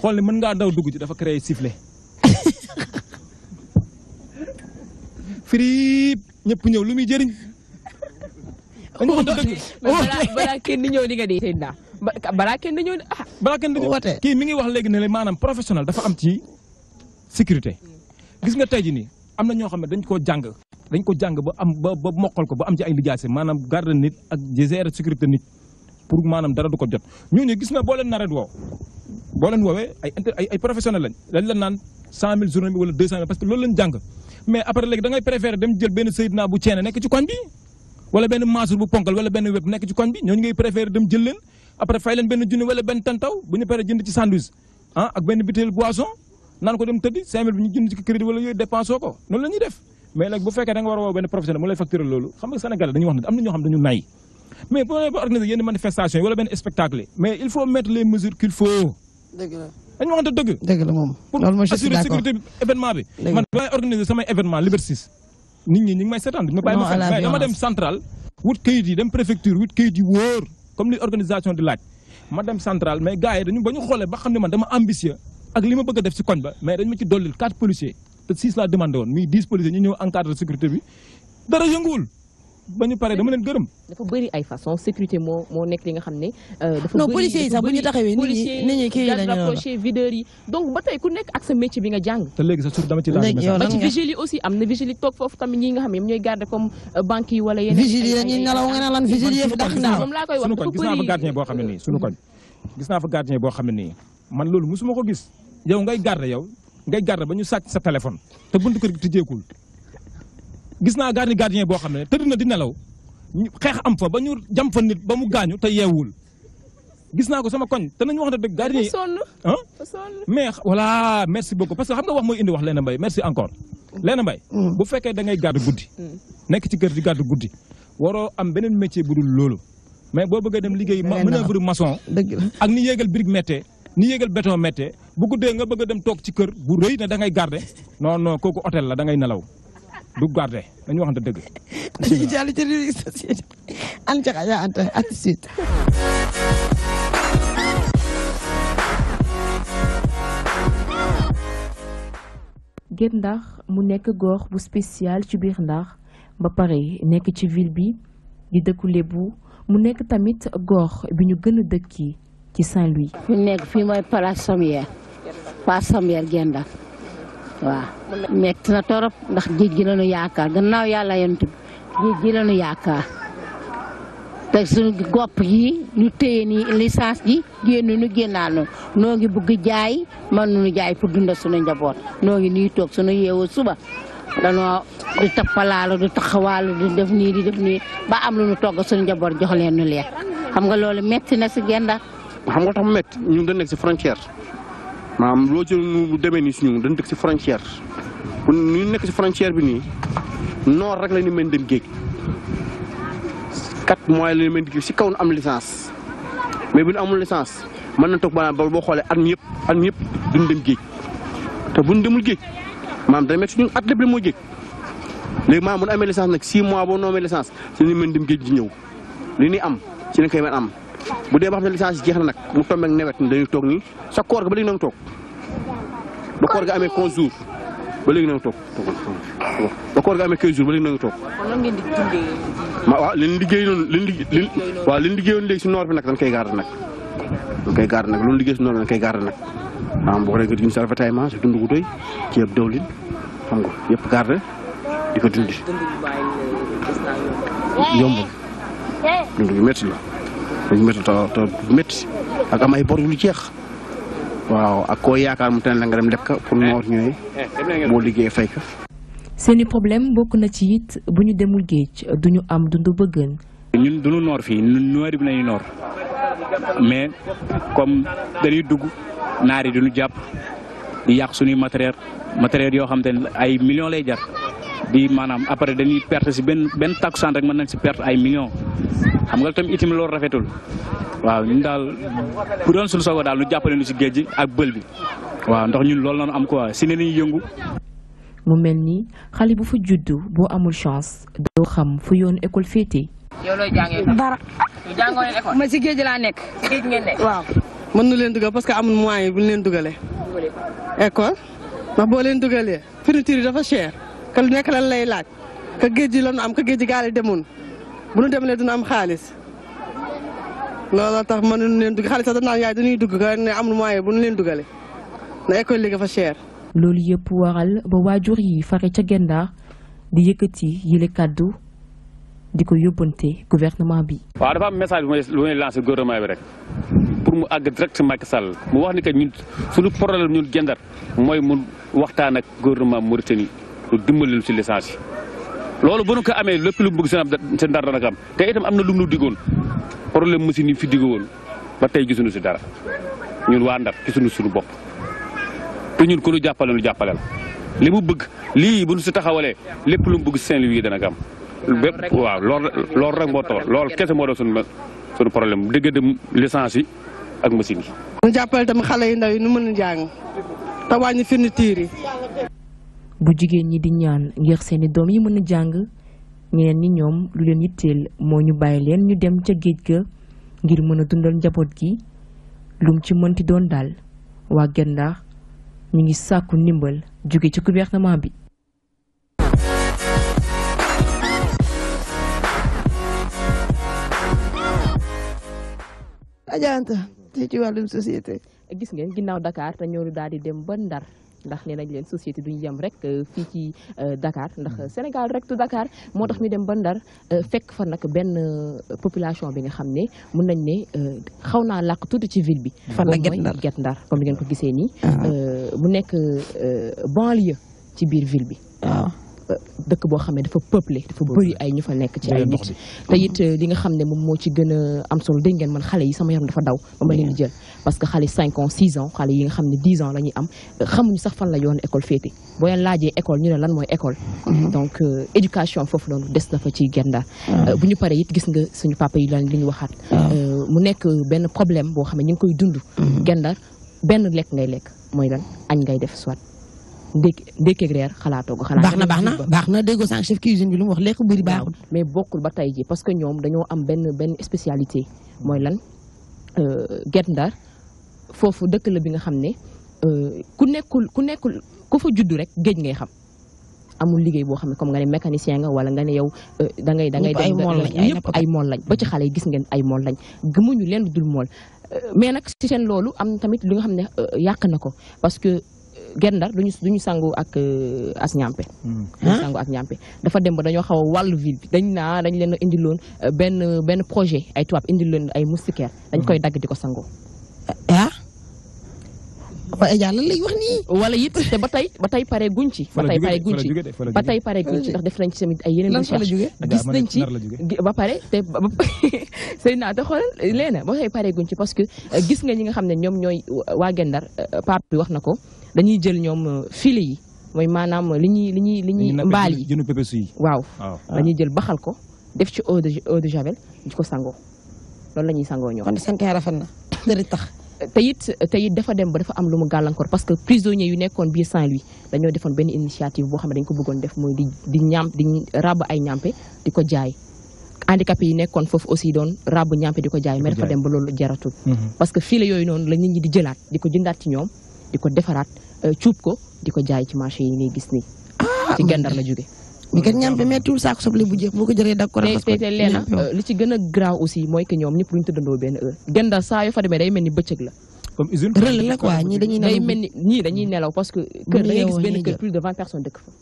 xool ne mën ngaa ndaw dugg ci dafa créé sifflet. friip ñëpp ñëw lu muy jëriñ. Oh, oh, balaa balaa kenn di ñëw di nga di Seydina. balaa kenn dañoo ah. balaa kenn dañoo wootee kii mi ne la maanaam professionnel dafa am ci sécurité gis nga tey jii nii am na ñoo xam ne dañ koo jàng. dañ ko jàng ba am ba ba ko ba am ci ay lijaase maanaam garde nit ak gérer sécurité nit pour maanaam dara du ko jot ñooñu gis na boo leen naree woo boo leen woowee ay ay ay professionnel lañ dañ la naan cent mille journée bi wala deux cent mille parce que loolu lañ jàng mais après léegi da préféré dem jël benn Seydina bu nekk ci koñ bi. wala benn maasur bu ponkal wala nekk après fay leen ben junni wala ben tantaw bu ñu paree jënd ci sandwich han ah, ak ben butéel boisson nan ko dem tëddi 5000 bi ñu jënd ci crédit wala yoy dépenses ko non lañuy def mais nak bu fekkee da nga war a woo professionnel mo lay facturer lolu xam nga sénégal dañuy wax ne am na ñoo xam dañu nay mais pour organiser yene manifestation wala ben spectacle mais il faut mettre les mesures qu'il faut. dëgg la dañu wax dëgg. dëgg la mom lolu mooy ci d'accord pour sécurité événement bi. man bay organiser sama événement Liberté 6 nit ñi ñi ngi may sétane ma bay ma dem central wut kayit yi dem préfecture wut kayit yi wóor comme l'organisation de l'AC, Madame Centrale, mais gars, nous avons une chose, ambitieux. Et ce que je veux faire, c'est que nous avons 4 policiers, 6 la demandent, 10 policiers, nous avons encadré la sécurité. Nous avons ba ñu paree dama leen gërëm. dafa bëri ay façon sécurité moo moo nekk li nga xam ne. Euh, dafa bëri non policiers yi sax bu ñu taxawee nit ñi nit ñi kii la ñu rapproché videurs yi donc ba tey ku nekk ak sa métier bi nga jàng. te léegi sa suuf dama ci laaj. ba ci vigile yi aussi am na vigile yi toog foofu tamit ñi nga xam ne ñooy garder comme euh, banque yi wala yeneen. vigile yi dañuy nelaw nga naan lan vigile yi fi tax naa. moom laa koy wax dafa bëri sunu koñ gis naa fa gardien boo xam ne nii sunu koñ gis naa fa gardien boo xam ne nii man loolu musuma ko gis yow ngay garder yow ngay garder ba ñu sàcc sa téléphone te buntu kër gi tijjeekul gis naa gardien gardien boo xam ne tëdd na di nelaw xeex am fa ba ñu jam fa nit ba mu gaañu te yeewul gis naa ko sama koñ te nañu wax dëgg gardien yi ah mais voilà merci beaucoup parce que xam nga wax mooy indi wax Leena Mbaye merci encore Leena mm. bu fekkee da ngay garde guddi mm. nekk ci kër di garde guddi waroo am beneen métier bu dul loolu mais boo bëggee dem liggéey manœuvre maçon ak ni yéegal brique méttee ni yéegal béton méttee bu dee nga bëgg dem toog ci kër bu rëy na da ngay garde non non kooku hôtel la da ngay nelaw du garde dañu waxante deug dañuy jàll ci rubrique société an ci xaya anta à suite. Guet Ndar mu nekk goor bu spécial ci biir ndax ba pare nekk ci ville bi di dëkku Lébu mu nekk tamit goor bi ñu gën a ci Saint-Louis. fi nekk fi moy place sommière place sommière Guet Ndar waaw metti na torop ndax géej gi lañu yaakaar gannaaw yàlla yonent bi géej gi lañu yaakaar te suñu gopp yi ñu téye ni licence ji génn nu génnaal nu noo ngi bëgg jaay mën nu jaay pour dundal suñu njaboot noo ngi toog sunu yeewoo suba danoo di tappalaalu di taxawaalu di def nii di def ba am lu ñu togg suñu njaboot jox leen nu lekk xam nga loolu metti na si genn xam nga tax mu metti ñun dañ nekk si frontière maanaam loo jël nu demee nii si ñun dañu dëkk si frontière bu ñu nekk si frontière bi nii noor rek la ñu mën dem géej quatre mois la ñu mën géej si kaw nu am licence mais bu ñu amul licence mën na toog maanaam boo xoolee at mi yëpp at dem géej te bu ñu demul géej maanaam dana métti si ñun at moo géej léegi maanaam bu ñu amee licence nag six mois boo noomee licence si ñu mën dem géej gi ñëw li ñuy am si la koy am. bu dee ma xam ne licence jeex na nag mu tombé ak nawet mi toog nii sa koor ga ba léegi noo toog ba koor ga amee ko jours ba léegi noo ngi toog ba koor waaw li ñu li ñu liggéey waaw li ñu liggéeyoon léegi si noor bi nag dañ koy garder nag. dañ koy garder nag loolu liggéey si noor bi koy garder nag maanaam boo xoolee gis nga ravitaillement sa dund gu doy ceeb dawlin xam nga yëpp garder dundi. dund bi métti la dañu ak am ay bor yu jeex waaw ak ko yaakaar mu tane la nga dem leb ka pour moo ñëwee boo liggéey fay ka seeni problème bokk na ci it bu ñu demul géej du ñu am dundu bëggën ñun du ñu noor fii ñun noor bi nañu noor mais comme dañuy dugg naar du ñu jàpp di yàq suñuy matériel matériel yoo xam te ay millions lay jar bi maanaam après dañuy perte si ben ben takkusaan rek mën nañ si perte ay millions xam nga tam itam rafetul waaw ñun dal bu doon suñu sogo daal ñu si bi waaw ñun am quoi ne yëngu. mu bu amul chance do xam fu yoon école féete. yow looy jàngee dara. jàngoo école ma si géej laa nekk. géej ngeen nekk waaw. mën nu leen dugal parce que amul moyen bu que nekk lan lay laaj que géej la ñu am que géej gi gaal yi demoon bu nu demee dina am xaalis looloo tax mënuñ leen dugg xaalis sax dañ naan yaay dañuy dugg ka ne amul moyen bu nu leen dugalee na école li fa cher. loolu yëpp waral ba waajur yi fare ca Genda di yëkkati yile kàddu di ko yóbbante gouvernement bi. waaw dafa am message bu may bu gouvernement bi rek pour mu àgg direct Macky Sall mu wax ni que suñu problème ñun Gendar mooy mu waxtaan ak gouvernement Mauritanie. pour dimbali leen si licence yi loolu bu nu ko amee lépp lu mu bëgg seen seen dara dana ko te itam am na lu mu nu diggoon problème machine yi fi diggoon ba tey gisuñu si dara ñun waa Ndar gisuñu suñu bopp te ñun ku ñu jàppale ñu jàppale li mu bëgg lii bu si taxawalee lépp lu bëgg Saint-Louis yi dana am. bépp waaw loolu loolu rek moo tax loolu kese moo doon suñu suñu problème bu diggante licence yi ak machine yi. ñu jàppale tamit xale yu ndaw yi nu mën a jàng te wàññi fourniture yi bu jigen ñi di ñaan ngir seeni doom yi mëna jang jàng ñeneen ni ñoom lu leen yittel mo ñu bàyyi leen ñu dem ca geej ga ngir mëna dundal njabot gi lum ci mënti doon dal wa genda ñi ngi sàkku nimbal jóge ci gouvernement bi ajanta ci ci walum société gis ngeen ginnaw Dakar ta ñoo daal di dem ba Ndar ndax nee nañ leen société duñu yem rek euh, fii ci euh, Dakar ndax euh, Sénégal rek tu Dakar moo tax ñu dem ba Ndar fekk fa nag benn population bi nga xam ne mun nañ ne xaw naa làkk tuuti ci ville bi. fan la Guet Ndar Guet Ndar comme ni ngeen ko gisee nii. Ah. mu nekk banlieue ci biir ville bi. waaw ah. dëkk boo xam ne dafa peuplé dafa bëri ay ñu fa nekk ci ay nit te it eh, li nga xam ne moom moo ci gën a am solo dégg ngeen man xale yi sama yaram dafa daw ba ma que xale cinq ans six ans xale yi nga xam ne dix ans la ñuy am eh, xamuñu sax fan la yoon école féete boo leen laajee école ñu lan mooy école mm-hmm. donc eh, éducation foofu noonu des na fa ci guet ah. bu ñu paree it gis nga suñu papa yi lan li ñu waxaat ah. mu nekk benn problème boo xam ne ñu ngi koy dund mm-hmm. guet benn lekk ngay lekk mooy lan añ ngay def soit ndékki ndékkeeg reer xalaatoo ko xalaat baax na baax na baax na déggoo sànq chef cuisine bi lu mu lekk bëri baaxul mais bokkul ba tey ji parce que ñoom dañoo am benn benn spécialité mooy lan euh, Guet Ndar foofu dëkk bi nga xam ne euh, ku nekkul ku nekkul ku fa juddu rek géej ngay xam amul liggéey boo xam ne comme nga ne mécanicien nga wala nga ne yow euh, da ngay da ngay dem ay mool lañ ba ci xale yi gis ngeen ay mool lañ gëmuñu leen dul mool mais nag si seen loolu am tamit li nga xam ne yàq na ko parce que Guet Ndar duñu duñu sangu ak euh, as ñàmpe hmm. ak ñàmpe dafa dem ba dañoo xaw a wàllu dañ naa dañ leen indiloon euh, benn benn projet ay tubaab indil leen ay moustiquaire dañ koy hmm. dagg di ko sangoo eh, ah waaye Adja lan lay wax nii wala it te ba tey ba tey pare guñ ci ba tey pare guñ ci ba tey pare def nañ ci tamit ay yeneen recherche gis nañ ci ba pare te sëy naa te xoolal ba tey pare guñ ci parce que euh, gis nga ñi nga xam ne ñoom ñooy waa Guet Ndar bi wax na ko dañuy jël ñoom euh, filets yi mooy maanaam li ñuy li ñuy li ñuy mbaal yi jënu pépé yi waaw ah. dañuy jël baxal ko def ci eau de eau javel di ko sangoo loolu la ñuy sangoo ñoom kon seen kay rafet na dëri tax te it te it dafa dem ba dafa am lu mu gàllankoor parce que prisonniers yu nekkoon biir Saint-Louis dañoo defoon benn initiative boo xam ne dañ ko bëggoon def mooy di di ñaam di ràbb ay ñampe di ko jaay handicapé yi nekkoon foofu aussi doon rab ñampe di ko jaay mais dafa dem ba loolu jaratul mm-hmm. parce que fii la yooyu noonu la di jëlaat di ko jëndaat ci ñoom di ko defaraat Euh, cuub ko di ko jaay ci marché yi ngay gis nii. Ah, ci gendar la jóge mi kat ñam bi mettiwul saako soble bu jeex boo ko jëlee d'accord. tey tey leena li ci gën a graaw aussi mooy que ñoom ñëpp duñu tëddandoo benn heure. gendar saa fa demee day mel ni bëccëg la. comme la quoi ñii dañuy nelaw parce que. kër da ngay benn kër plus de vingt personnes dëkk fa.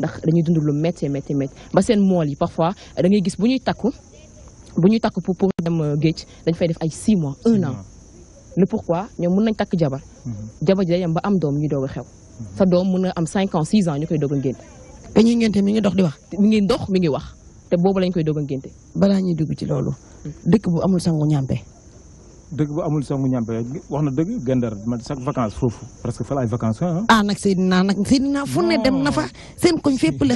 ndax dañuy dund lu métti métti métti ba seen mool yi parfois da ngay gis bu ñuy takku bu ñuy takku pour pour dem euh, géej dañ fay def ay 6 mois 1 an le pourquoi ñoom mun nañ takk jabar jabar ji day am am doom ñu doog a xew sa doom mun na am 5 ans 6 ans ñu koy doog a ngénte te ñuy ngénte mi ngi dox di wax mi ngi dox mi ngi wax te boobu lañ koy doog a ngénte balaa ñuy dugg ci loolu mm. dëkk bu amul sangu ñàmpe dëkk bu amul wax na dëgg Gendar man chaque que fa laay vacances ah nag Seydina nag Seydina dem na fa seen koñ foofu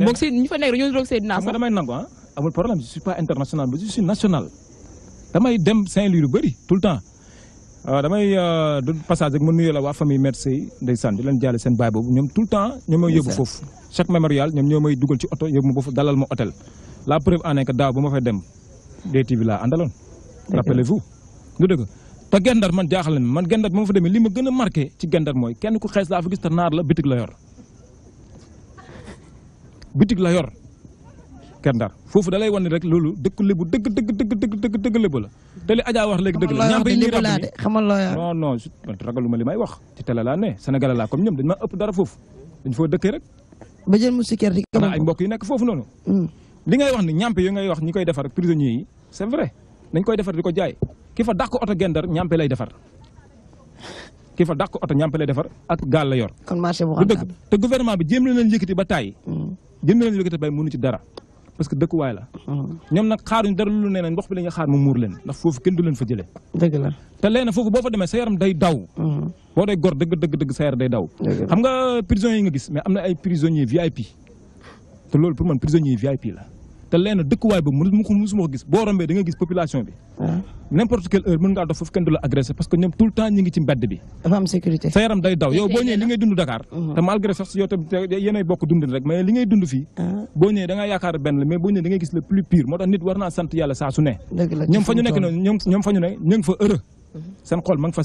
boog ñu fa nekk dañoo doon Seydina sax. damay nangu dem Saint-Louis lu bëri tout le temps euh, damay euh, passage rek ma nuyoo la waa famille merci ndeysaan di leen jaale seen baay boobu ñoom tout le temps ñoom mooy yóbbu foofu. chaque mémorial ñoom ñoo dugal ci oto yóbbu ma foofu dalal ma hôtel la preuve en est que daaw ba ma fay dem DTV laa àndaloon rappelez-vous du dëgg ta gendarme man jaaxal na man gendarme mo fa demee li gëna a marqué ci gendarme moy kenn ku xéss la fa gis te la bitig la yor bitig la yor gendar dalay wone rek lolu dekk le bu lébu dëgg dëgg dëgg dëgg dëgg le bu la te li Adja wax leg dëgg la ñaam bi ñuy rab xamal lo yor non non man ragaluma limay wax ci télé la ne sénégalais la comme ñom dañ ma ëpp dara fofu dañ fo dëkkee rek ba jël mu rek ay mbokk yi nek fofu nonu hmm. li ngay wax ni ñampe yooyu ngay wax ñi koy défar prisonnier yi c'est vrai dañ koy defar diko jaay ki fa dàq oto gendar lay defar ki fa dàq oto ñàmpe lay defar ak gal la yor. kon marché bu xam te gouvernement bi jëm leen yëkëti ba tay jëm mm. leen yëkëti bay mënu ci dara parce que way la. Mm. ñoom nag xaaruñ dara lu neenañ ne bi lañu xaar mu mur leen ndax fofu kenn du leen fa jëlé deug la te leena fofu bo fa démé sa yaram day daw. Mm. bo day gor deug deug deug sa yaram day daw. xam nga prison nga gis mais am ay prisonnier VIP te loolu pour man prisonnier VIP la te lenn dëkkuwaay boobu mënu ko mënu ma ko gis boo rombee da gis population bi. Ah. n'importe quelle heure mën ngaa dox foofu kenn du la agressé parce que ñoom tout temps ñi ci mbedd bi. sa yaram day daw yow boo ñëwee li ngay dund Dakar. Mhm. te malgré sax yow tam yéenay bokk dundin rek mais li ngay dund fii. Ah. boo ñëwee da nga benn la mais boo ñëwee da gis le plus pire moo tax nit war naa sant yàlla saa ne. ñoom fa ñu nekk ñoom fa ñu ne mhm. xol ma nga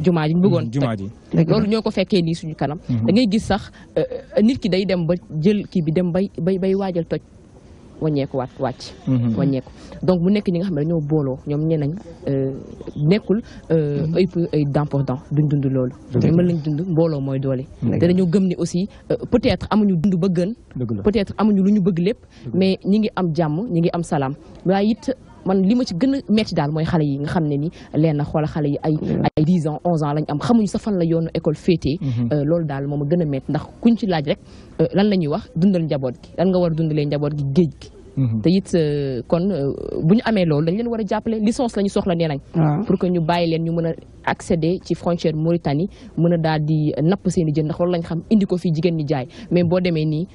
jumaa ji ñu bëggoon jumaa ji mm-hmm. loolu ñoo ko fekkee nii suñu kanam mm-hmm. da ngay gis sax euh, euh, nit ki day dem ba jël kii bi dem bay bay bay waajal toj wàññeeku waat wàcc mm-hmm. wàññeeku donc mu nekk ñi nga xam ne dañoo booloo ñoom ñe nañ euh, nekkul ay ay d'important duñ dund loolu mën lañ dund mbooloo mooy doole te dañoo gëm ni aussi peut-être amuñu dund ba gën peut-être amuñu lu ñu bëgg lépp mais ñi ngi am jàmm ñi ngi am salaam waaye it man li ma ci gën a metti daal mooy xale yi nga xam ne ni leen na xoola xale yi ay ay dix ans onze ans lañ am xamuñu sa fan la yoonu école féetee mm-hmm. euh, loolu daal moom a gën a metti ndax kuñ ci laaj rek euh, lan la ñuy wax dundal njaboot gi lan nga war a dundalee njaboot gi géej gi mm-hmm. te it euh, kon bu ñu amee lool dañ leen war a jàppale licence la ñu soxla nee nañ pour que ñu bàyyi leen ñu mën a accéder ci frontière Mauritanie mën a daal di napp seen i jën ndax loolu lañ xam indi ko fii jigéen ñi jaay mais boo demee nii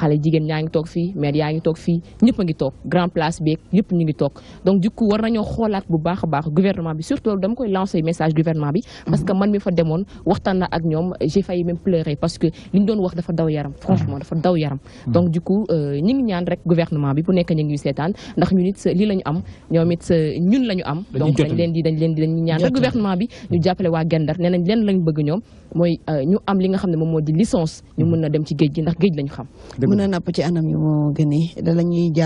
xalé jigéen ñaa tok fi fii yaangi tok fi toog fii ngi toog grand place bi ñepp ñu ngi tok donc du coup war nañu xolaat bu baax baax gouvernement bi surtout dama koy lancer message gouvernement bi. parce que man mi fa démon waxtaan na ak ñom j'ai failli même pleurer parce que li ñu doon wax dafa daw yaram franchement dafa daw yaram. donc du coup euh, ñi ngi ñaan rek gouvernement bi bu nek ñu ngi sétane ndax ñun it lii la am ñoom it euh, ñun lañu am. donc dañ leen di dañ leen di dañ ñaan gouvernement bi ñu jàppale wa Gendar nee nañ leen lañ bëgg ñom mooy euh, ñu am li nga xam ne moom moo di licence ñu mën na dem ci géej gi ndax géej lañu xam. mën a napp ci anam yu moo gënee da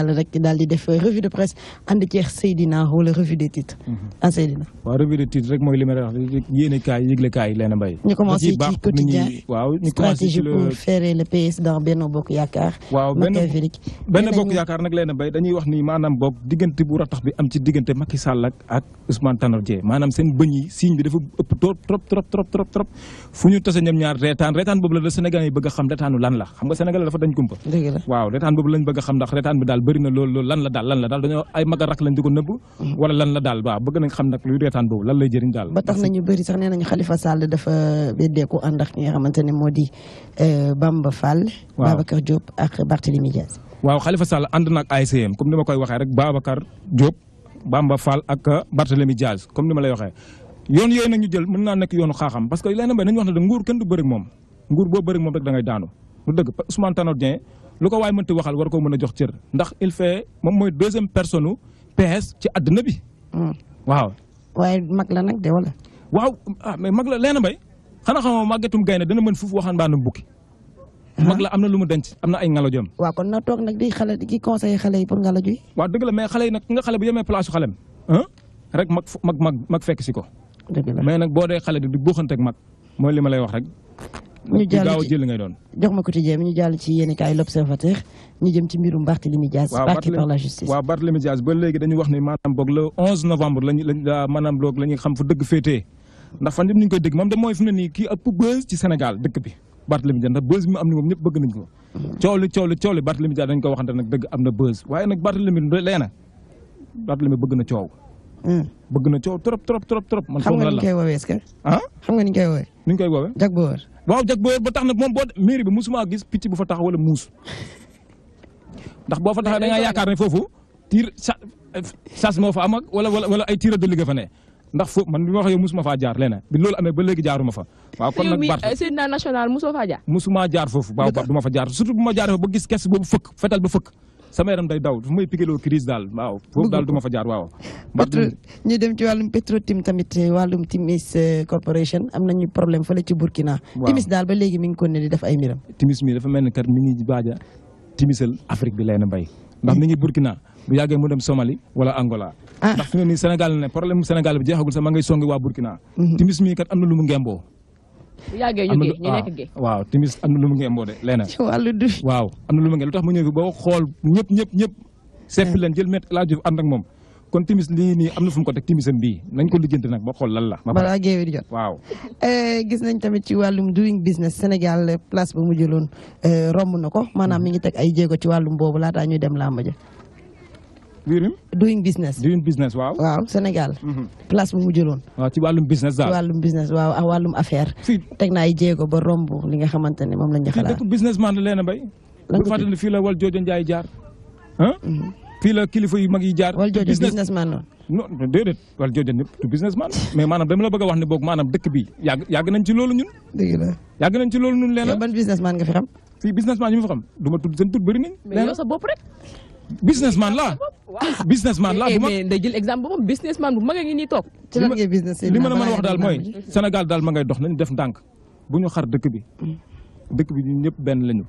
la rek daal di def revue de presse ànd ceex Seydina wala revue des titres. Mhm. ah Seydina. waaw revue des titres mooy li ma wax yéene kaay yëgle kaay leen a mbay. ñu commencé ci quotidien waaw ñu commencé ci pour ferrer le PS dans Benno Bokk Yaakaar. waaw benn benn bokk yaakaar nag leen a mbay dañuy wax ni maanaam boog diggante bu ratax bi am ci diggante Macky Sall ak Ousmane Tanor Dieng maanaam seen bëñ yi signe bi dafa ëpp trop trop trop trop trop fu ñu tase ñoom ñaar reetaan reetaan boobu la la Sénégal yi bëgg a xam reetaanu lan la xam nga Sénégal dafa dañ kumpa waaw reetaan boobu a xam ndax reetaan bi daal lan la daal lan la daal a rak lañ di mm-hmm. waaw bëgg nañ xam nag luy reetaan boobu lan lay jëriñ daal ba tax nañu bëri sax nee nañu Khalifa Sall dafa beddeeku ànd ak ki nga xamante ne moo di euh, Bamba Fall Babacar Diop ak Barthélémy Diaz waaw Khalifa Sall ànd na ak ASCM e comme ma koy waxee rek Babacar Diop Bamba Fall ak euh, Barthélémy Diaz comme ni ma lay waxee yon yoy nag ñu jël mën naa nekk yoonu xaxam parce que leneen mbay nañ wax na da nguur kën du bëri mom nguur boo bëri mom rek da ngay daanu lu dëgg Ousmane Tanodien lu ko waxal war ko mëna jox cër ndax il fait mom moy deuxième personne PS ci aduna bi hmm. waaw way mag la nak de wala waaw ah mais mag la leneen mbay xana xama magatum gayna dana mën foofu waxaan baanam bukki ah. mag la amna lu mu denc amna ay ngalajo am waaw kon na tok nak di xalé di conseiller xalé pour ngalajo yi dëgg la mais xalé nak nga xalé bu yemee place xalem rek mag mag mag fekk ci ko mais nag boo dee xale bi di buuxanteeg mag mooy li ma lay wax rek. ñu jàll ci jël ngay doon. jox ma ko tijjee ñu ñu jëm ci mbirum Barthélémy Diaz. parqué par la justice waaw Barthélémy léegi dañu wax ni maanaam boog le 11 novembre lañu la maanaam boog la ñuy xam fu dëgg féetee ndax fan yëpp ni ñu koy dégg moom da mooy fi mu ne nii kii ëpp buzz am ni ñëpp bëgg nañ ko. Mm-hmm. coow li coow li coow li Barthélémy Diaz dañ ko waxante nag dëgg am na buzz waaye nag Barthélémy lee na Barthélémy bëgg na coow mm. bëgg na coow trop trop trop trop. man foofu la la xam nga ni koy woowee est-ce que. ah xam nga ni ñu koy woowee. ni ñu koy woowee. jagboor. waaw jagboor ba tax na moom boo mairie bi musuma gis picc bu fa tax wala muus ndax boo fa taxee a ngaa yaakaar ne foofu tiir sas moo fa am ak wala wala ay tiira de liggéey fa ne ndax foofu man bi ma wax yow musuma faa jaar leneen bi loolu amee ba léegi jaaruma fa. waaw kon nag Barth euh, si national musoo faa jaar. musuma jaar foofu. waaw du ma fa jaar surtout bu ma jaaree ba gis kes boobu fëkk fetal ba sama yaram day daw fu may pigeloo crise daal waaw daal du ma fa jaar waaw. ñu dem ci wàllum Petro-Tim tamit wàllum Timis euh, corporation am na nañu problème fële ci Burkina. Timis daal ba léegi mi ngi ko ne di def ay miram. Timis mi dafa mel ni kat mi ngi baaj a timisal Afrique bi leen a mbay ndax mi ngi Burkina bu yàggee mu dem Somalie wala Angola. Ah. ndax fi mu ne nii Sénégal ne problème mu Sénégal bi jeexagul sax ma ngay songi waa Burkina. Mhm. Timis mi kat am lu mu bu yàggee ñu géej ñu ah, waaw timis am na lu mu ngeen boo de leena ci wàllu waaw am na lu mu ngeen lu tax ma ñëw fi boo xool ñëpp ñëpp ñëpp seppi eh. leen jël met laa juf ànd ak moom kon timis lii nii am na fu mu ko teg timisam bii nañ ko lijjanti nag ba xool lan la. balaa géewe di jot waaw. Eh, gis nañ tamit ci wàllum doing business Sénégal place ba mu jëloon eh, romb na ko maanaam mm-hmm. mi ngi teg ay jéego ci wàllum boobu laataa ñuy dem làmb ja doing doing business. doing business waaw. waaw Sénégal. Mhm. place bu mu jëloon. waaw ci wàllum business daal ci wàllum business waaw ak wàllum affaire. fii teg naa ay ba romb li nga xamante ne moom la ñu. xalaat fii dëkk businessman la leen a béy. lan nga fii la wal joojo Njaay jaar. Mhm. fii la kilifa yu mag yi jaar. wal joojo businessman la. non déedéet wal joojo ñëpp du businessman mais maanaam dama la bëgg a wax ne boog maanaam dëkk bi yàgg yàgg nañ ci loolu ñun. dëgg la yàgg nañ ci loolu ñun leen. ban businessman nga fi xam. fii businessman ñu fi xam du tudd seen tur bëri nañ. mais bopp rek businessman man la eh, bu eh, ma day jël exemple boobu businessman bu mag a ngi nii toog. ci lan ngay business li ma la mën wax daal mooy Sénégal daal ma ngay dox nañu def ndànk bu ñu xar dëkk bi dëkk bi ñun ñëpp benn lañu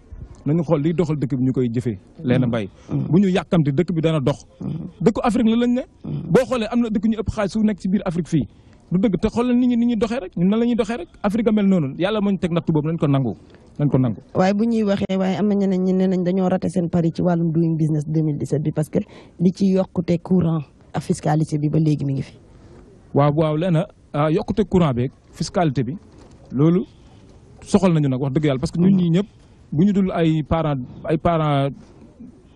nañu xool liy doxal dëkk bi ñu koy jëfee leen mbay mm. bu ñu yàkkamti dëkk bi dana dox mm. dëkku Afrique la lañ ne mm. boo xoolee am na dëkk ñu ëpp xaalis su nekk ci biir Afrique fii du dëgg te xoolal ni ñuy doxee rek ñun nan la ñuy doxee rek Afrique a mel noonu yàlla moo ñu teg natt boobu nañ ko nangu nañ ko nangu. waaye bu ñuy waxee waaye am na ñeneen ñi ne nañ dañoo raté seen pari ci wàllum doing business 2017 bi parce que li ci yokkute courant ak fiscalité bi ba léegi mi ngi fi. waaw waaw lenn ah, yokkute courant beeg fiscalité bi loolu soxal nañu nag wax dëgg yàlla parce que ñun ñii ñëpp bu ñu dul ay parents ay parents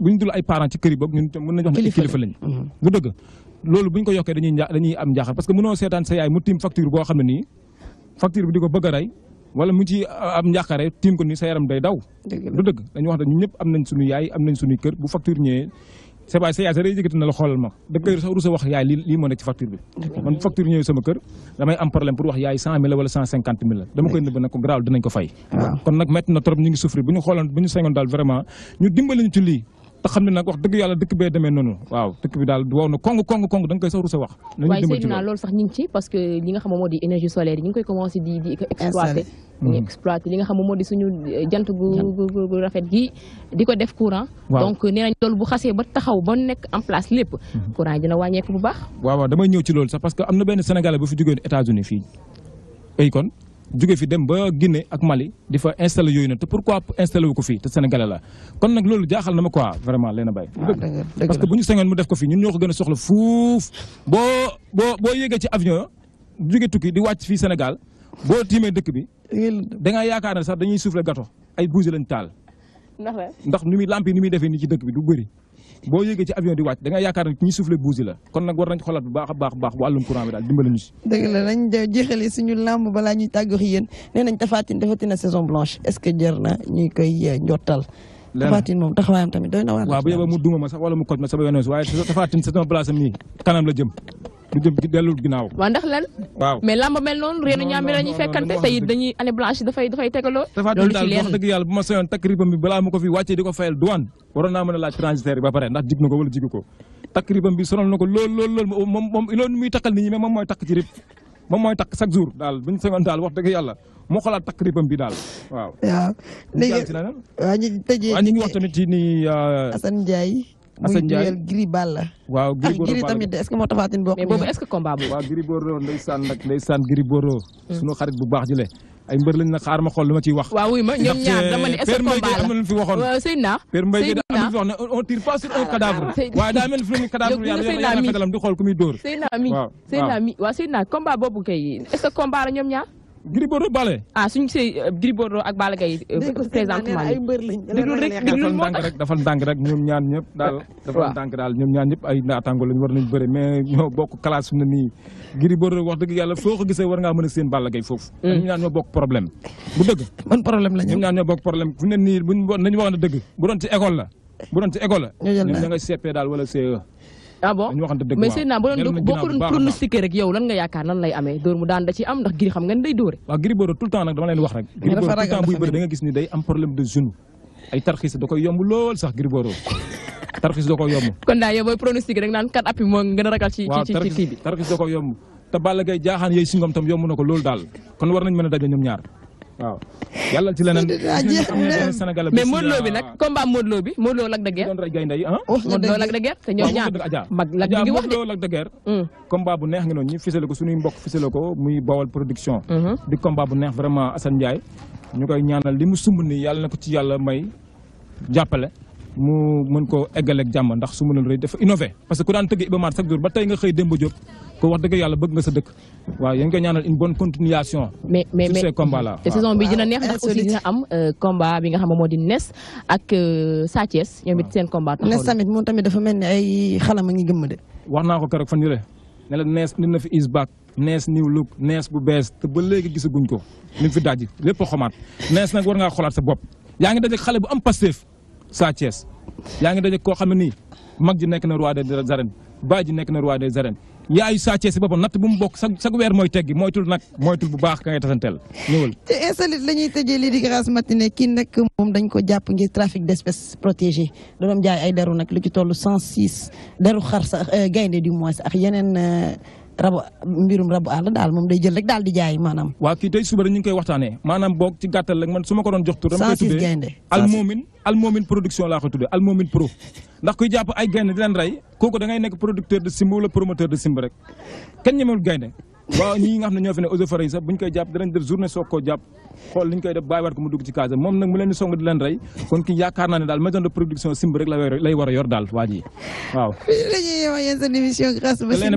bu ñu dul ay parents ci kër yi boobu ñun mën nañu wax ne kilifa lañ bu mhm. dëgg loolu bu ñu ko yokkee dañuy dañuy am njaaxal parce que mënoo seetaan sa yaay mu tiim facture boo xam ne nii facture bi di ko bëgg a rey wala mu ci am njàqare tiim ko ni sa yaram day daw. du dëgg dañu wax dañu ñëpp am nañ suñu yaay am nañ suñuy kër bu facture ñëwee sa baay sa yaay sa day yëkkati na xoolal ma da nga rusa wax yaay lii moo nekk ci facture bi. man bu facture ñëwee sama kër damay am problème pour wax yaay cent mille wala cent cinquante mille la. dama koy nëbb nag ko garaaw dinañ ko fay. kon nag métti na trop ñu ngi souffrir bu ñu xooloon bu ñu sañoon daal vraiment ñu dimbali ñu te xam ne nag wax dëgg yàlla dëkk bee demee noonu waaw dëkk bi daal waaw na kong kong kong da nga sax rusa wax. waaye Seydina sax ñu ci parce que li nga xam moo di suñu euh, jant gu gu rafet gi di ko def courant. donc nee nañ loolu bu xasee ba taxaw ba nekk en place lépp. Mm-hmm. courant yi dina wàññeeku bu baax. waaw waaw damay ñëw ci loolu sax parce que am na benn Sénégalais bu fi jógee États-Unis fii. ay kon djugé fi dem ba Guinée ak Mali difa installer installé te pourquoi installé wu ko fii te Sénégalais la kon nak loolu jaxal na ma quoi vraiment leen bay ah, parce que buñu ñu mu def ko fi ñun ñoko gëna soxla fouf bo bo boo yéegee ci avion djugé tukki di wacc fi Sénégal bo timé dëkk bi da nga yaakaar ne sax dañuy souffler gâteau ay bougie lañ taal ndax ndax ni mi lampi ni mi défé ni ci dëkk bi du bëri boo yéegee ci avion di wàcc da nga yaakaar ne ñi soufflé buusi la kon nag war nañ xolaat bu baax a baax baax wàllum courant bi daal dimbali ñu si dëgg la nañ jeexale suñu làmb balaa ñuy tàggox yéen nee nañ Tapha na saison blanche est-ce que jar na ñuy koy eh, njottal Tafatin moom taxawaayam tamit mu duma ma sax wala mu koj ma sama waaye Tafatin c'est un place am nii kanam la jëm du jëm dellu ginnaaw. waaw ndax lan. waaw mais làmb mel noonu. réeru ñaami la ñuy te it dañuy année blanche dafay dafay tegaloo. daal wax ma sañoon takk ribam bi ko fi wàccee di ko fayal douane waroon naa mën a laaj transitaire ba pare ndax jig na ko wala ko takk ribam bi lool lool moom moom muy takkal nit ñi moom mooy takk ci moom mooy takk chaque jour daal bu ñu sañoon daal wax dëgg yàlla moo xalaat takk ribam bi daal waaw. waaw léegi waaw ñu tëjee ñu ngi wax tamit ci ni. Euh, Assane Ndiaye. Assane Ndiaye muy Gris Balla. waaw Gris Bordeaux Gris tamit est-ce que moo Tapha Tine bokk. boobu est-ce que combat boobu. waaw Gris Bordeaux ndeysaan nag ndeysaan Gris Bordeaux. Hmm. xarit bu baax ji le ay mbër lañ na xaar ma xool lu ma ciy wax. waaw wuy ma ñoom ñaar dama ne est-ce que combat la am na lu fi waxoon. Seydina Père Mbaye Gueye am na fi wax ne on tire pas ah, cadavre. waaye daa fi mu cadavre yàlla yàlla mi Seydina mi waaw Seydina combat boobu est-ce ñoom ñaar Gris Bordeaux Balla. ah suñu see euh, Gris Bordeaux a Balla Gaye euh, présentement nii déglu rek ñoom ñaan ñëpp daal dafal ndànk daal ñoom ñaan ñëpp ay naataango lañ war nañ bëre mais ñoo bokk classe fu dëgg yàlla foo ko gisee war a seen Balla Gaye foofu mm. ñoom ñaan ñoo bokk problème bu dëgg man problème la ñoom ñaan ñoo bokk problème fu ne nii buñ nañu wax na dëgg bu doon ci école la bu doon ci école ñoom ña nga CP daal wala CE ah bon mais Seydina boo doon boo ko doon pronostiqué rek yow lan nga lan lay mu daan da ci am ndax giri xam nga ni giri bëro tout temps nag dama wax rek giri bëro tout temps buy bëri da nga gis ni day am problème de genou ay tarxis da koy yomb sax giri bëro tarxis da koy yomb kon daal yow booy pronostiqué rek naan kat appi moo gën ragal ci ci ci kii tarxis da koy yomb te Balla singom tam yomb kon war nañ ñaar waaw yàlla ci leneen. Ah, mais Modou Lo bi nag combat Modou Lo bi Modou Lo Lac de Guiers. Modou mag ah? oh, Lac mi ngi wax de. Modou Lo bu neex nga noonu ñu fisale ko suñuy mbokk fisale ko muy bawal production. Mm-hmm. di combat bu neex vraiment Assane Ndiaye. ñu koy ñaanal li mu sumb nii yàlla na ko ci yàlla may jàppale. mu mën ko égal ak jamm ndax su mënul rëy dafa innové parce que ku daan teug Iba Mar chaque jour ba tay nga xey Demba Diop ko wax deug yalla bëgg nga sa dëkk waaw yeen ko ñaanal une bonne continuation. mais mais mais ces combats là. te saison bi dina neex ndax aussi dina am euh, combat bi nga xam mo di ness ak euh, satiès Thiès it seen combat. taxaw ness tamit moom tamit dafa melni ay xalam nga gëm de. wax na ko kër ak fan yële ne la ness dina fi is back ness new look ness bu bes te ba léegi gisaguñ ko. li fi dajji lepp xomat ness nak war nga xolaat sa bop yaangi dajje xalé bu am passif Sa Thiès yaa ngi daje koo xam mag ji nekk na roi des arènes baay ji nekk na roi des arènes yaayu Sa Thiès si natt bu mu bokk sa sa weer mooy teggi moytul nag moytul bu baax ka ngay tasanteel ñëwal. te insolite la ñuy tëjee lii di grâce matinée moom dañ ko jàpp ngir trafic d'espèces protégées da jaay ay deru nag lu ci toll 106 deru xar sa euh, gaynde du moins ak yeneen. Euh, rabu mbirum rabu àll daal moom day jël rek daal di jaay maanaam. waaw kii tey suba rek ñu ngi koy waxtaanee boog ci gàttal rek man su ko doon jox tur. dama koy tuddee almomin almomin production laa ko tuddee almomin pro. ndax kuy jàpp ay gaynde di leen rey kooku da ngay nekk producteur de simb wala promoteur de simb rek kenn ñemewul gaynde waaw ñii nga xam ne ñoo fi ne eaux et yi sax buñ koy jàpp danañ def journée soog koo jàpp xool liñ koy def bàyyiwaat ko mu dugg ci case moom nag mu leen di song di leen rey kon ki yaakaar naa ne daal maison de production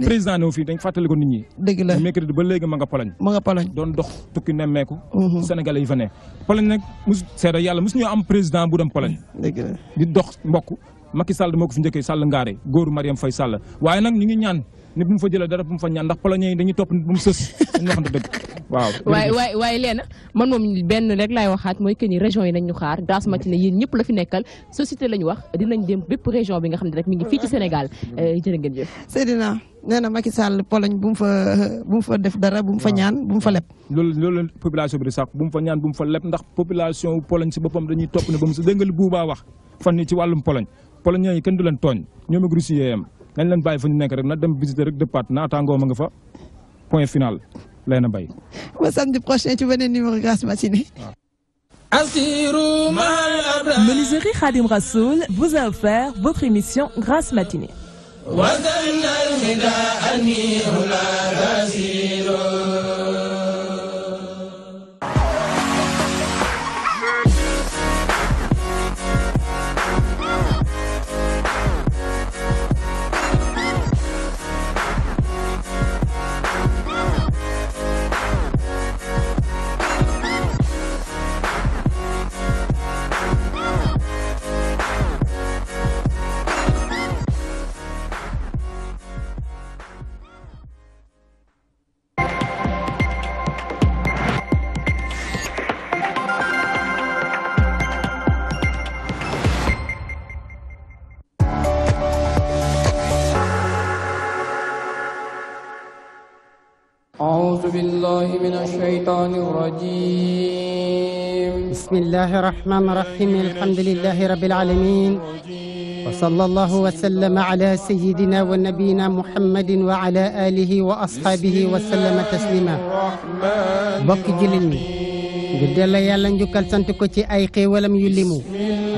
président ne fii dañ fàttali ko nit ñi dëgg la mercredi ba léegi ma nga poloñ ma nga poloñ doon dox tukki nemmeeku mhm. sénégalais yi fa ne poloñ nag mus seeda yàlla mus ñoo am président bu dem poloñ dëgg di dox mbokk Macky Sall moo ko fi njëkkee Sall ngaare góoru Mariam fay Sall waaye nag nit bu mu fa jëlee dara bu mu fa ñaan ndax poloñe yi dañuy topp nit bu mu sës dañu région yi nañ ñu xaar Grasse Matinée yéen ñëpp la fi nekkal société wax dinañ dem bépp bi nga xam ne rek ngi fii ci Sénégal eh, jërë na Macky Sall def dara bu mu fa bu fa leb loolu loolu population ndax population Pologne si ba sa dégg nga li Bouba wax fan ni ci wàllum Pologne Pologne yooyu kenn du leen tooñ ñoom ak Russie nañ leen bàyyi fu ñu nekk rek na dem visiter rek départ naataangoo ma nga fa point final Leena bay ba samedi prochain ci beneen numéro Grâce Matinée. Ah. Menuiserie Khadim Rassoul vous a offert votre émission Grâce Matinée. أعوذ بالله من الشيطان الرجيم بسم الله الرحمن الرحيم الحمد لله رب العالمين وصلى الله وسلم على سيدنا ونبينا محمد وعلى آله وأصحابه وسلم تسليما بك جلني جدلا يلا نجكل سنتكوتي أيقى ولم يلمو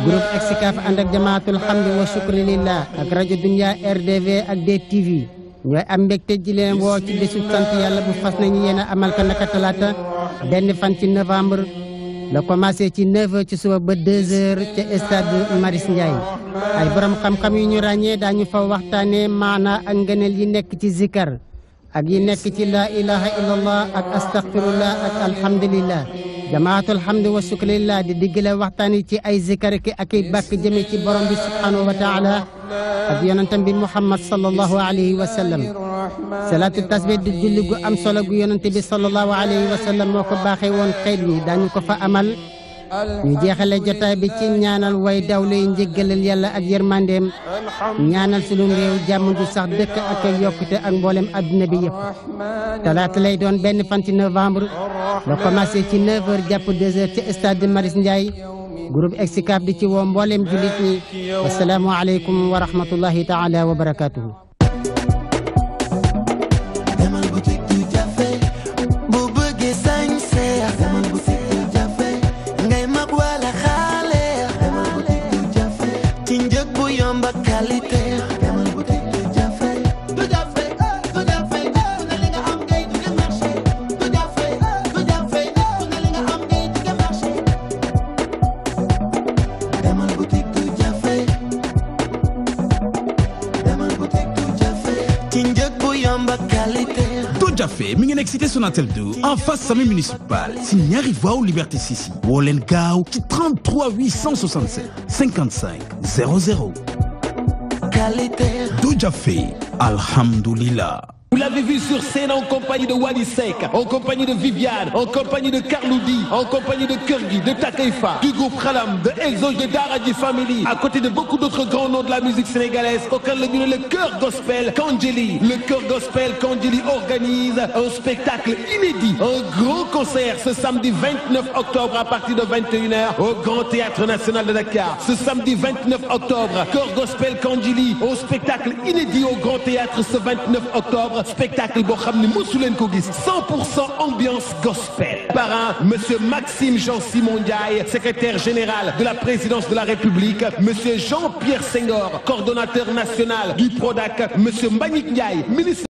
جروب اكسكاف عندك جماعة الحمد والشكر لله أكراج الدنيا RDV أكدي تيفي ñooy am mbégte ji leen woo ci bésu sant yàlla bu fas nañu yéen a amal ka naka talaata benn fan ci novembre la commencé ci 9 ci suba ba 2h ca stade Maris Ndiaye ay borom xam-xam yu ñu ràññee daañu fa waxtaanee maana a ngëneel yi nekk ci zikar اجي نكتي لا اله الا الله اك استغفر الله اك الحمد لله جماعة الحمد والشكر لله دي ديجلا وقتاني تي اي ذكر كي اكي باك جميع تي برم سبحانه وتعالى اجي ننتم محمد صلى الله عليه وسلم صلاة التسبيح دي جلقو ام صلاة صلى الله عليه وسلم موكو باخي وون خير دانيو كفا امل ñu jeexale jotaay bi ci ñaanal way dawle yi njëggalal yàlla ak yërmandeem ñaanal sunum réew jàmm ju sax dëkk ak ak yokkute ak mboolem adduna bi yëpp talaata lay doon benn fan ci novembre la commencé ci 9h jàpp 2h ci stade de Maris Ndiaye groupe Excaf di ci woo mboolem jullit ñi wasalaamu aleykum wa rahmatullahi taala wa barakatuhu Mais il ngi nekk cité 2 en face mes municipal si n'y arrive liberté 6 yi woo leen 33 867 55 00 Doja fait. alhamdulillah vous l'avez vu sur scène en compagnie de Wally Sek, en compagnie de Viviane, en compagnie de Carloudi, en compagnie de Kurgi, de Takaifa, du groupe Khalam, de Elzo, de Daradi Family, à côté de beaucoup d'autres grands noms de la musique sénégalaise, auquel le le cœur gospel Kangeli. Le cœur gospel Kandjili organise un spectacle inédit, un gros concert ce samedi 29 octobre à partir de 21h au Grand Théâtre National de Dakar. Ce samedi 29 octobre, cœur gospel Kangeli, au spectacle inédit au Grand Théâtre ce 29 octobre spectacle boo xam Kougis, 100 ambiance gospel par un monsieur Maxime Jean Simon Diaye, secrétaire général de la présidence de la République monsieur Jean-Pierre Senghor coordonnateur national du PRODAC monsieur Manik Ndiaye ministre